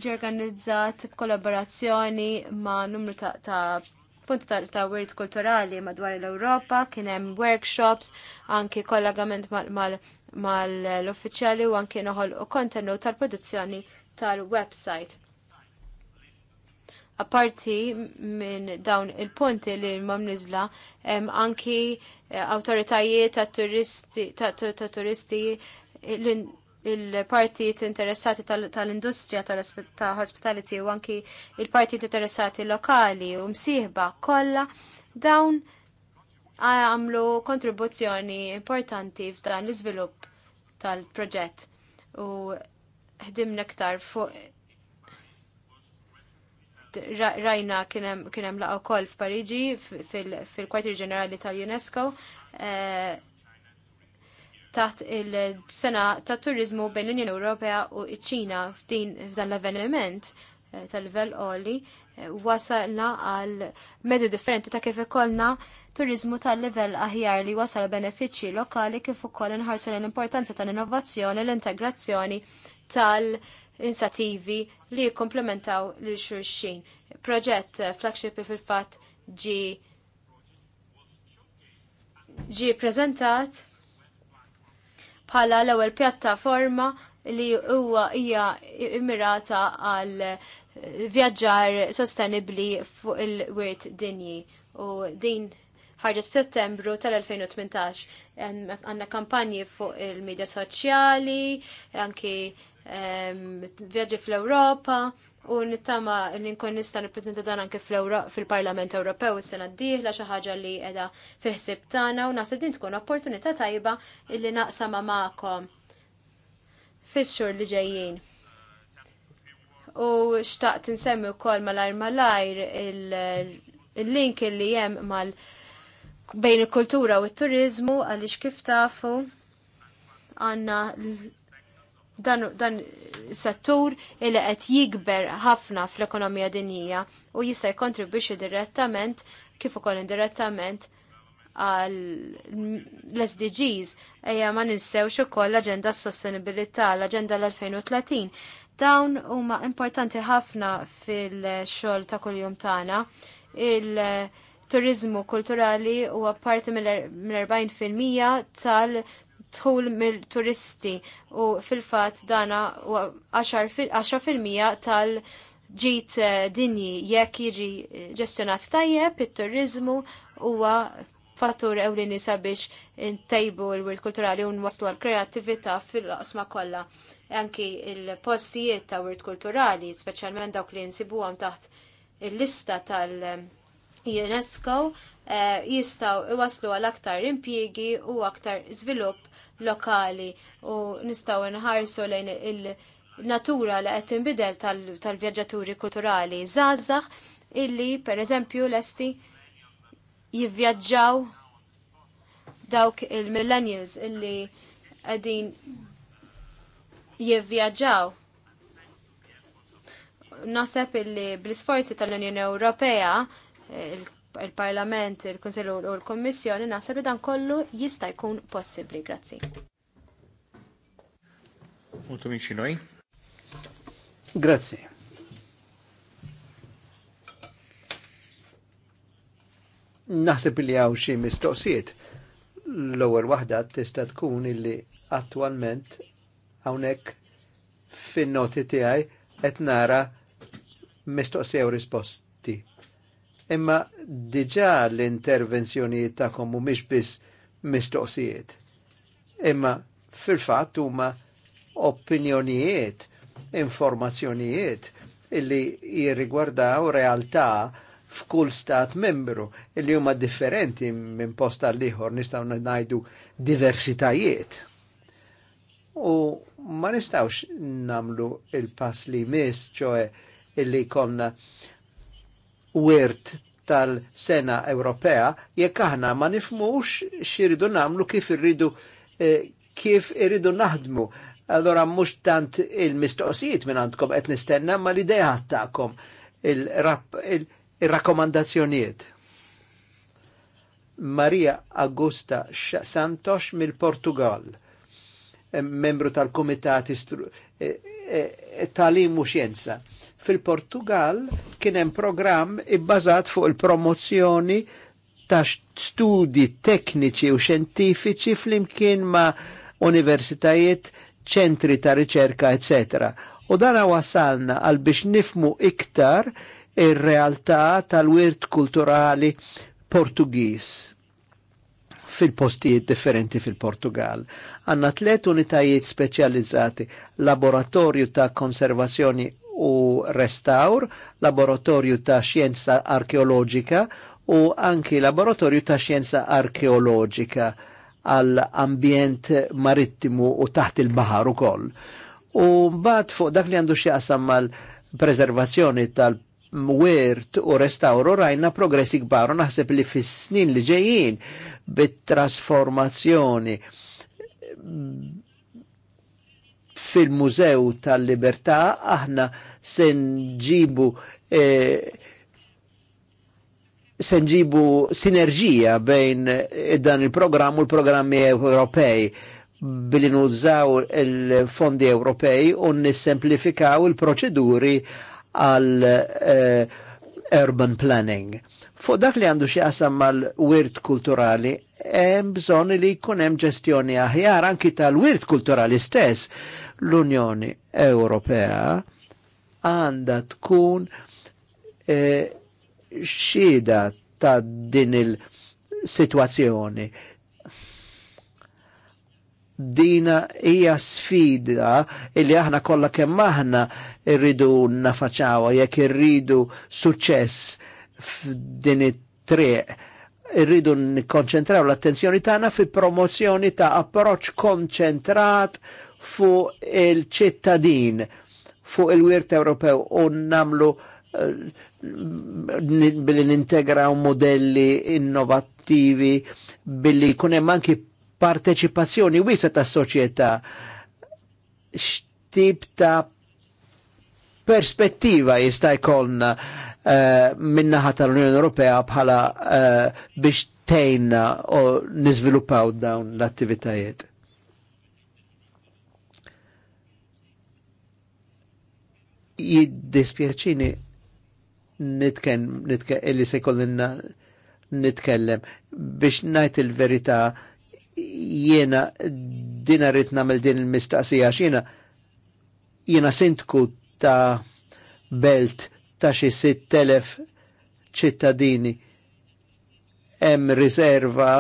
ġi organizzat b'kollaborazzjoni ma' numru ta', ta punti ta', ta wirt kulturali madwar l-Ewropa, kien hemm workshops, anki kollegament mal-uffiċjali u anki noħol u kontenut tal-produzzjoni tal-website apparti minn dawn il-punti li mamnizla anki eh, autoritajiet ta' turisti, il-partijiet interessati tal-industrija tal-hospitality u anki il-partijiet interessati lokali u msieħba kollha dawn għamlu kontribuzzjoni importanti f'dan l-iżvilupp tal-proġett u ħdim nektar fuq rajna kienem, kienem laqa kol f'Parigi fil-kwartier ġenerali tal-UNESCO eh, taħt il-sena ta' turizmu bejn l-Unjoni Ewropea u ċ-Ċina f'din f'dan l-avveniment eh, tal level oli eh, wasalna għal mezzi differenti ta' kif ikollna turizmu tal-livell aħjar li wasal benefiċċji lokali kif ukoll inħarsu l-importanza tal-innovazzjoni l-integrazzjoni tal-, -innovazzjoni, tal inizjattivi li jikkomplementaw lil xulxin. Proġett eh, flagship fil-fatt ġi ġi prezentat bħala l-ewwel pjattaforma li huwa hija immirata għal eh, vjaġġar sostenibbli fuq il-wirt dinji u din ħarġet f'Settembru tal-2018 għandna kampanji fuq il-medja soċjali, anki vjaġġi fl-Ewropa u nittama li nkun nista' nippreżenta dan anke fil-Parlament Ewropew is-sena d-dieħla xi ħaġa li qiegħda fiħsib tagħna u naħseb din tkun opportunità tajba illi naqsama magħkom fix-xhur li ġejjin. U xtaqt insemmi wkoll malajr malajr il-link il li hemm mal bejn il-kultura u t-turizmu għaliex kif tafu għandna dan, dan settur il qed jikber ħafna fl-ekonomija dinjija u jista' jkontribwixxi direttament kif ukoll indirettament għal l-SDGs ejja ma ninsewx ukoll l-Aġenda s-Sostenibilità, l-Aġenda l-2030. Dawn huma importanti ħafna fil-xogħol ta' kuljum tagħna. il turizmu kulturali huwa parti mill-40% tal tħul mill-turisti u fil-fat dana 10% tal-ġit eh, dinji jekk jiġi ġestjonat tajjeb it-turizmu huwa fattur ewlieni sabiex intejbu l-wirt kulturali u nwaslu għal-kreativita fil-qasma kollha. Anki il-postijiet ta' wirt kulturali, speċjalment dawk li nsibuhom taħt il-lista tal- UNESCO eh, jistaw iwaslu għal aktar impjiegi u aktar żvilupp lokali u nistaw nħarsu lejn il-natura li qed tinbidel tal-vjaġġaturi kulturali żgħażagħ illi pereżempju lesti jivvjaġġaw dawk il-millennials illi qegħdin jivvjaġġaw. Naseb illi bl-isforzi tal-Unjoni Ewropea il-Parlament, il-Kunsell u l-Kommissjoni naħseb li dan kollu jista' jkun possibbli. Grazzi. Molto vinci noi. Grazie. Naħseb li għaw xi mistoqsijiet. L-ewwel waħda tista' tkun illi attwalment hawnhekk fin-noti tiegħi qed nara mistoqsija u risposti imma diġa l-intervenzjonijiet komu mhumiex biss mistoqsijiet. Imma fil-fatt huma opinjonijiet, informazzjonijiet illi jirrigwardaw realtà f'kull stat membru illi huma differenti minn posta l-ieħor nistgħu ngħidu diversitajiet. U ma nistgħux namlu il-pass li miss, ċoe illi konna wirt tal-sena Ewropea jekk aħna ma nifmux xiridu namlu kif irridu eh, kif irridu naħdmu. Allora mhux tant il-mistoqsijiet minn għandkom qed nistenna ma l-idea tagħkom il-rakkomandazzjonijiet. Maria Augusta Santos mill-Portugal, eh, membru tal-Kumitat T'Alim eh, eh tal-Imu Xjenza Fil-Portugal kien hemm programm ibbażat fuq il-promozzjoni ta' studi tekniċi u xjentifiċi flimkien ma' universitajiet, ċentri ta' riċerka, etc. U dana wasalna għal biex nifmu iktar ir-realtà tal-wirt kulturali Portugiż fil-postijiet differenti fil-Portugal. Għanna tlet unitajiet speċjalizzati, laboratorju ta' konservazzjoni u restaur, laboratorju ta' xjenza arkeoloġika u anki laboratorju ta' xjenza arkeoloġika għall ambjent marittimu u taħt il-bahar ukoll. U mbagħad fuq dak li għandu x'jaqsam mal-preservazzjoni tal wirt u restawru rajna progressi kbar u naħseb li fis-snin li ġejjin bit-trasformazzjoni fil-Mużew tal-Libertà aħna se nġibu eh, sinerġija bejn e, dan il-programm u l-programmi Ewropej billi nużaw il-fondi Ewropej u nissemplifikaw il-proċeduri għal eh, urban planning. Fuq dak li għandu xieqsam mal-wirt kulturali, hemm bżonn li jkun hemm ġestjoni aħjar anki tal-wirt kulturali stess l-Unjoni Ewropea għanda tkun e, xida ta' din il-situazzjoni. Dina hija sfida illi aħna kollha kemm aħna irridu nafaċawa jekk irridu suċċess f'din it-triq irridu nikkonċentraw l-attenzjoni tagħna fi promozzjoni ta' approċċ konċentrat fuq il-ċittadin, fuq il-wirt Ewropew u namlu eh, billi integraw modelli innovattivi billi kunem anki parteċipazzjoni wisa ta' soċieta x'tip ta' perspettiva jista' jkollna uh, minnaħa tal-Unjoni Ewropea bħala uh, biex tejna u niżviluppaw dawn l-attivitajiet. jiddispjaċini nitken, nitken, illi se kollinna nitkellem biex najt il-verità jiena dina rrit namel din il-mistaqsija xina jiena sintku ta' belt ta' xi 6000 ċittadini hemm riserva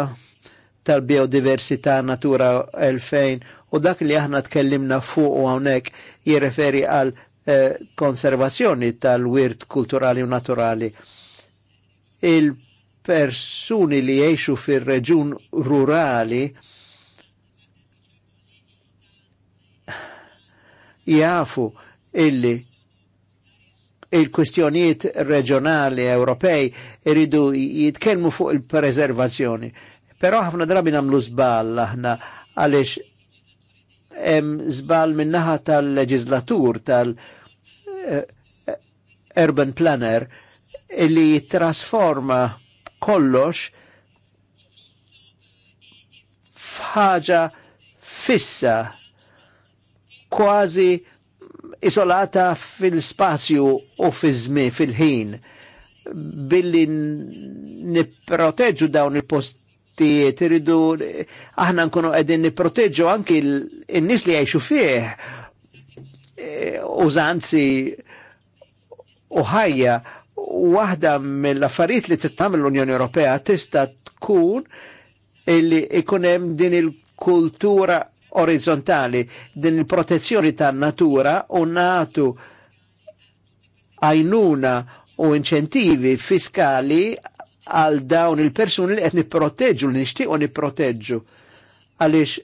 tal-biodiversità Natura 2000 u dak li aħna tkellimna fuq hawnhekk jirreferi għal konservazzjoni tal-wirt kulturali u naturali. Il-persuni li jiexu fil-reġun rurali jafu illi il-kwestjonijiet reġjonali Ewropej iridu jitkellmu fuq il-preservazzjoni. Però ħafna drabi namlu żball aħna għaliex zbal minnaħa tal-leġizlatur, tal-urban eh, eh, planner, li trasforma kollox fħaġa fissa, kważi isolata fil-spazju u fil fil-ħin, billi niproteġu dawn il-post drittijiet, irridu aħna nkunu qegħdin nipproteġġu anki n-nies li jgħixu fih e, użanzi u ħajja waħda mill-affarijiet li tittamil l-Unjoni Ewropea tista' tkun illi ikun hemm din il-kultura orizzontali, din il-protezzjoni tan-natura u natu għajnuna u inċentivi fiskali għal dawn il-persuni li qed proteġu, li nixtiequ niproteġu. għaliex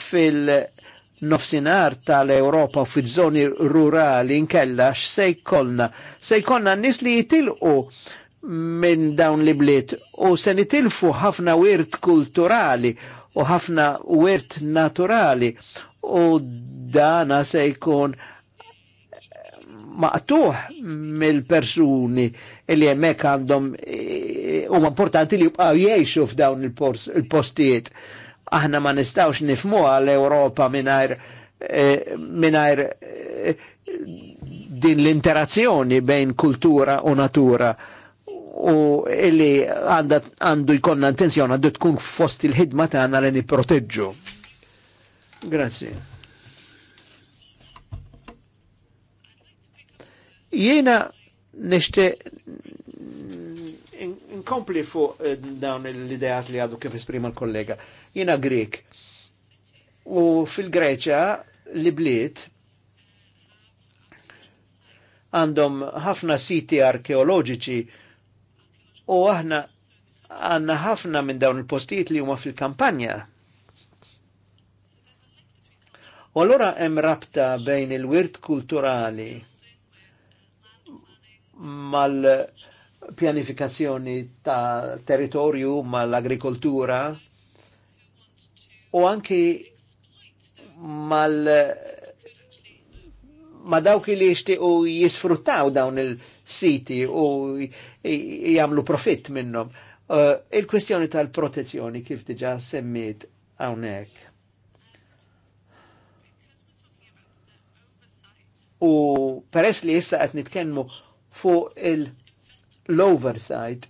fil-nofsinar tal-Ewropa u fil-żoni rurali nkella x'se jkollna. Se jkollna n li jitilqu minn dawn li bliet u se nitilfu ħafna wirt kulturali u ħafna wirt naturali u dana se jkun maqtuħ mill-persuni li jemmek għandhom huma importanti li jibqgħu jgħixu f'dawn il-postijiet. Aħna ma nistgħux nifmu għal Ewropa mingħajr eh, mingħajr eh, din l-interazzjoni bejn kultura u natura u illi għandu jkonna intenzjoni għandu tkun fost il-ħidma tagħna li nipproteġġu. Grazie. Jiena nishtiq inkompli fuq eh, dawn l-ideat li għadu kif isprima l-kollega. Jina Grek. U fil-Greċa li bliet għandhom ħafna siti arkeoloġiċi u aħna għanna ħafna minn dawn il-postijiet li huma fil-kampanja. U allora hemm rabta bejn il-wirt kulturali mal- pjanifikazzjoni ta' territorju mal-agrikoltura u anki mal ma dawk li u jisfruttaw dawn il-siti u jagħmlu profitt minnhom. Uh, Il-kwestjoni tal-protezzjoni kif diġa semmit hawnhekk. U peress li jissa qed nitkenmu fuq il- l-oversight,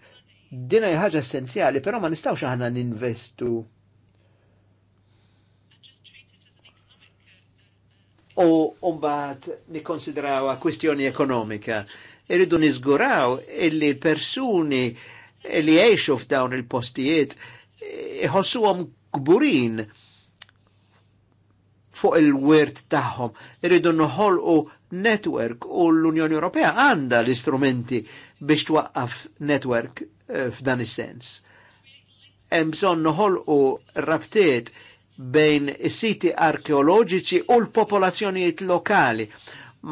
dina ħaġa essenzjali, però ma nistawx aħna ninvestu u mbagħad a kwistjoni ekonomika. Irridu nizguraw illi persuni li jiexu f'dawn il-postijiet iħossuhom kburin fuq il-wirt tagħhom. Irridu nħolqu network u l-Unjoni Ewropea għandha l-istrumenti biex twaqqaf network eh, f'dan is-sens. Hemm bżonn noħolqu rabtiet bejn is-siti arkeoloġiċi u l-popolazzjonijiet lokali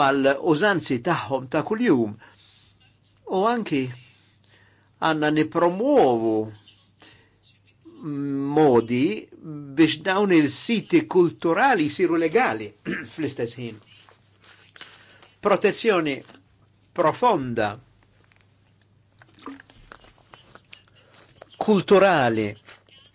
mal-użanzi tagħhom ta' kuljum. U anki għanna nipromuovu modi biex dawn il-siti kulturali siru legali [clears throat] fl-istess ħin. Protezzjoni profonda kulturali.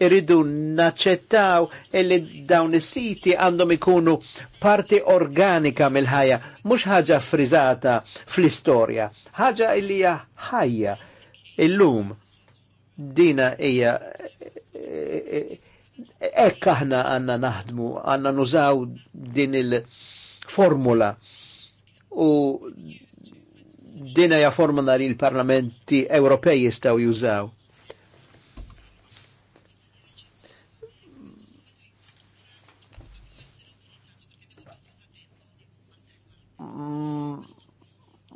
Irridu naċċettaw illi dawn is-siti għandhom ikunu parti organika mill-ħajja, mhux ħaġa frizata fl-istorja, ħaġa illi hija ħajja illum. Dina hija hekk aħna għandna naħdmu, għandna nużaw din il-formula. U dina hija formula li l-parlamenti Ewropej jistgħu jużaw.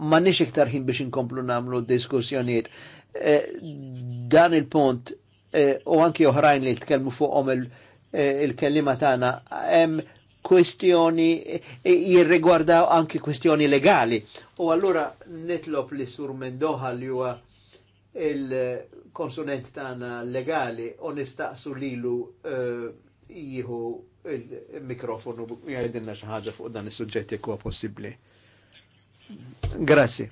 ma nix iktar ħin biex inkomplu namlu diskussjoniet. Eh, dan il-punt eh, u anki oħrajn li tkellmu fuqhom eh, il-kellima tagħna hemm kwestjoni jirrigwardaw anki kwestjoni legali. U allura nitlob li sur Mendoha li huwa il-konsulent tagħna legali u nistaqsu lilu jieħu il-mikrofonu jgħidinna xi ħaġa fuq dan is-suġġett jekk huwa possibbli. Grazie.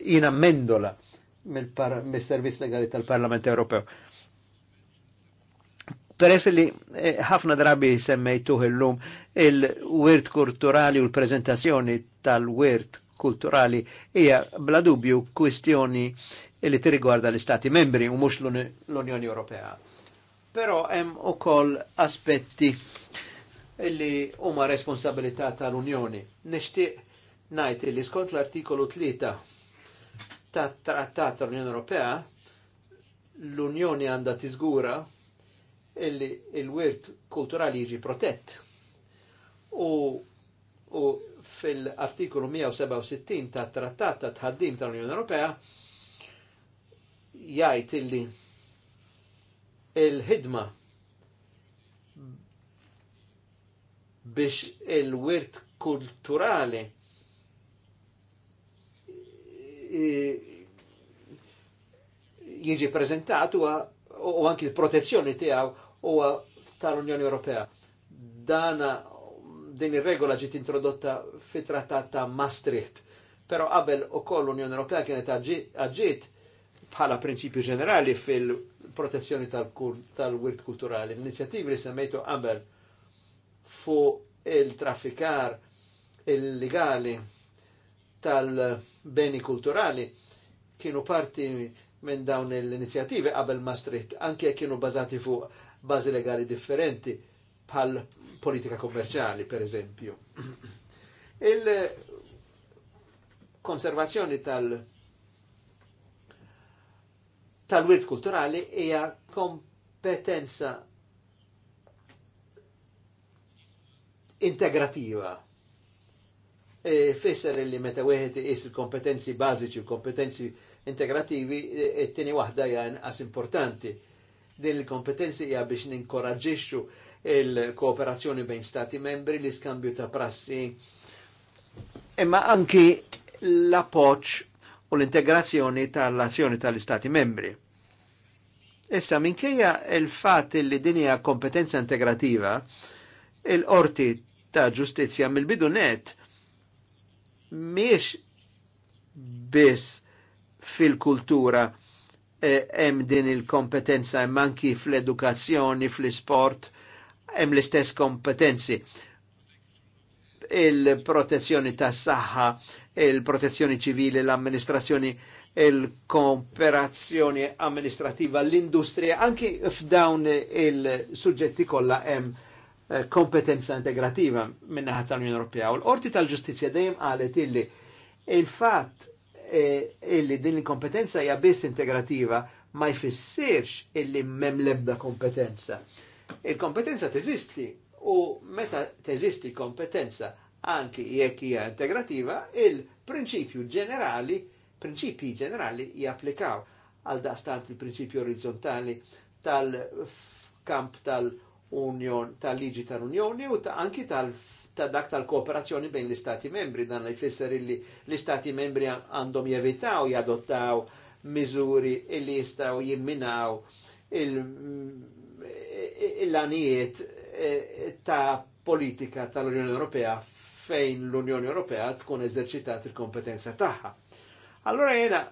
Jina mendola mill-Servizz Legali tal-Parlament Ewropew. Peress li eh, ħafna eh, drabi il-lum il-wirt kulturali u l-prezentazzjoni tal-wirt kulturali hija bla dubju kwistjoni li tirrigwarda l-Istati membri u mux l-Unjoni Ewropea. Però hemm ukoll aspetti li huma responsabilità tal-Unjoni. Nixtieq najt li skont l-artikolu 3 ta' trattat tal-Unjoni Ewropea l-Unjoni għandha tiżgura illi il-wirt kulturali jiġi protett. U, u fil-artikolu 167 ta' trattat ta' tħaddim tal-Unjoni Ewropea jgħid illi il-ħidma biex il-wirt kulturali E, jieġi prezentat u anki l-protezzjoni tijaw u tal-Unjoni Ewropea. Dana din ir-regola ġiet introdotta fit-trattat ta' Maastricht. Però qabel ukoll l-Unjoni Ewropea kienet aġġiet bħala prinċipju ġenerali fil-protezzjoni tal-wirt kulturali. l inizjativi li semmejtu qabel fu il-traffikar il-legali il-traffikar il-legali tal-beni kulturali kienu parti minn dawn l inizjative qabel Maastricht, anke kienu bazati fuq bazi legali differenti bħal politika kommerċali, per eżempju. [clears throat] Il-konservazzjoni tal- tal-wirt kulturali hija kompetenza integrativa E fisser li meta wieħed is il-kompetenzi bażiċi, il-kompetenzi integrativi, it-tieni e, e waħda hija inqas importanti. Din il-kompetenzi hija biex ninkoraġġixxu il-kooperazzjoni bejn stati membri, l-iskambju ta' prassi, imma anki l appoġġ u l-integrazzjoni tal-azzjoni tal-istati membri. Issa minkejja il-fat li hija kompetenza integrativa, il-orti ta' ġustizja mill-bidunet miex biss fil-kultura e, hemm din il-kompetenza hemm anki fl-edukazzjoni, fl-isport, hemm l-istess kompetenzi. Il-protezzjoni tas saħħa il-protezzjoni ċivili, l-amministrazzjoni, il-kooperazzjoni amministrativa, l-industrija, anki f'dawn il-suġġetti kollha hemm Eh, kompetenza integrativa minnaħat tal-Unjoni Ewropea. U l-Qorti tal-Ġustizzja dejjem qalet illi il-fatt eh, illi din il-kompetenza hija biss integrativa ma jfissirx illi m'hemm l-ebda kompetenza. Il-kompetenza teżisti u meta teżisti kompetenza anki jekk hija integrativa, il-prinċipju ġenerali, prinċipji ġenerali japplikaw għal daqstant il-prinċipju orizzontali tal-kamp tal-, -kamp tal tal-Unjon, tal-liġi tal-Unjoni u ta anki tal- ta' dak tal-kooperazzjoni bejn l-Istati membri, dan fisser illi l-Istati membri għandhom jevitaw jadottaw miżuri illi jistaw jimminaw il-lanijiet e, ta' politika tal-Unjoni Ewropea fejn l-Unjoni Ewropea tkun eżerċitat il-kompetenza tagħha. Allora jena,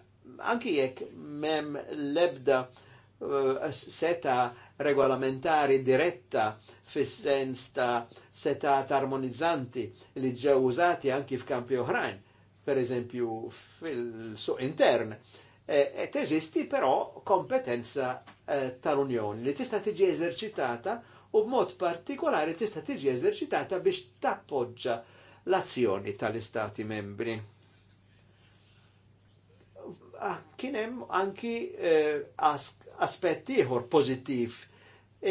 anki jekk mem lebda ebda Eh, seta regolamentari diretta fis-sens ta' seta armonizzanti li ġew użati anki f'kampi oħrajn, per eżempju fil-suq intern. E, e teżisti però kompetenza eh, tal-Unjoni li tista' tiġi eżerċitata u b'mod partikolari tista' tiġi eżerċitata biex tappoġġa l-azzjoni tal-Istati membri. Kien hemm anki eh, ask aspett ieħor pożittiv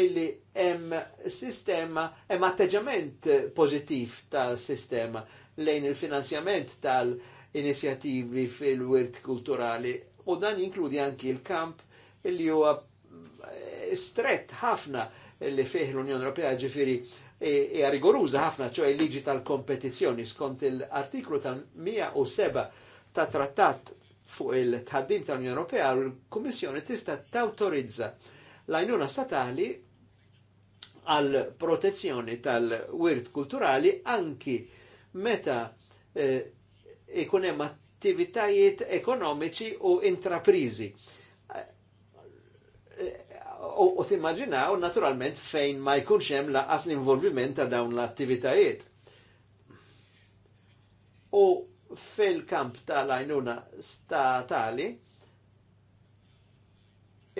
illi hemm sistema, hemm atteġġament pożittiv tal-sistema lejn il-finanzjament tal-inizjattivi fil-wirt kulturali u dan jinkludi anki l kamp illi huwa eh, strett ħafna li fih l-Unjoni Ewropea ġifieri hija e, e, rigoruża ħafna, ċoħi liġi tal-kompetizzjoni skont l-artiklu tal-107 ta' trattat fuq il-tħaddim tal-Unjoni Ewropea u l-Kummissjoni tista' tawtorizza l-għajnuna statali għal protezzjoni tal-wirt kulturali anki meta eh, ikun eh, hemm attivitajiet ekonomiċi u intraprizi. Eh, u timmaġinaw naturalment fejn ma jkunx hemm laqas l-involviment ta' dawn l-attivitajiet. U fil-kamp tal-għajnuna statali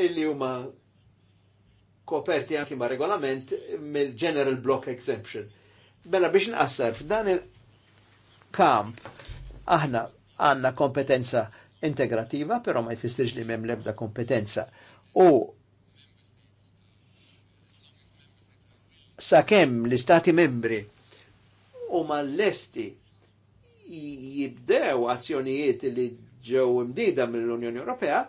illi huma koperti anki ma' regolament mill-General Block Exemption. Mela biex nqassar f'dan il-kamp aħna għanna kompetenza integrativa, però ma jfistriġ li mem lebda kompetenza. U sakemm l-istati membri u ma l-lesti jibdew azzjonijiet li ġew imdida mill-Unjoni Ewropea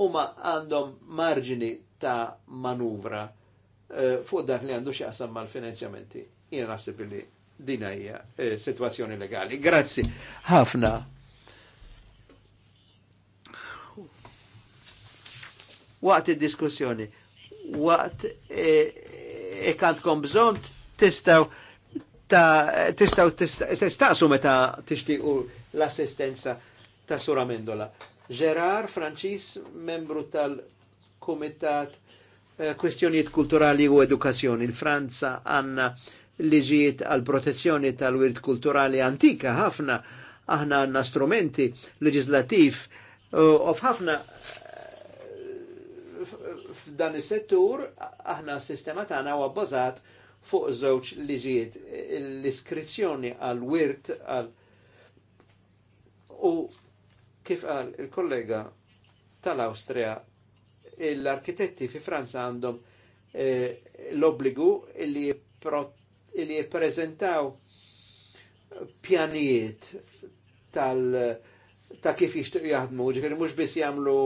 huma għandhom marġini ta' manuvra uh, fuq dak li għandu xaqsam mal-finanzjamenti. Jien nasib li din hija uh, situazzjoni legali. Grazzi ħafna. Waqt id-diskussjoni, waqt e, e kantkom bżont tistaw ta' tistaw tistaqsu meta tixtiqu l-assistenza ta' Sura Mendola. Gerard Francis, membru tal-Kumitat eh, Kwestjonijiet Kulturali u Edukazzjoni. Il-Franza għanna liġijiet għal protezzjoni tal-wirt kulturali antika ħafna aħna għanna strumenti leġislativ u eh, ħafna eh, f'dan is-settur aħna s-sistema tagħna huwa bbażat fuq żewġ liġijiet l-iskrizzjoni għal wirt għal u kif għal il-kollega tal-Austria l-arkitetti fi Franza għandhom eh, l-obbligu li jippreżentaw pjanijiet tal ta' kif jishtiq jaħdmu, ġifieri mux bis jamlu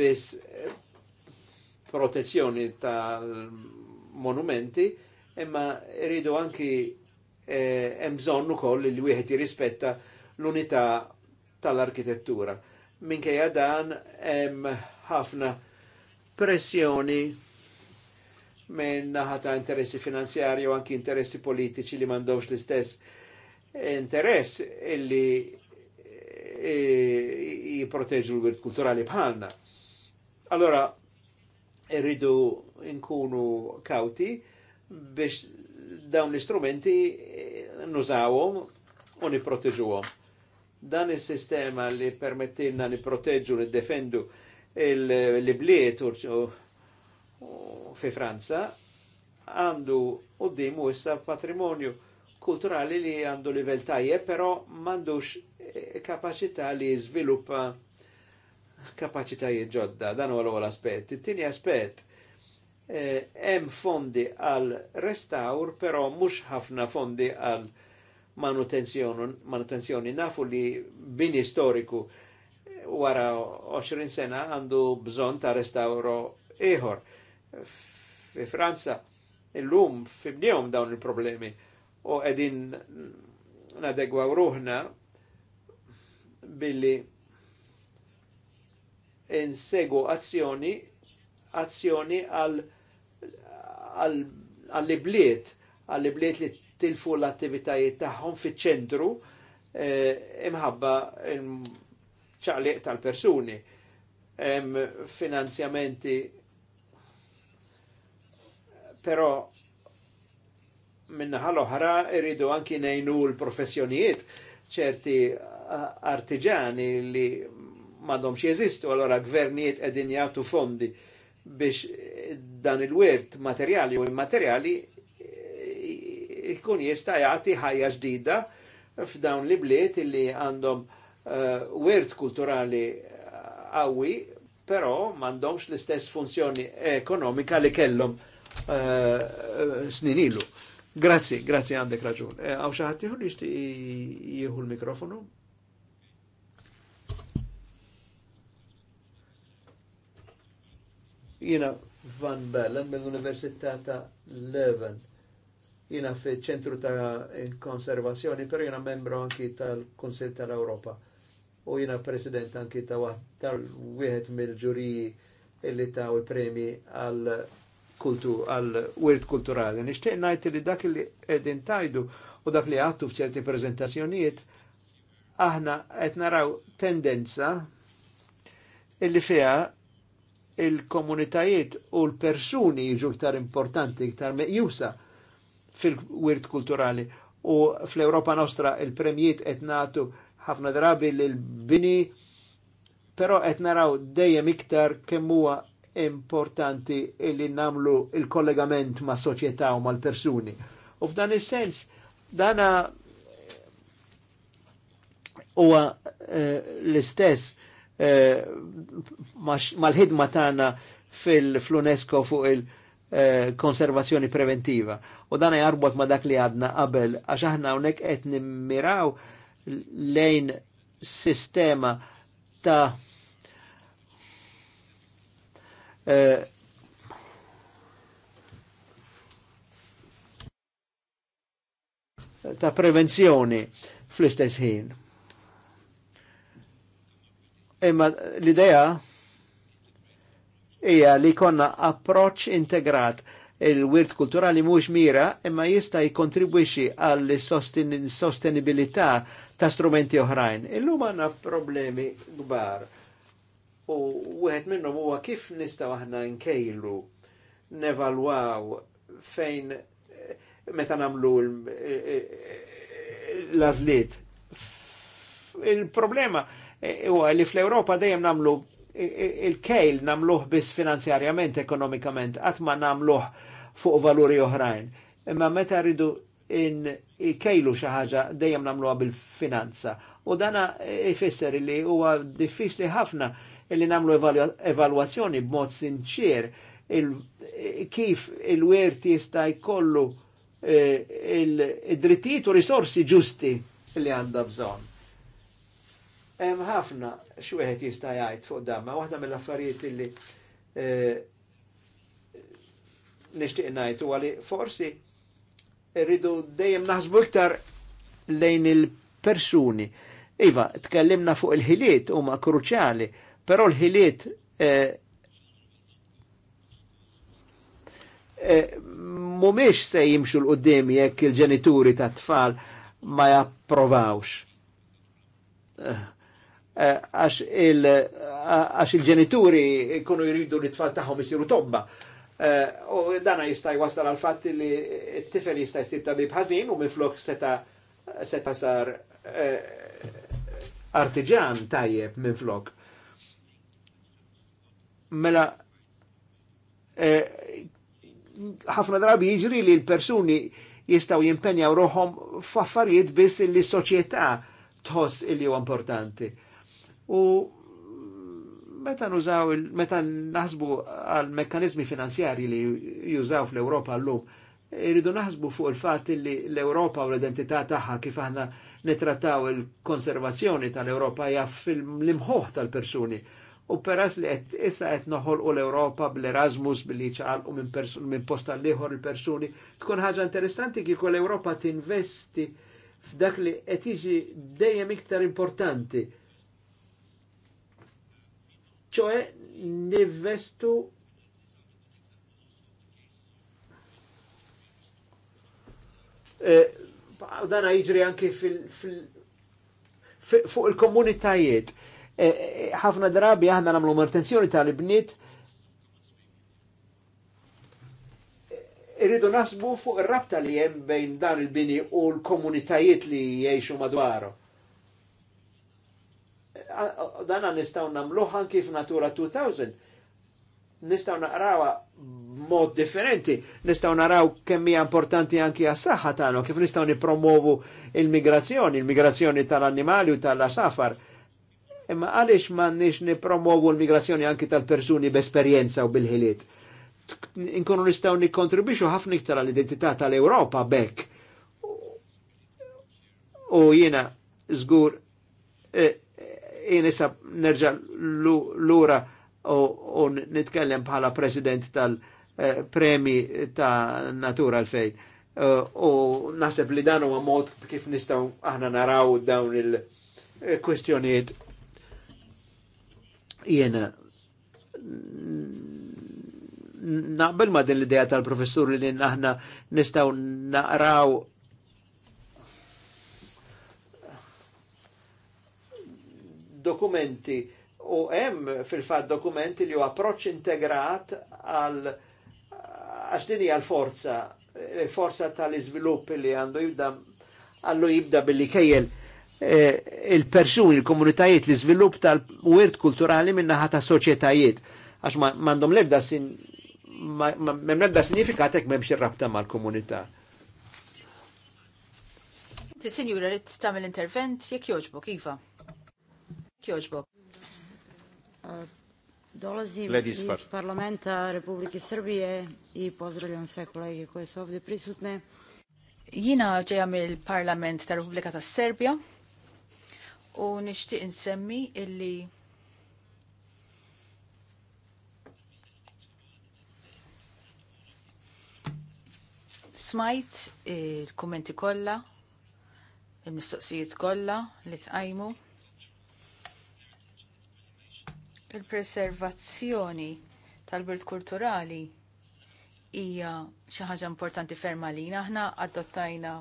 bis eh, protezzjoni tal monumenti, imma rridu anki emżonnu eh, ukoll li wieħed jirrispetta l-unità tal-arkitettura. Minkejja dan hemm ħafna pressjoni minn naħata interessi finanzjarji u anki interessi politiċi li mandowx l-istess interess illi eh, jiproteġu l-wirt kulturali bħalna. Allora, rridu nkunu kauti biex dawn l-istrumenti nużawhom u niproteġuhom. Dan is-sistema li permettilna niprotegġu li defendu l-bliet fi Franza għandu dimu issa patrimonju kulturali li għandu livell tajjeb, però mandux eh, kapaċità li jizviluppa kapacitajiet ġodda. Dan u l għol aspet. Tini aspet, Eh, hemm fondi għal restaur, però mhux ħafna fondi għal manutenzjoni. Nafu li bini storiku wara 20 sena għandu bżon ta' restauro ieħor. Fi Franza illum fibnihom dawn il-problemi u qegħdin nadegwaw ruħna billi insegu azzjoni azzjoni għal għall-ibliet, għall-ibliet li tilfu l-attivitajiet tagħhom fiċ-ċentru eh, imħabba ċaqliq tal-persuni. Hemm finanzjamenti però minna ħal oħra irridu anki nejnu l-professjonijiet ċerti artiġani li madomx jeżistu, allora gvernijiet edin jgħatu fondi biex dan il-wirt materjali u immaterjali eh, ikun jista' jagħti ħajja ġdida f'dawn li bliet li għandhom uh, wirt kulturali eh, qawwi, però m'għandhomx l-istess funzjoni ekonomika li kellhom uh, snin ilu. Grazzi, grazzi għandek raġun. Għaw e, xaħat jħu jieħu l-mikrofonu? know. Van Bellen mill-Università ta' Leuven. Jina fi ċentru ta' konservazzjoni, pero jina membru anki tal-Konsil tal-Europa. U jina president anki ta' tal-wieħed mill-ġuriji illi ta' u premi għal kultu, għal wirt kulturali. Nishtiq najt li dak li edin tajdu u dak li għattu fċerti prezentazzjoniet, aħna qed naraw tendenza illi fija il-komunitajiet u l-persuni jiġu iktar importanti, iktar meqjusa fil-wirt kulturali. U fl-Europa nostra il premijiet etnatu ħafna drabi l-bini, pero etnaraw dejjem iktar kemm huwa importanti li namlu il-kollegament ma' soċjetà u mal-persuni. U f'dan is-sens, dana huwa eh, l-istess Eh, mal-ħidma tagħna fil-UNESCO fuq il-konservazzjoni eh, preventiva. U dan jarbot ma dak li għadna qabel, għax aħna hawnhekk qed nimmiraw lejn sistema ta' eh, ta' prevenzjoni fl-istess ħin. Imma l-idea hija li konna approċ integrat il-wirt kulturali mhux mira imma jista' jikkontribwixxi għall sostenibilità ta' strumenti oħrajn. Illum għandna problemi kbar. U wieħed minnhom huwa kif nistgħu aħna nkejlu nevalwaw fejn meta nagħmlu l-għażliet. Il-problema il huwa e, e, li fl-Ewropa dejjem nagħmlu e, il-kejl nagħmluh biss finanzjarjament, ekonomikament, qatt ma fuq valuri oħrajn. Imma meta rridu in kejlu xi ħaġa dejjem nagħmluha bil-finanza. U dana ifisser li huwa diffiċli ħafna li nagħmlu evalwazzjoni b'mod sinċir il kif il-wert jista' jkollu il-drittijiet u risorsi ġusti li għandha bżonn. Hemm ħafna x'wieħed jista' jgħid fuq damma, waħda mill-affarijiet illi eh, nixtieq ngħid huwa li forsi rridu dejjem naħsbu iktar lejn il-persuni. Iva, tkellimna fuq il-ħiliet huma kruċjali, però l-ħiliet eh, eh, mumiex se jimxu l-qoddim jekk il-ġenituri ta' tfal ma japprovawx. Eh, eh, għax il-ġenituri kunu jridu li tfal taħħom jisiru tomba. Eh, u dana jista' wasal għal fatt li t-tifel jista' jsib ta' ħażin u miflok seta seta sar artiġan tajjeb minflok. Mela ħafna drabi jiġri li l-persuni jistaw jimpenjaw roħom f'affarijiet biss li s-soċjetà tħoss il-li huwa importanti U meta nużaw, meta naħsbu għal mekkanizmi finanzjari li jużaw fl-Europa l-lum, irridu naħsbu fuq il-fat li l-Europa u l-identità tagħha kif aħna nitrattaw il-konservazzjoni tal-Europa hija fil limħuħ tal-persuni. U peras li qed issa qed noħolqu l-Europa bl-Erasmus billi ċaqalqu minn posta l-ieħor il-persuni, tkun ħaġa interessanti kif l-Europa tinvesti f'dak li qed jiġi dejjem iktar importanti ċoħe nivvestu eh, dana jiġri anki fil, fuq il-komunitajiet. E, e, ħafna drabi aħna namlu martenzjoni tal-ibnit irridu nasbu fuq ir-rabta li hemm bejn dan il-bini u l-komunitajiet li jgħixu madwaru dana nistaw namluħ anki f'Natura 2000. Nistaw naqrawa mod differenti, nistaw naraw kemm hija importanti anki għas-saħħa tagħna, kif nistaw nipromovu il-migrazzjoni, il-migrazzjoni tal-annimali u tal-asafar. Imma għaliex nix nipromovu l-migrazzjoni anki tal-persuni b'esperjenza u bil-ħiliet. Inkunu nistaw nikontribuxu ħafna iktar għall-identità tal-Ewropa bekk. U jiena żgur eh, jenisab nerġa l-ura u nitkellem bħala president tal-premi ta' natura l-fejn. U naseb li dan huwa mod kif nistgħu aħna naraw dawn il kwestjoniet Jena naqbel ma din l-idea tal-professur li aħna nistgħu naqraw dokumenti u hemm fil-fatt dokumenti li ju approċċ integrat għal għax din hija l-forza, forza tal-iżvilupp li għandu jibda għallu jibda billi kejjel eh, il-persuni, il-komunitajiet, l-iżvilupp tal-wirt kulturali minnaħa ta' soċjetajiet. Għax mandom lebda sin, mem lebda sinifikat jek memx rabta mal-komunità. Ti sinjura li t-tamil intervent jek joġbok, Iva. Kjoġbok. Eh, Dolazim iz parlamenta Republike Srbije i pozdravljam sve kolege koje su ovdje prisutne. Jina ġeja mill-Parlament ta' republika ta' Serbja u nixtieq insemmi illi smajt il kommenti kollha, il-mistoqsijiet kolla li tqajmu. Il-preservazzjoni tal-birt kulturali hija xi ħaġa importanti ferma lina. Aħna adottajna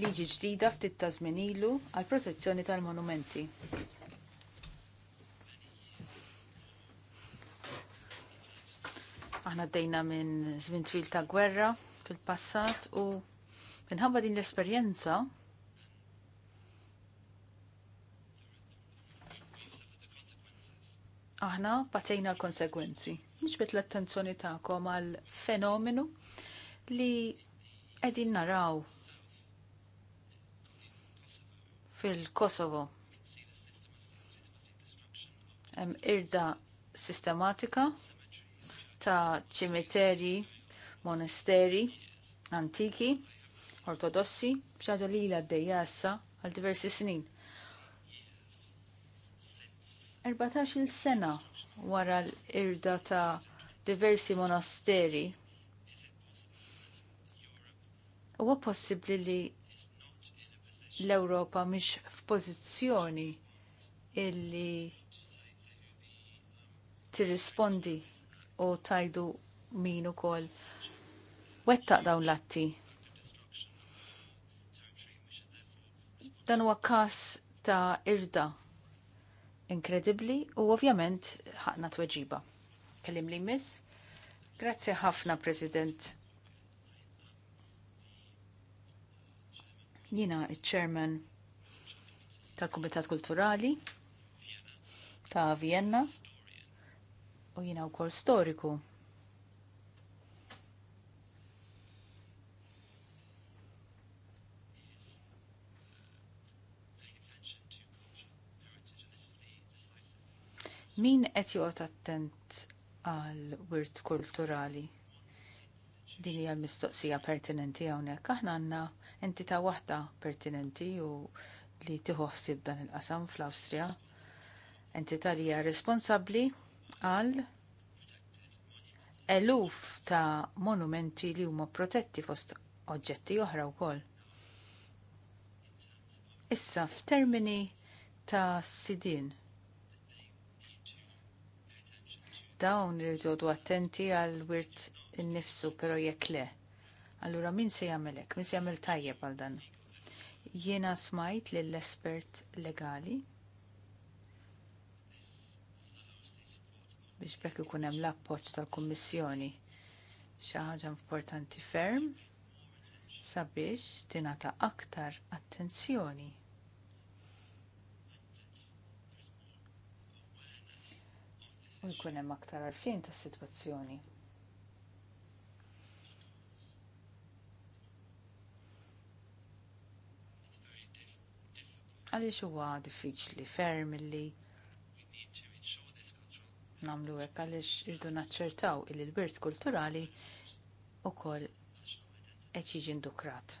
liġi ġdida ftit ta' żmien ilu għall protezzjoni tal-monumenti. Aħna għaddejna minn żmien twil ta' gwerra fil-passat u minħabba din l-esperjenza aħna patejna l-konsegwenzi. Nġbet l-attenzjoni ta'kom għal fenomenu li edin naraw fil-Kosovo. Hemm irda sistematika ta' ċimiteri, monasteri, antiki, ortodossi, bċaġa li l-għaddejja għal diversi snin 14 sena wara l-irda ta' diversi monasteri. Huwa possibbli li l-Ewropa mhix f'pożizzjoni illi tirrispondi u tajdu min ukoll wettaq dawn l-atti. Dan huwa każ ta' irda inkredibbli u ovvjament ħaqna tweġiba. Kellim li miss. Grazzi ħafna, President. Jina il-Chairman tal-Kumitat Kulturali ta' Vienna u jina u kol storiku Min qed joqgħod attent għal wirt kulturali? Din hija l-mistoqsija pertinenti hawnhekk. Aħna għandna entità waħda pertinenti u li tiħoħsib dan il-qasam fl-Awstrija. Entità li hija responsabbli għal eluf ta' monumenti li huma protetti fost oġġetti oħra wkoll. Issa f'termini ta' sidin. dawn irridu attenti għal wirt innifsu, pero jekk le. Allura min se jagħmelek, min se jagħmel tajjeb għal dan? Jiena smajt lill-espert legali biex bekk ikun hemm l-appoġġ tal-Kummissjoni xi ħaġa importanti ferm sabiex tingħata aktar attenzjoni. u jkun hemm aktar għarfien tas-sitwazzjoni. Għaliex huwa diffiċli ferm li namlu hekk għaliex irdu naċċertaw il l-birt kulturali ukoll qed jiġi ndukrat.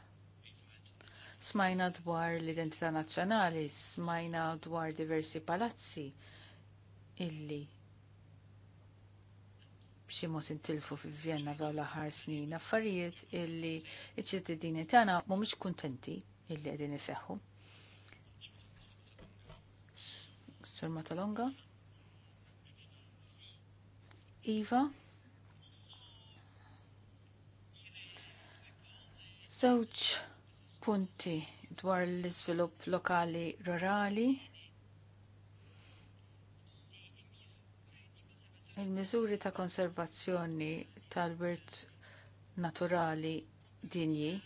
Smajna dwar l-identità nazzjonali, smajna dwar diversi palazzi illi mod intilfu fi Vienna dawn l-aħħar snin, affarijiet illi iċ-ċittadini tagħna mhumiex kuntenti illi qegħdin iseħħu. Sur Matalonga? Iva? Żewġ punti dwar l-iżvilupp lokali rurali Il-miżuri ta' konservazzjoni tal-wirt naturali dinji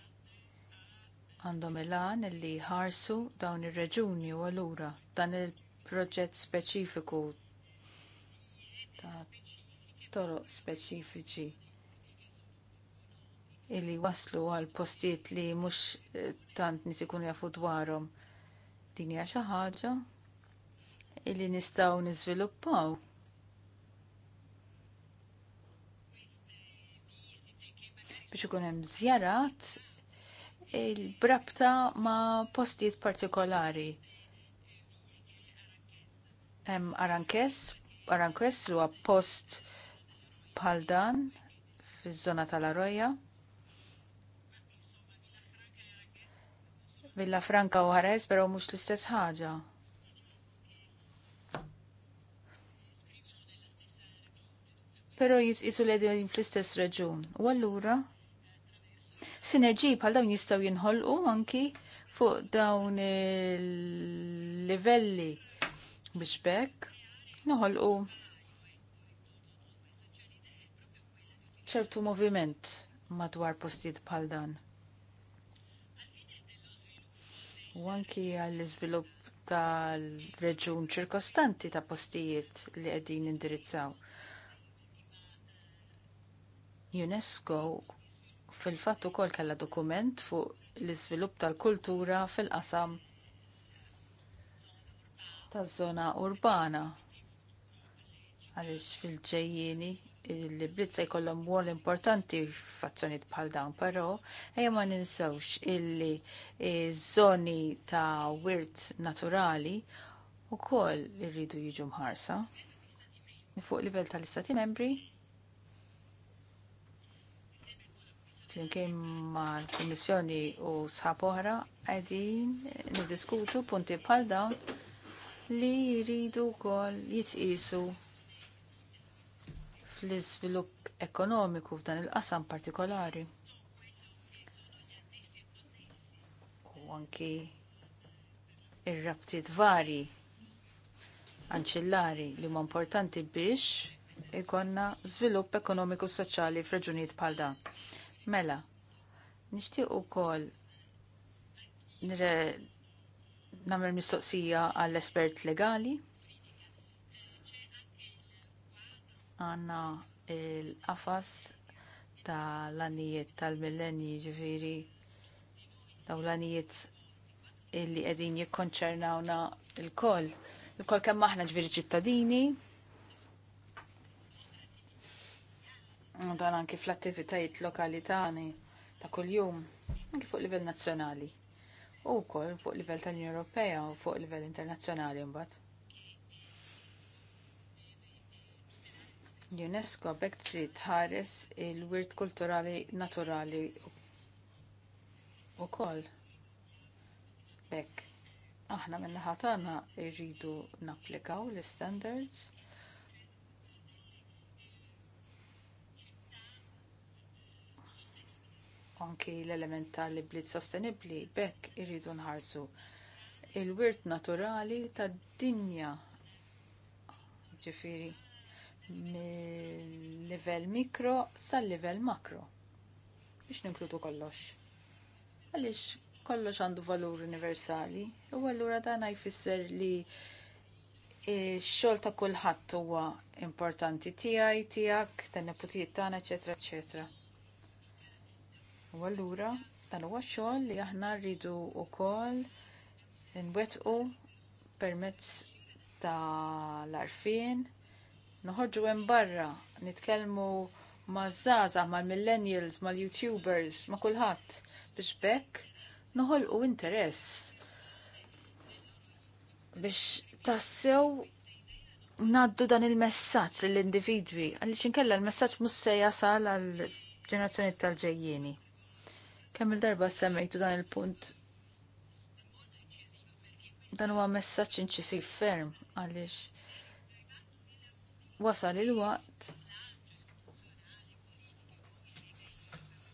għandhom il-għan li ħarsu dawn ir-reġuni u allura dan il-proġett speċifiku ta' toroq speċifiċi illi waslu għal postiet li mhux eh, tant nisikun ikunu jafu dwarhom. Din hija xi ħaġa illi nistgħu niżviluppaw biex ikun hemm żjarat il-brabta ma' postijiet partikolari. Hemm Arankes, Arankes li huwa post bħal dan fiż-żona tal-Arroja. Villa Franca u Ħares, però mhux l-istess ħaġa. Pero jisu l-edin fl-istess reġun. U allura sinerġi bħal dawn jistgħu jinħolqu anki fuq dawn il-livelli biex bekk noħolqu ċertu moviment madwar postijiet bħal dan. U anki għall-iżvilupp tal-reġun ċirkostanti ta' postijiet li qegħdin indirizzaw. UNESCO fil-fatt ukoll kellha dokument fuq l-iżvilupp tal-kultura fil-qasam taż-żona urbana. Għaliex fil-ġejjieni il-librit se jkollhom wol importanti f'azzjonijiet bħal dawn, però ejja ma ninsewx illi żoni ta' wirt naturali wkoll irridu jiġu mħarsa fuq livell tal-Istati Membri flimkien mal kummissjoni u sħab oħra qegħdin niddiskutu punti bħal dawn li jridu wkoll jitqisu fl-iżvilupp ekonomiku f'dan il-qasam partikolari. U anki ir-rabtiet vari anċillari li huma importanti biex ikonna żvilupp ekonomiku soċjali f'reġunijiet bħal dan. Mela, nishtiq u kol namer mistoqsija għall-espert legali. Għanna il-qafas tal-anijiet tal-millenni ġifiri ta' l-anijiet illi għedin jikkonċernawna il-koll. il kol kemm aħna ġviri ċittadini, Dan anki fl-attivitajiet lokali tagħni ta' kuljum, anki fuq livell nazzjonali. U wkoll fuq livell tal-Unjoni Ewropea u fuq livell internazzjonali mbagħad. UNESCO bekk trid tħares il-wirt kulturali naturali ukoll. Bekk aħna minn naħa tagħna rridu napplikaw l-standards anki l-element tal-ibliet sostenibbli bekk irridu nħarsu il-wirt naturali tad-dinja ġifiri mill-livell mikro sal-livell makro biex ninkludu kollox. Għaliex kollox għandu valur universali u allura dan jfisser li xol ta' kullħat huwa importanti tiegħi tiegħek, tan-neputijiet tagħna, eċetera, eċetera. U allura dan huwa xogħol li aħna rridu wkoll nwettqu permezz tal-arfin noħorġu hemm barra nitkellmu maż-żgħażagħ mal-millennials, mal-YouTubers, ma' kulħadd biex bekk noħolqu interess biex tassew naddu dan il-messaġġ lill individwi għaliex inkella l-messaġġ mhux se jasal għall ġenerazzjoni tal-ġejjieni. Kemm il-darba semmejtu dan il-punt. Dan huwa messaġġ inċisiv ferm għaliex wasal il-waqt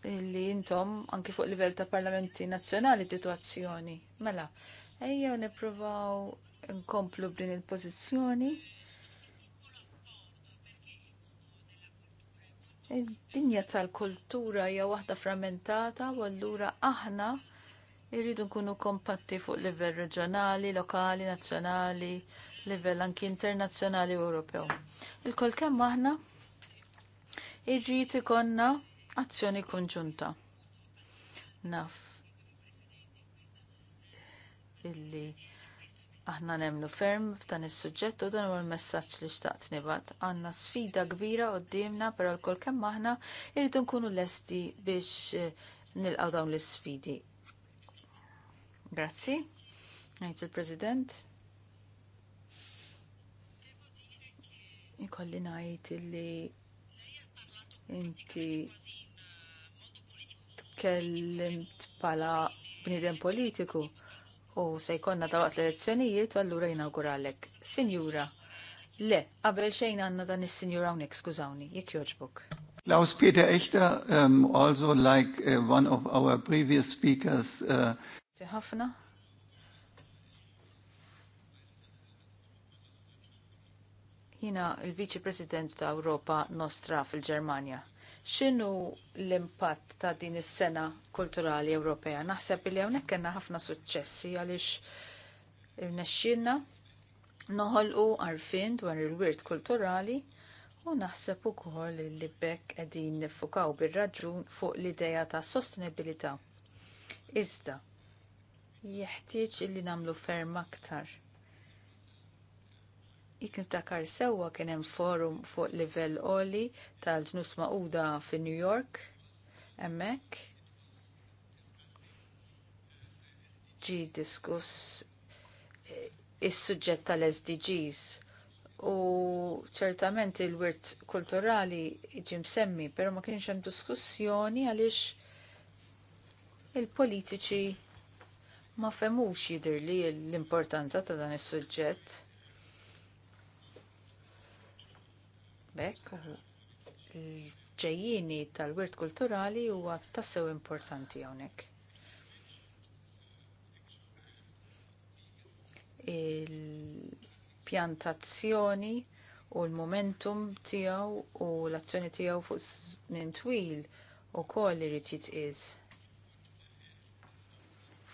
li intom anki fuq livell ta' parlamenti nazzjonali titwazzjoni. Mela, ejja nippruvaw nkomplu b'din il-pożizzjoni Id-dinja tal-kultura hija waħda frammentata u allura aħna irridu nkunu kompatti fuq livell reġjonali, lokali, nazzjonali, livell anki internazzjonali u Ewropew. Il-kol kemm aħna irrid ikonna azzjoni konġunta. Naf illi Aħna nemlu ferm f'dan is-suġġett u dan huwa l-messaġġ li xtaqt nibgħat. Għandna sfida kbira qudiemna, però l kemm aħna irridu nkunu lesti biex eh, nilqgħu dawn l-isfidi. Grazzi. Ngħid il-President. Ikolli ngħid illi inti tkellimt bħala bniedem politiku u se jkollna waqt l-elezzjonijiet allura jinauguralek. Sinjura, le, qabel xejn għandna dan is-sinjura hawnhekk, skużawni, jek jogħġbok. Klaus Peter Echter, um, also like uh, one of our previous speakers. Uh, ħafna. Jina il-Viċi President ta' Europa Nostra fil-Germania. X'inhu l-impatt ta' din is-sena kulturali Ewropea? Naħseb li hawnhekk kellna ħafna suċċessi għaliex irnexxielna noħolqu għarfien dwar il-wirt kulturali u naħseb ukoll li bekk qegħdin niffukaw bir-raġun fuq l-idea ta' sostenibilità. Iżda, jeħtieġ li nagħmlu ferm aktar Jek sewwa kien hemm forum fuq livell oli tal-ġnus maquda fi New York hemmhekk. Ġi diskuss eh, is-suġġett tal-SDGs u ċertament il-wirt kulturali ġi msemmi, però ma kienx hemm diskussjoni għaliex il-politiċi ma femux jidher li l-importanza ta' dan is-suġġett. Bekk il-ġejjini tal-wirt kulturali huwa tassew importanti hawnhekk. Il-pjantazzjoni u l-momentum tiegħu u l-azzjoni tiegħu fuq minn twil ukoll irid jitqies.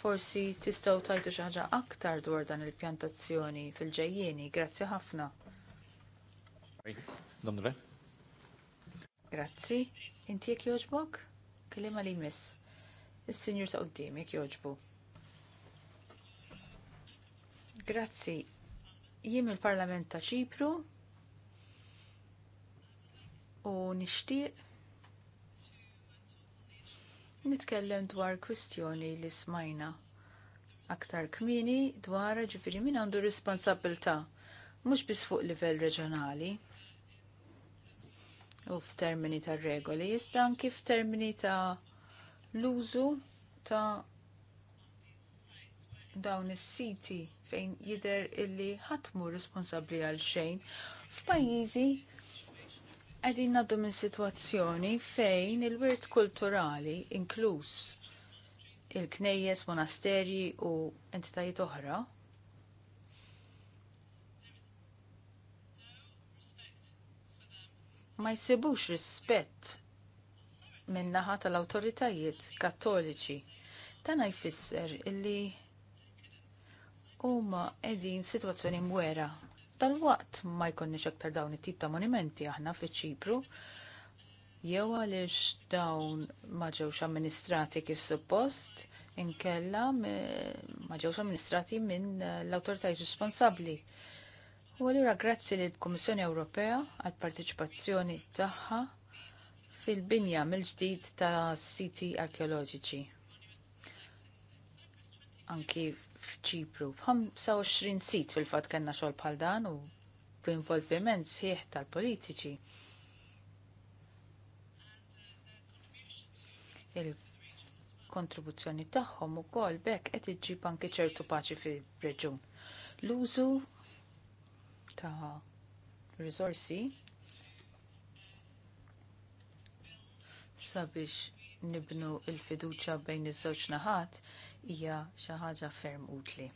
Forsi tistgħu tajtu xi ħaġa aktar dwar dan il-pjantazzjoni fil ġejjini grazzi ħafna. Domnule. Grazzi. Inti jek joġbok? Kelima li miss. Il-senjur ta' qoddim jek joġbu. Grazzi. Jim il-Parlament ta' ċipru u nishtiq nitkellem dwar kwistjoni li smajna aktar kmini dwar ġifiri min għandu responsabilta mux bis fuq livell reġjonali u f'termini ta' regoli, iżda anki f'termini ta' l-użu ta' dawn is-siti fejn jidher illi ħatmu responsabbli għal xejn. F'pajjiżi qegħdin ngħaddu minn sitwazzjoni fejn il-wirt kulturali inkluż il-knejjes, monasterji u entitajiet oħra ma jsibux rispett min-naħa tal-awtoritajiet kattoliċi. Tana jfisser illi huma qegħdin situazzjoni mwera. Tal-waqt ma jkonniex aktar dawn it-tip ta' monumenti aħna fiċ-Ċipru, jew għaliex dawn ma ġewx amministrati kif suppost, inkella ma ġewx amministrati minn eh, l-awtoritajiet responsabbli. U għallura grazzi li l-Komissjoni Ewropea għal partiċipazzjoni tagħha fil-binja mill-ġdid ta' siti arkeoloġiċi. Anki f'Ċipru, f'25 sit fil-fatt kellna xogħol bħal dan u b'involviment sħiħ tal-politiċi. Il-kontribuzzjoni tagħhom ukoll bekk qed iġġib anke ċertu paċi fir-reġun. L-użu ta' risorsi sabiex nibnu il-fiduċa bejn iż-żewġ naħat hija xi ħaġa ferm utli.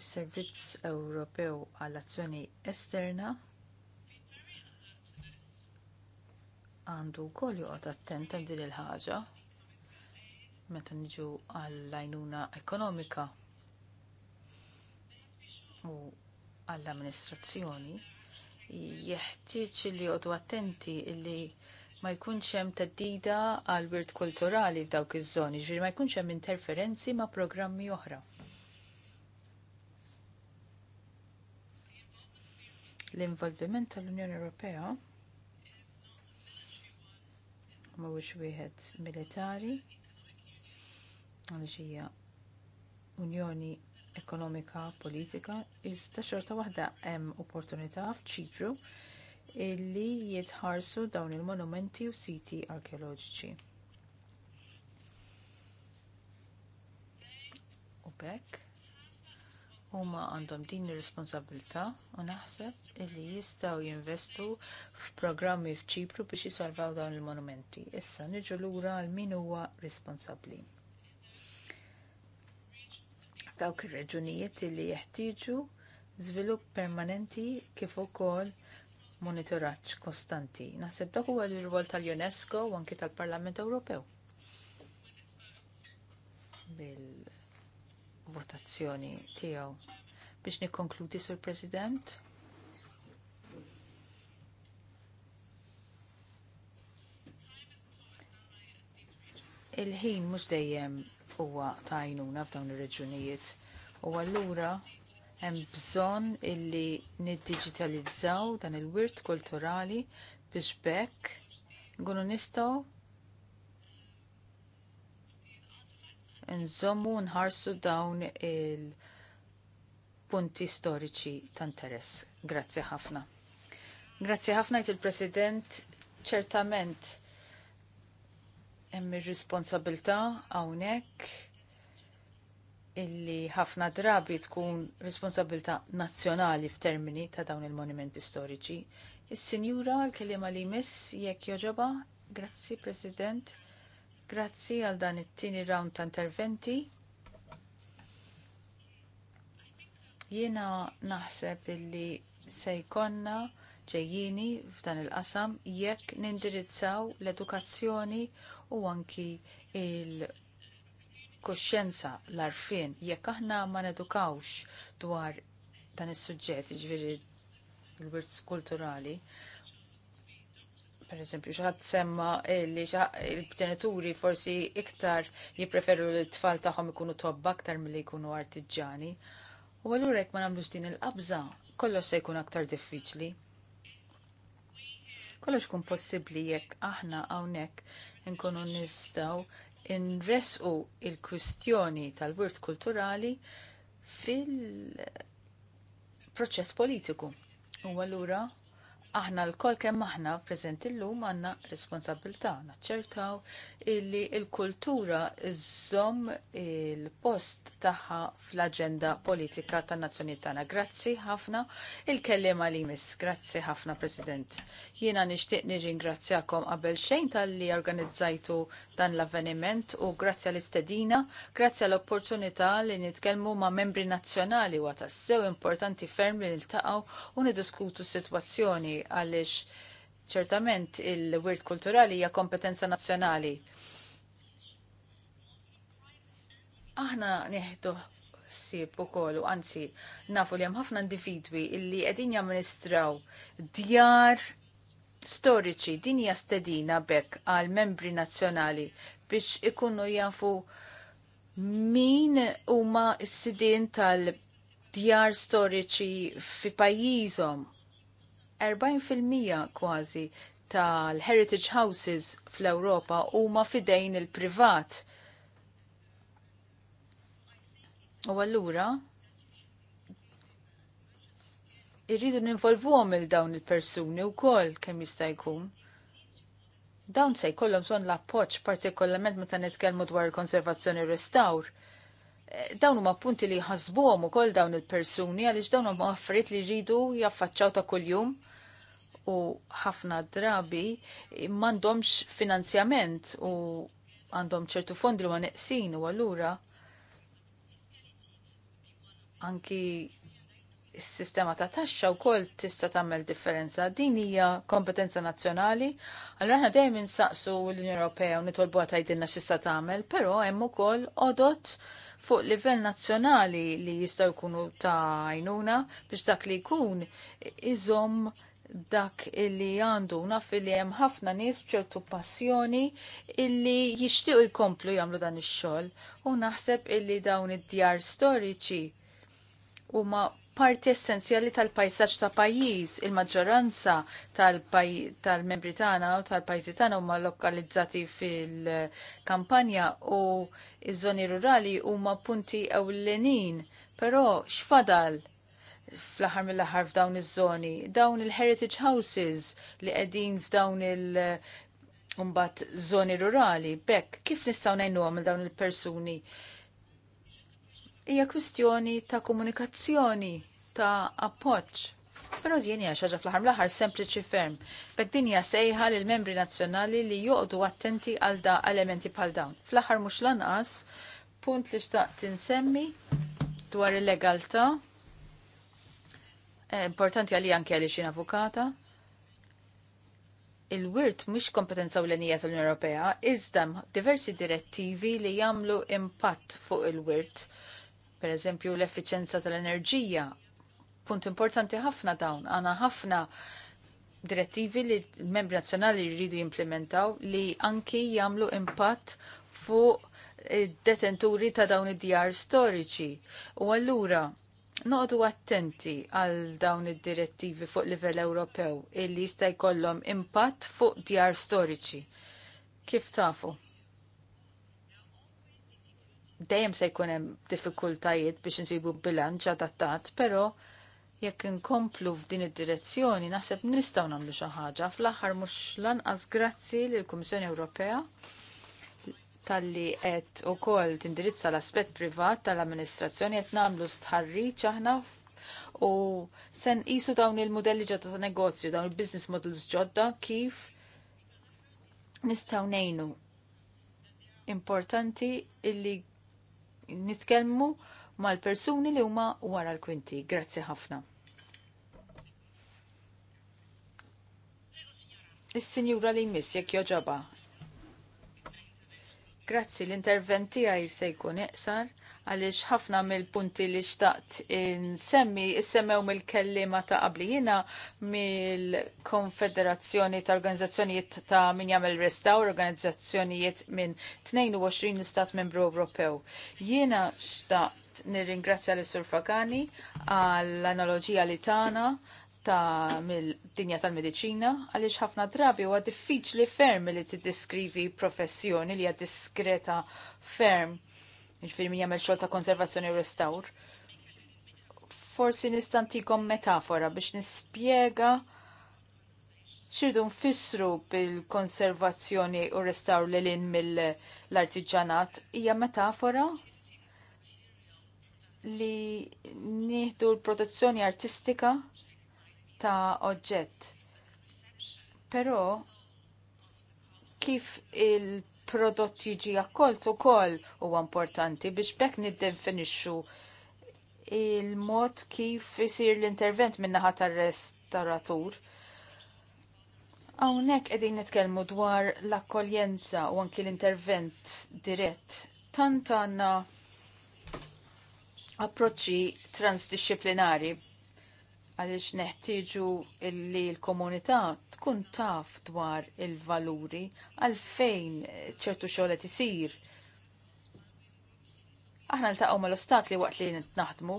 Is-Servizz Ewropew għall-Azzjoni Esterna għandu wkoll joqgħod attent għal din il-ħaġa meta niġu għall-għajnuna ekonomika u għall-amministrazzjoni jeħtieġ li jgħodu attenti li ma jkunx hemm teddida għal wirt kulturali f'dawk iż-żoni, ġifieri ma jkunx hemm interferenzi ma' programmi oħra. L-involviment tal-Unjoni Ewropea mhuwiex wieħed militari għaliex hija Unjoni ekonomika, politika, iżda xorta waħda hemm opportunità f'Ċipru illi jitħarsu dawn il-monumenti u siti arkeoloġiċi. U bekk huma għandhom din ir-responsabilità u naħseb illi jistgħu jinvestu f'programmi f'Ċipru biex jisalvaw dawn il-monumenti. Issa niġu lura għal min huwa responsabbli dawk ir-reġunijiet li jeħtieġu żvilupp permanenti kif ukoll monitoraġġ kostanti. Naħseb dak huwa l-irwol tal-UNESCO u anki tal-Parlament Ewropew. Bil-votazzjoni tiegħu. Biex nikkonkludi sur President. Il-ħin mhux dejjem huwa ta' għajnuna f'dawn ir-reġunijiet. U allura hemm bżonn illi niddiġitalizzaw dan il-wirt kulturali biex bekk nkunu nistgħu nżommu nħarsu dawn il-punti storiċi ta' interess. Grazzi ħafna. Grazzi ħafna il-President ċertament hemm ir-responsabilità hawnhekk illi ħafna drabi tkun responsabilità nazzjonali f'termini ta' dawn il-monumenti storiċi. Is-sinjura l-kelima li miss jekk joġoba, grazzi President, grazzi għal dan it-tieni round ta' interventi. Jiena naħseb illi se jkollna ġejjini f'dan il-qasam jekk nindirizzaw l-edukazzjoni u anki il-kuxjenza l-arfin jekk aħna ma nedukawx dwar dan is-suġġett ġviri l-wirt kulturali. Per eżempju, xaħat semma li il-ġenituri forsi iktar jipreferu li t-tfal taħħom ikunu tobba aktar mill-li jkunu artiġjani U għallurek ma namlux din il-qabza, kollox se jkun aktar diffiċli. Kollox kun possibbli jekk aħna hawnhekk inkunu nistgħu nresqu il-kwistjoni tal-wirt kulturali fil-proċess politiku. U allura aħna l-kol kemm aħna preżenti llum għandna responsabilità naċċertaw illi l-kultura il żomm il-post tagħha fl-aġenda politika tan-nazzjonijiet tagħna. Grazzi ħafna il-kellima li miss. Grazzi ħafna President. Jiena nixtieq nirringrazzjakom qabel xejn talli organizzajtu dan l-avveniment u grazzi għall-istedina, grazzi għall-opportunità li nitkellmu ma' membri nazzjonali wa tassew importanti ferm li niltaqgħu u nidiskutu s-sitwazzjoni għaliex ċertament il-wirt kulturali hija kompetenza nazzjonali. Aħna nieħdu ħsieb ukoll u anzi nafu li hemm ħafna individwi illi qegħdin jamministraw djar storiċi din hija stedina bekk għal membri nazzjonali biex ikunu jafu min huma s-sidin tal-djar storiċi fi pajjiżhom. 40% kważi tal-heritage houses fl-Ewropa huma fidejn il-privat. U allura irridu ninvolvuhom il-dawn il-persuni wkoll kemm jista' jkun. Dawn se jkollhom son l-appoġġ partikolarment meta nitkellmu dwar il-konservazzjoni u restawr. Eh, dawn huma punti li jħasbuhom ukoll dawn il-persuni għaliex dawn huma affarijiet li jridu jaffaċċaw ta' kuljum u ħafna drabi m'għandhomx finanzjament u għandhom ċertu fondi li ma neqsin u allura anki s-sistema ta' taxxa u koll tista' tagħmel differenza. Din hija kompetenza nazzjonali. Allora aħna dejjem insaqsu l-Unjoni Ewropea u nitolbu għatajdilna x'issa tagħmel, però hemm ukoll odot fuq livell nazzjonali li jistgħu jkunu ta' għajnuna biex dak li jkun iżom dak illi għandu naf illi hemm ħafna nies b'ċertu passjoni illi jixtiequ jkomplu jagħmlu dan ix-xogħol u naħseb illi dawn id-djar storiċi huma parti essenzjali tal-pajsaġġ ta' pajjiż. Il-maġġoranza tal-membri tagħna u tal-pajjiżi tagħna huma lokalizzati fil-kampanja u iż-żoni rurali huma punti ewlenin, però x'fadal fl-aħħar mill-aħħar f'dawn iż-żoni, dawn il-heritage houses li qegħdin f'dawn il- Umbat zoni rurali, bekk kif nistgħu ngħinuhom għal dawn il-persuni hija kwistjoni ta' komunikazzjoni, ta' appoġġ. Però din hija xi ħaġa fl-aħħar l-aħħar sempliċi ferm. Bek din hija sejħa lil membri nazzjonali li joqdu attenti għal da elementi bħal dawn. Fl-aħħar mhux lanqas punt li xtaqt tinsemmi dwar il legalità eh, importanti għalija anke għalix avukata. Il-wirt mhux kompetenza u l-enija tal-Unjoni Ewropea, iżda diversi direttivi li jamlu impatt fuq il-wirt per eżempju l-effiċenza tal-enerġija. Punt importanti ħafna dawn, għana ħafna direttivi li l-membri nazzjonali jridu jimplementaw li anki jamlu impatt fuq detenturi ta' dawn id-djar storiċi. U allura, noqdu attenti għal dawn id-direttivi fuq livell Ewropew illi jista' jkollhom impatt fuq djar storiċi. Kif tafu? dejjem se jkun hemm diffikultajiet biex insibu bilanċ adattat, però jekk inkomplu f'din id-direzzjoni naħseb nistgħu nagħmlu xi ħaġa. Fl-aħħar mhux lanqas grazzi lill-Kummissjoni Ewropea talli qed ukoll tindirizza l-aspett privat tal-amministrazzjoni qed nagħmlu stħarriġ aħna u sen qisu dawn il-modelli ġodda ta' negozju, dawn il-business models ġodda kif nistgħu ngħinu importanti illi nitkellmu mal-persuni li huma wara l-kwinti. Grazzi ħafna. Is-sinjura li jmiss jekk joġaba. Grazzi l-interventi għaj se jkun iqsar għaliex ħafna mill-punti li xtaqt insemmi semmew mill-kellima ta' qablijina mill-Konfederazzjoni ta' Organizzazzjonijiet ta' min jagħmel restaw organizzazzjonijiet minn 22 stat membru Ewropew. Jiena xtaqt nirringrazzja l Surfagani għall-analogija li tagħna ta' mill-dinja tal-medicina, għaliex ħafna drabi huwa diffiċli ferm li tiddiskrivi professjoni li għad diskreta ferm ġifiri min jagħmel xogħol ta' konservazzjoni u restawr. Forsi nistantikom metafora biex nispjega xirdu nfissru bil-konservazzjoni u restawr l lin mill-artiġanat hija metafora li nieħdu l-protezzjoni artistika ta' oġġett. Però kif il Prodotti jiġi akkolt ukoll huwa importanti biex bekk niddefinixxu il-mod kif isir l-intervent min-naħa tar-restaratur. Hawnhekk qegħdin nitkellmu dwar l-akkoljenza u anki l-intervent dirett. Tant approċċi transdixxiplinari għaliex neħtieġu li l-komunità tkun taf dwar il-valuri għalfejn ċertu xogħol qed isir. Aħna ltaqgħu mal-ostakli waqt li naħdmu.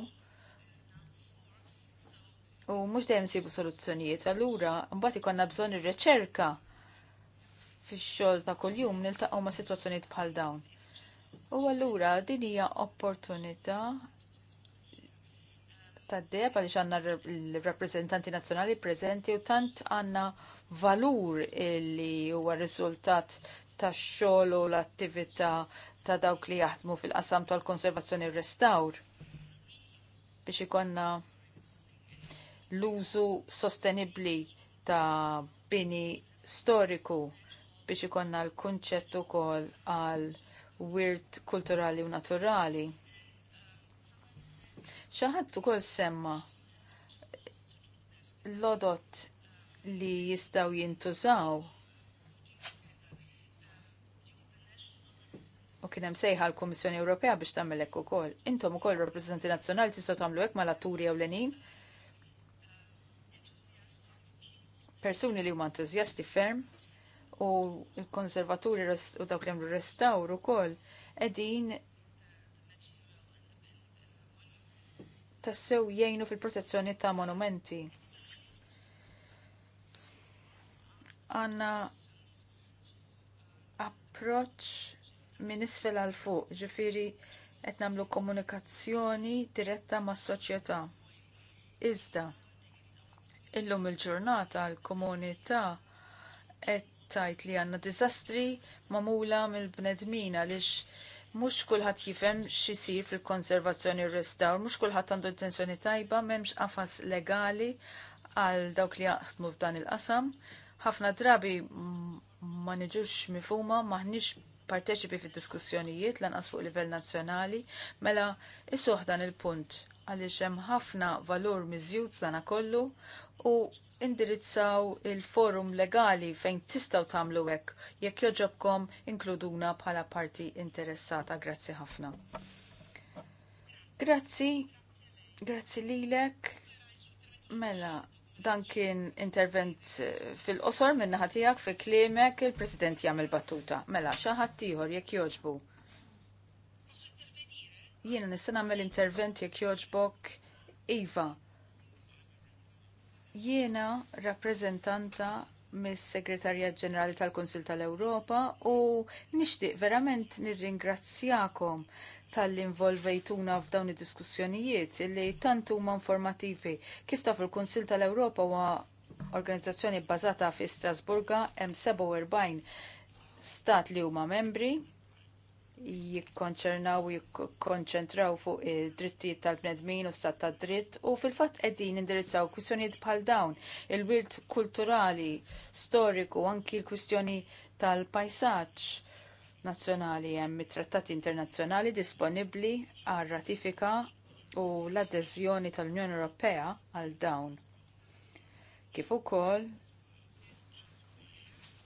U mhux dejjem nsibu soluzzjonijiet, allura mbagħad ikollna bżonn ir-riċerka fix-xogħol ta' kuljum niltaqgħu ma' sitwazzjonijiet bħal dawn. U allura din hija opportunità tad-deb għaliex għandna l-rappreżentanti nazzjonali preżenti u tant għandna valur li huwa riżultat tax-xogħol u l-attività ta' dawk li jaħdmu fil-qasam tal-konservazzjoni u restawr biex ikonna l-użu sostenibbli ta' bini storiku biex ikonna l-kunċett ukoll għal wirt kulturali u naturali Xaħat ukoll semma l-odot li jistaw jintużaw u kien hemm sejħa l-Kummissjoni Ewropea biex tagħmel ekku ukoll. Intom ukoll nazjonali nazzjonali tamlu tagħmlu hekk l atturi l-enin. Persuni li huma entuzjasti ferm u l-konservaturi u dawk li għamlu restawru ukoll qegħdin tassew jgħinu fil-protezzjoni ta' monumenti. Għanna approċ minn isfel għal fuq, ġifiri qed nagħmlu komunikazzjoni diretta mas-soċjetà. Iżda, illum il-ġurnata l-komunità qed tajt li għanna dizastri mamula mill-bnedmina lix Mhux kulħadd jifhem x'isir fil-konservazzjoni u restawr, mhux kulħadd għandu intenzjoni tajba, m'hemmx qafas legali għal dawk li jaħdmu f'dan il-qasam. Ħafna drabi ma niġux mifuma, maħniex parteċipi fid-diskussjonijiet lanqas fuq livell nazzjonali, mela isuħ dan il-punt għaliex hemm ħafna valur miżjud sana kollu u indirizzaw il-forum legali fejn tistgħu tagħmlu hekk jekk joġobkom inkluduna bħala parti interessata. Grazzi ħafna. Grazzi, grazzi lilek. Mela, dan kien intervent eh, fil-qosor minna ħatijak fi klimek il-President jagħmel battuta. Mela, xi ħadd ieħor jekk jogħġbu. Jiena nista' nagħmel intervent jekk jogħġbok iva. Jiena rappreżentanta mis-Segretarja Ġenerali tal-Konsil tal-Ewropa u nixtieq verament nirringrazzjakom tal-involvejtuna f'dawn id-diskussjonijiet li tant huma informativi. Kif taf il-Konsil tal-Ewropa huwa organizzazzjoni bbażata fi Strasburga hemm 47 stat li huma membri jikkonċernaw u jikkonċentraw fuq id-drittijiet tal-bnedmin u stat tad dritt u fil-fatt qegħdin indirizzaw kwistjonijiet bħal dawn il-wirt kulturali, storiku, anki l-kwistjoni tal-pajsaġġ nazzjonali hemm it-trattati internazzjonali disponibbli għal ratifika u l-adeżjoni tal-Unjoni Ewropea għal dawn. Kif ukoll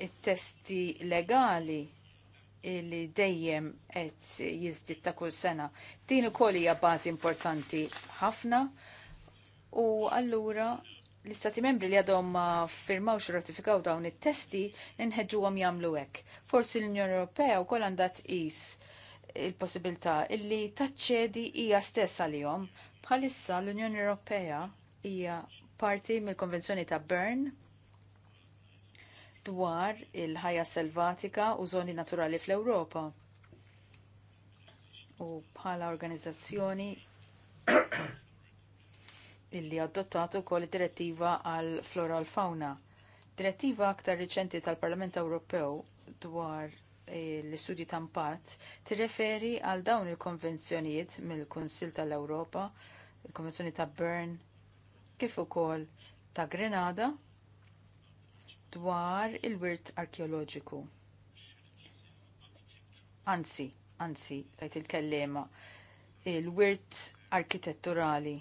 it-testi legali li dejjem qed jiżdied ta' kull sena. Din ukoll hija bażi importanti ħafna u allura l-istati membri li għadhom ma firmawx ratifikaw dawn it-testi inħeġġuhom jagħmlu hekk. Forsi l-Unjoni Ewropea wkoll għandha tqis il-possibilità illi taċċedi hija stess għalihom. Bħalissa l-Unjoni Ewropea hija parti mill-Konvenzjoni ta' Bern dwar il-ħajja selvatika u żoni naturali fl-Ewropa. U bħala organizzazzjoni [coughs] illi adottat ukoll id-direttiva għal flora l fauna. Direttiva aktar riċenti tal-Parlament Ewropew dwar l-istudju ta' impatt tirreferi għal dawn il-konvenzjonijiet mill-Kunsil tal-Ewropa, il-Konvenzjoni ta' Bern, kif ukoll ta' Grenada dwar il-wirt arkeoloġiku. Anzi, anzi, tajt il-kellema, il-wirt arkitetturali.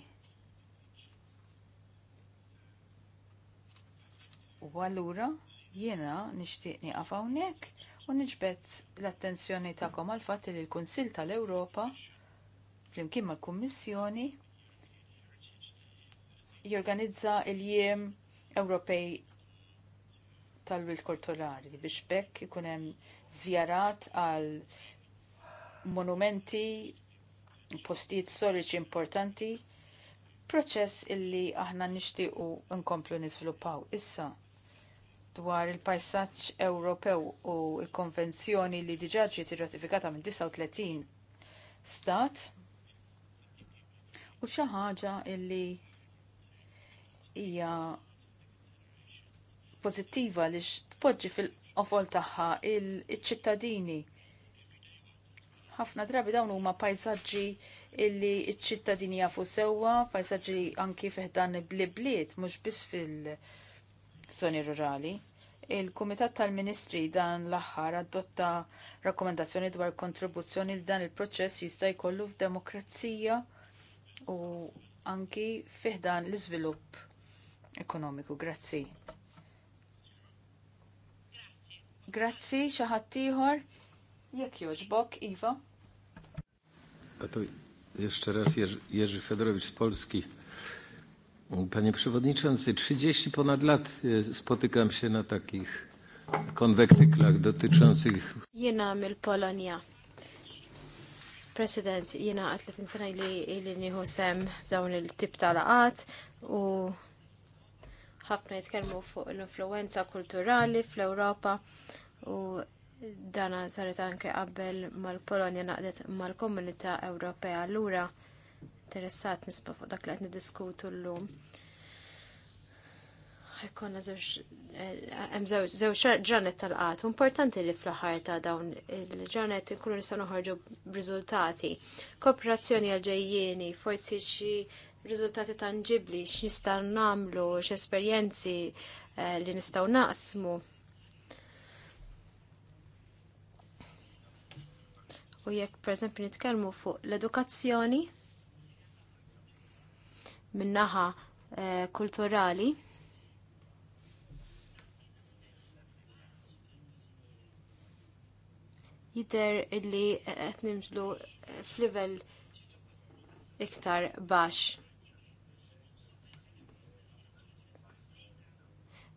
U għallura jiena nixtieq nieqaf hawnhekk u niġbed l-attenzjoni tagħkom għal fatt li l-Kunsill tal-Ewropa flimkien mal-Kummissjoni jorganizza il jiem Ewropej tal-wild kulturali biex bekk ikun hemm żjarat għal monumenti, postijiet storiċi importanti, proċess illi aħna nixtiequ nkomplu niżviluppaw issa dwar il-pajsaġġ Ewropew u l-konvenzjoni li diġà ġiet irratifikata minn 39 stat u xi ħaġa illi hija pozittiva li tpoġġi fil-qofol tagħha il-ċittadini. Ħafna drabi dawn huma pajsaġġi illi ċ-ċittadini jafu sewwa, pajsaġġi anki fiħdan dan bliet mhux biss fil-żoni rurali. Il-Kumitat tal-Ministri dan l-aħħar adotta rakkomandazzjoni dwar kontribuzzjoni li dan il-proċess jista' jkollu f'demokrazija u anki fiħdan l-iżvilupp ekonomiku. Grazzi. Grazzi, xi ħadd ieħor? Jekk jogħġbok, Iva. Jeszcze raz Jerzy, Jerzy Fedorowicz z Polski. Panie Przewodniczący, 30 ponad lat e, spotykam się na takich konwektyklach dotyczących... Jena mil Polonia. President, jena 30 insana li li nieħu sem dawn il-tip tal-laqat u ħafna jitkellmu fuq l-influenza kulturali fl-Ewropa u dana saret anke qabel mal-Polonja naqdet mal-Komunità Ewropea allura interessat nisba fuq dak li qed niddiskutu llum. Ħajkonna eh, hemm żewġ ġranet tal-qat. Importanti li fl-aħħar ta' dawn il-ġranet inkunu nistgħu noħorġu b'riżultati. Kooperazzjoni għal ġejjieni, forsi xi riżultati tangibli, x'nistgħu nagħmlu, x'esperjenzi eh, li nistgħu naqsmu. U jekk pereżempju nitkellmu fuq l-edukazzjoni min-naħa eh, kulturali, jider illi qed nimġlu eh, f'livell iktar baxx.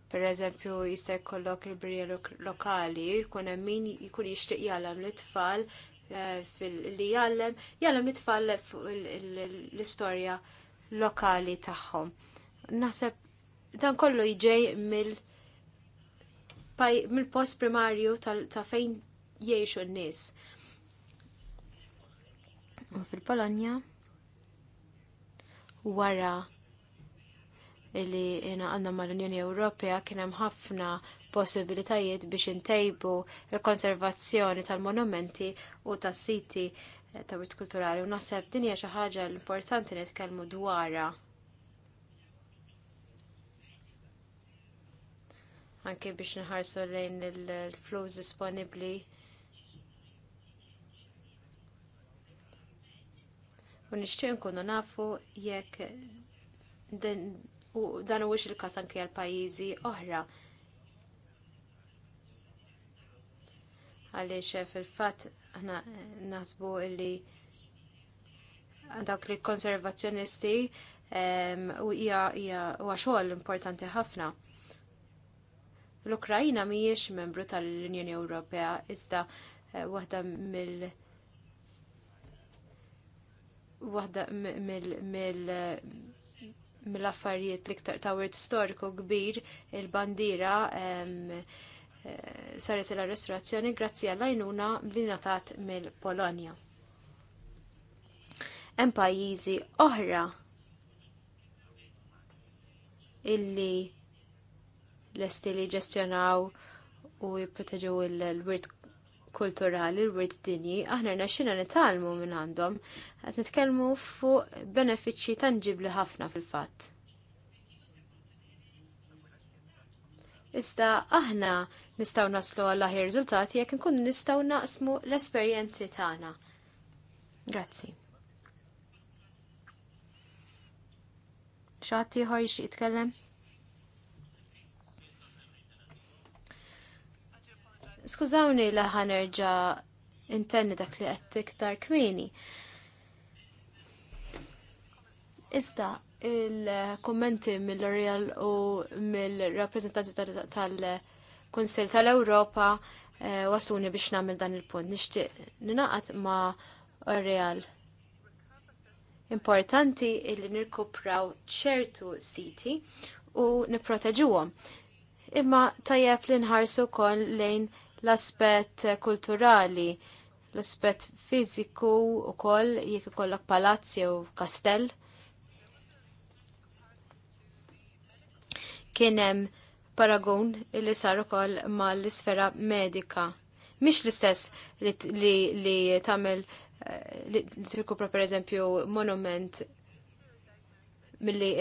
Per eżempju, jista' jkollok il-birja lokali, jkun hemm min jkun jixtieq jgħallem l-tfal eh, li jgħallem, jgħallem l-tfal l-istorja lokali tagħhom. Naħseb dan kollu jġej mill-post primarju ta' fejn jgħixu n-nies. U fil-Polonja wara li ma mal-Unjoni Ewropea kien hemm ħafna possibilitajiet biex intejbu il-konservazzjoni tal-monumenti u tas-siti eh, ta' wirt kulturali u naħseb din hija xi ħaġa l-importanti nitkellmu dwarha. Anke biex nħarsu lejn il-flus disponibbli U nixtieq nkunu nafu jekk u dan huwiex il-każ anki għal pajjiżi oħra. Għaliex eh, fil-fatt aħna eh, naħsbu li dak li konservazzjonisti ehm, u hija xogħol importanti ħafna l-Ukrajina mhijiex membru tal-Unjoni Ewropea iżda eh, waħda mill waħda mill mill-affarijiet l-iktar ta' wirt storiku kbir il-bandira eh, saret il-arrestrazzjoni grazzi għall-għajnuna li natat mill-Polonja. Hemm pajjiżi oħra illi l-esti li ġestjonaw u jipproteġu l-wirt kulturali l-wirt dinji, aħna rnexxina nitalmu minn għandhom, qed nitkellmu fuq benefiċċji tanġibli ħafna fil-fatt. Iżda aħna nistgħu naslu għal aħjar riżultati jekk inkunu nistgħu naqsmu l-esperjenzi tagħna. Grazzi. Xi ħadd jitkellem? Skużawni li ħanerġa intenni dak li qed iktar kmini. Iżda il-kommenti mill-L'Oreal u mill-rappresentanti tal-Kunsil tal-Ewropa eh, wasuni biex nagħmel dan il-punt. Nixtieq ninaqat ma' L'Oreal. Importanti illi nirkupraw ċertu siti u nipproteġuhom imma tajjeb li nħarsu kol lejn l-aspet kulturali, l-aspet fiziku u koll, jek ikollok palazzi u kastell. Kienem paragun li saru koll ma l-sfera medika. Mish l-istess li, li, li tamel eh, li per eżempju monument mill-li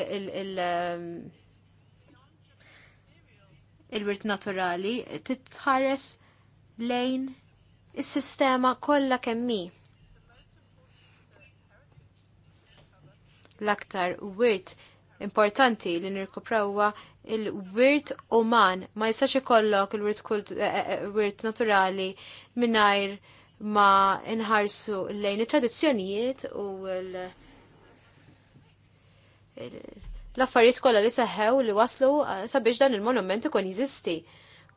il- eh, il-wirt naturali, titħares lejn is-sistema kollha kemmi. L-aktar wirt importanti li nirkuprawwa il-wirt uman ma jistax ikollok il-wirt eh, eh, eh, wirt naturali mingħajr ma inħarsu lejn it-tradizzjonijiet u l-affarijiet kollha li seħħew li waslu sabiex dan il-monument ikun jeżisti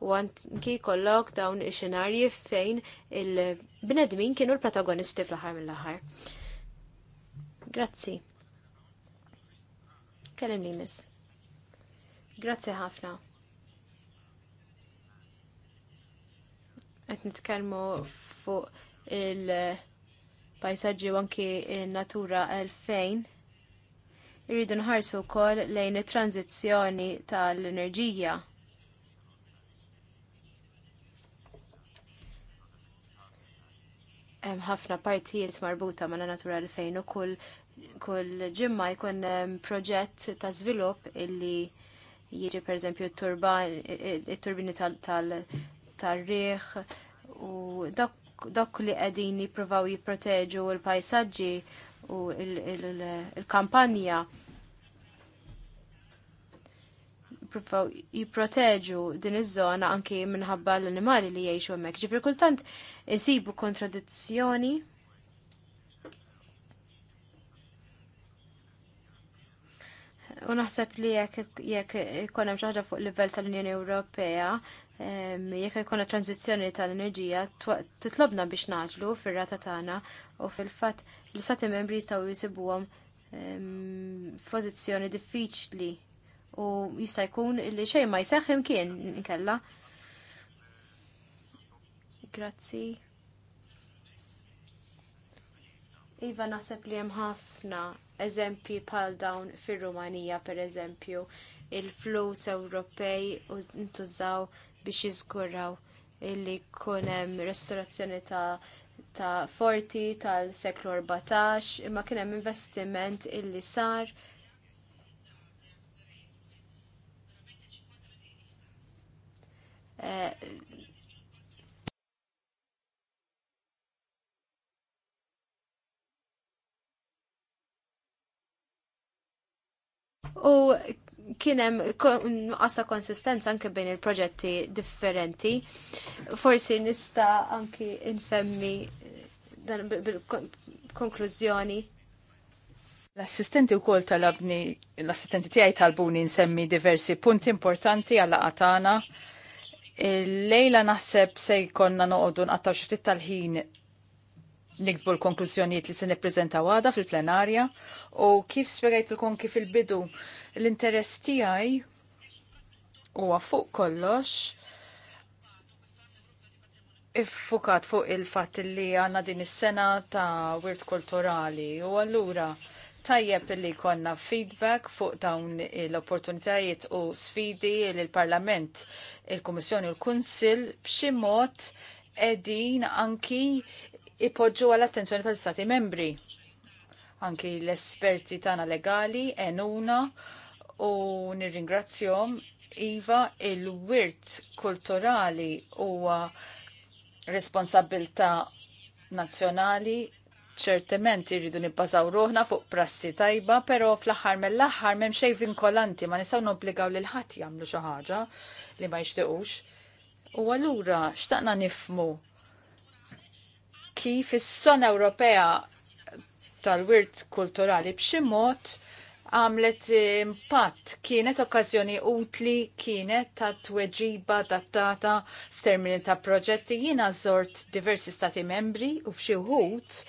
u anki kollok dawn xenarji fejn il-bnedmin kienu l-protagonisti fl-ħar mill-ħar. Grazzi. Kellem li miss. Grazzi ħafna. Qed nitkellmu fuq il-pajsaġġi u anki il-natura 2000. Irridu nħarsu wkoll lejn it-tranzizzjoni tal-enerġija hemm ħafna partijiet marbuta ma' natura l fejn u kull kull ġimma jkun ehm, proġett ta' żvilupp illi jiġi pereżempju t-turbini tal-riħ u dak li qegħdin jippruvaw jipproteġu l-pajsaġġi u l-kampanja jiproteġu jipproteġu din iż-żona anki minħabba l-animali li jgħixu hemmhekk. Ġifri kultant insibu kontradizzjoni U naħseb li jekk ikun hemm ħaġa fuq livell tal-Unjoni Ewropea, jekk ikun tranzizzjoni tal-enerġija, titlobna biex naġlu fir-rata tagħna u fil-fatt li sati membri jistgħu jisibuhom f'pożizzjoni diffiċli u jista' jkun li xejn ma jseħħ kien kellha. Grazzi. Iva naħseb li hemm ħafna eżempji bħal dawn fir-Rumanija pereżempju il-flus Ewropej u ntużaw biex jiżguraw illi jkun hemm ristorazzjoni ta' ta' forti tal-seklu 14 imma kien hemm investiment illi sar U kienem għassa konsistenza anke bejn il-proġetti differenti. Forsi nista anki insemmi dan bil-konklużjoni. L-assistenti u kol tal-abni, l-assistenti tijaj talbuni insemmi diversi punti importanti għalla għatana Lejla naħseb se jkollna noqogħdu għattaw xiftit ftit tal-ħin nikdbu l-konklużjonijiet li se neprezenta għada fil-plenarja u kif l-kon kif il-bidu l-interess tiegħi huwa fuq kollox iffukat fuq il-fatt li għanna din is-sena ta' wirt kulturali u allura Tajjeb li konna feedback fuq dawn l-opportunitajiet u sfidi li l-Parlament, il-Kommissjoni u l-Kunsil b'xi mod edin anki ipoġġu għall-attenzjoni tal-Stati membri. Anki l-esperti tana legali enuna u nirringrazzjom Iva il-wirt kulturali huwa responsabilta nazzjonali ċertement irridu nibbażaw ruħna fuq prassi tajba, pero fl-aħħar mill-aħħar m'hemm xej vinkolanti ma nistgħu nobbligaw lil ħadd jagħmlu xi ħaġa li ma jixtiequx. U allura xtaqna nifmu kif is-sona Ewropea tal-wirt kulturali b'xi mod għamlet eh, impatt, kienet okkazjoni utli, kienet ta' tweġiba dattata f'termini ta' proġetti. jina zort diversi stati membri u f'xi wħud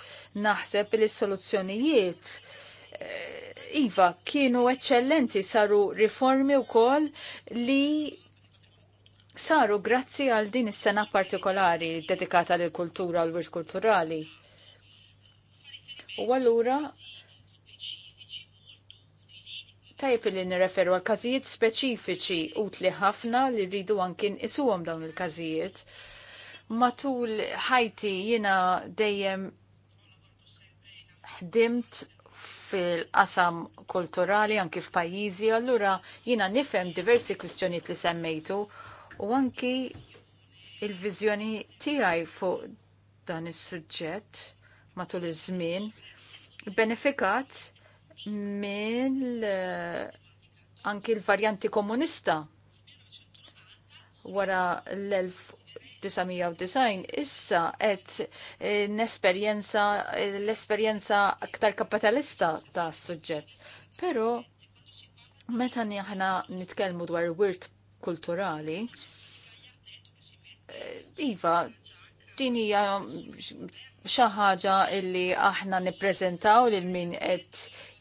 naħseb li s-soluzzjonijiet eh, Iva, kienu eccellenti, saru riformi u kol li saru grazzi għal din is-sena partikolari dedikata l kultura u l-wirt kulturali. U allura tajjeb li nirreferu għal każijiet speċifiċi utli ħafna li rridu anki nqisuhom dawn il-każijiet. Matul ħajti jiena dejjem ħdimt fil-qasam kulturali anki f'pajjiżi, allura jiena nifhem diversi kwistjonijiet li semmejtu u anki il-viżjoni tiegħi fuq dan is-suġġett matul iż-żmien benefikat mill eh, anki l-varjanti komunista wara l-1990 issa qed eh, esperienza eh, l-esperjenza aktar kapitalista ta' suġġett. Però meta aħna nitkellmu dwar wirt kulturali, iva din hija xaħġa ħaġa illi aħna nippreżentaw lil min qed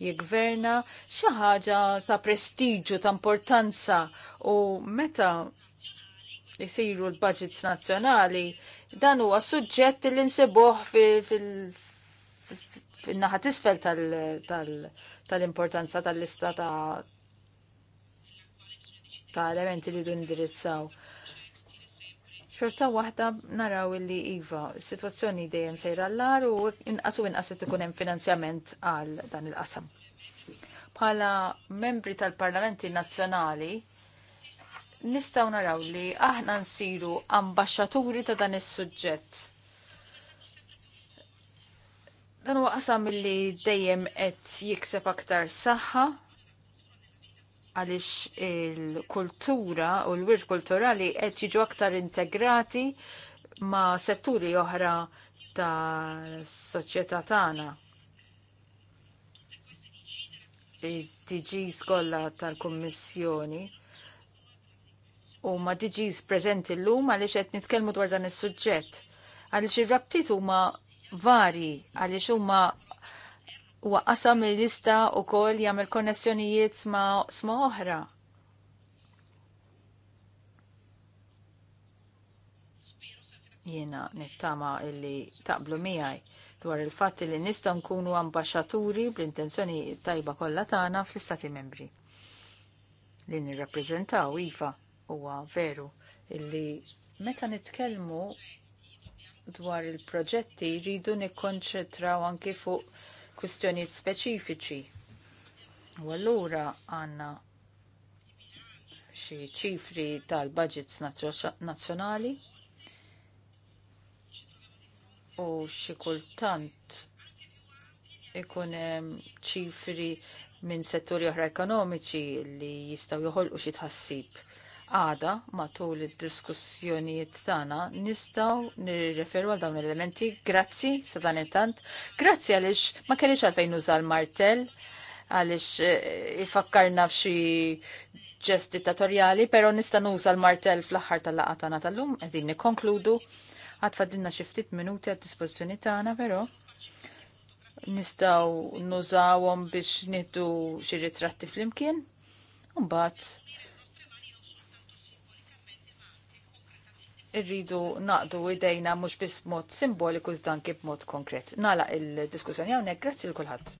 jigverna xi ħaġa ta' prestiġu, ta' importanza u meta jisiru l-budgets nazzjonali, dan huwa suġġett li nsibuh fil-naħa tisfel tal-importanza tal-lista ta' elementi li du indirizzaw xorta waħda naraw illi Iva, situazzjoni dejjem sejra l-lar u inqasu inqas ikun hemm finanzjament għal dan il-qasam. Bħala membri tal-Parlamenti Nazzjonali nistaw naraw li aħna nsiru ambasċaturi ta' dan is-suġġett. Dan huwa qasam illi dejjem qed jikseb aktar saħħa għalix il-kultura u l-wirt kulturali qed jiġu aktar integrati ma' setturi oħra ta' soċjetà tagħna. Tiġis kollha tal-Kummissjoni u ma tiġis preżenti llum għaliex qed nitkellmu dwar dan is-suġġett. Għaliex ir-rabtiet huma varji għaliex huma huwa qasam il- jista wkoll jagħmel konnessjonijiet ma' sma' oħra. Jiena nittama illi taqblu miegħi dwar il-fatt li nista' nkunu ambaxxaturi bl-intenzjoni tajba kollha tagħna fl-Istati Membri. Li nirrappreżentaw iva huwa veru illi meta nitkellmu dwar il-proġetti rridu nikkonċentraw anki fuq kwistjonijiet speċifiċi. U allura għandna xi ċifri tal-budgets nazzjonali u xi kultant ikun hemm ċifri minn setturi oħra ekonomiċi li jistgħu joħolqu xi tħassib għada matul id-diskussjonijiet tagħna nistgħu nirreferu għal dawn l-elementi. Grazzi sa dan intant. Grazzi għaliex ma kellix għalfejn nuża l-martell għaliex eh, ifakkarna f'xi ġest dittatorjali, pero nista' nuża l-martell fl-aħħar tal-laqgħa tagħna tal-lum qegħdin nikkonkludu. Għad fadilna xi ftit minuti għad-dispożizzjoni tagħna, però nistgħu nużawhom biex nieħdu xi ritratti flimkien. Mbagħad irridu naqdu idejna mhux biss mod simboliku zdan kif mod konkret. Nala il-diskussjoni hawnhekk, grazzi l kulħadd.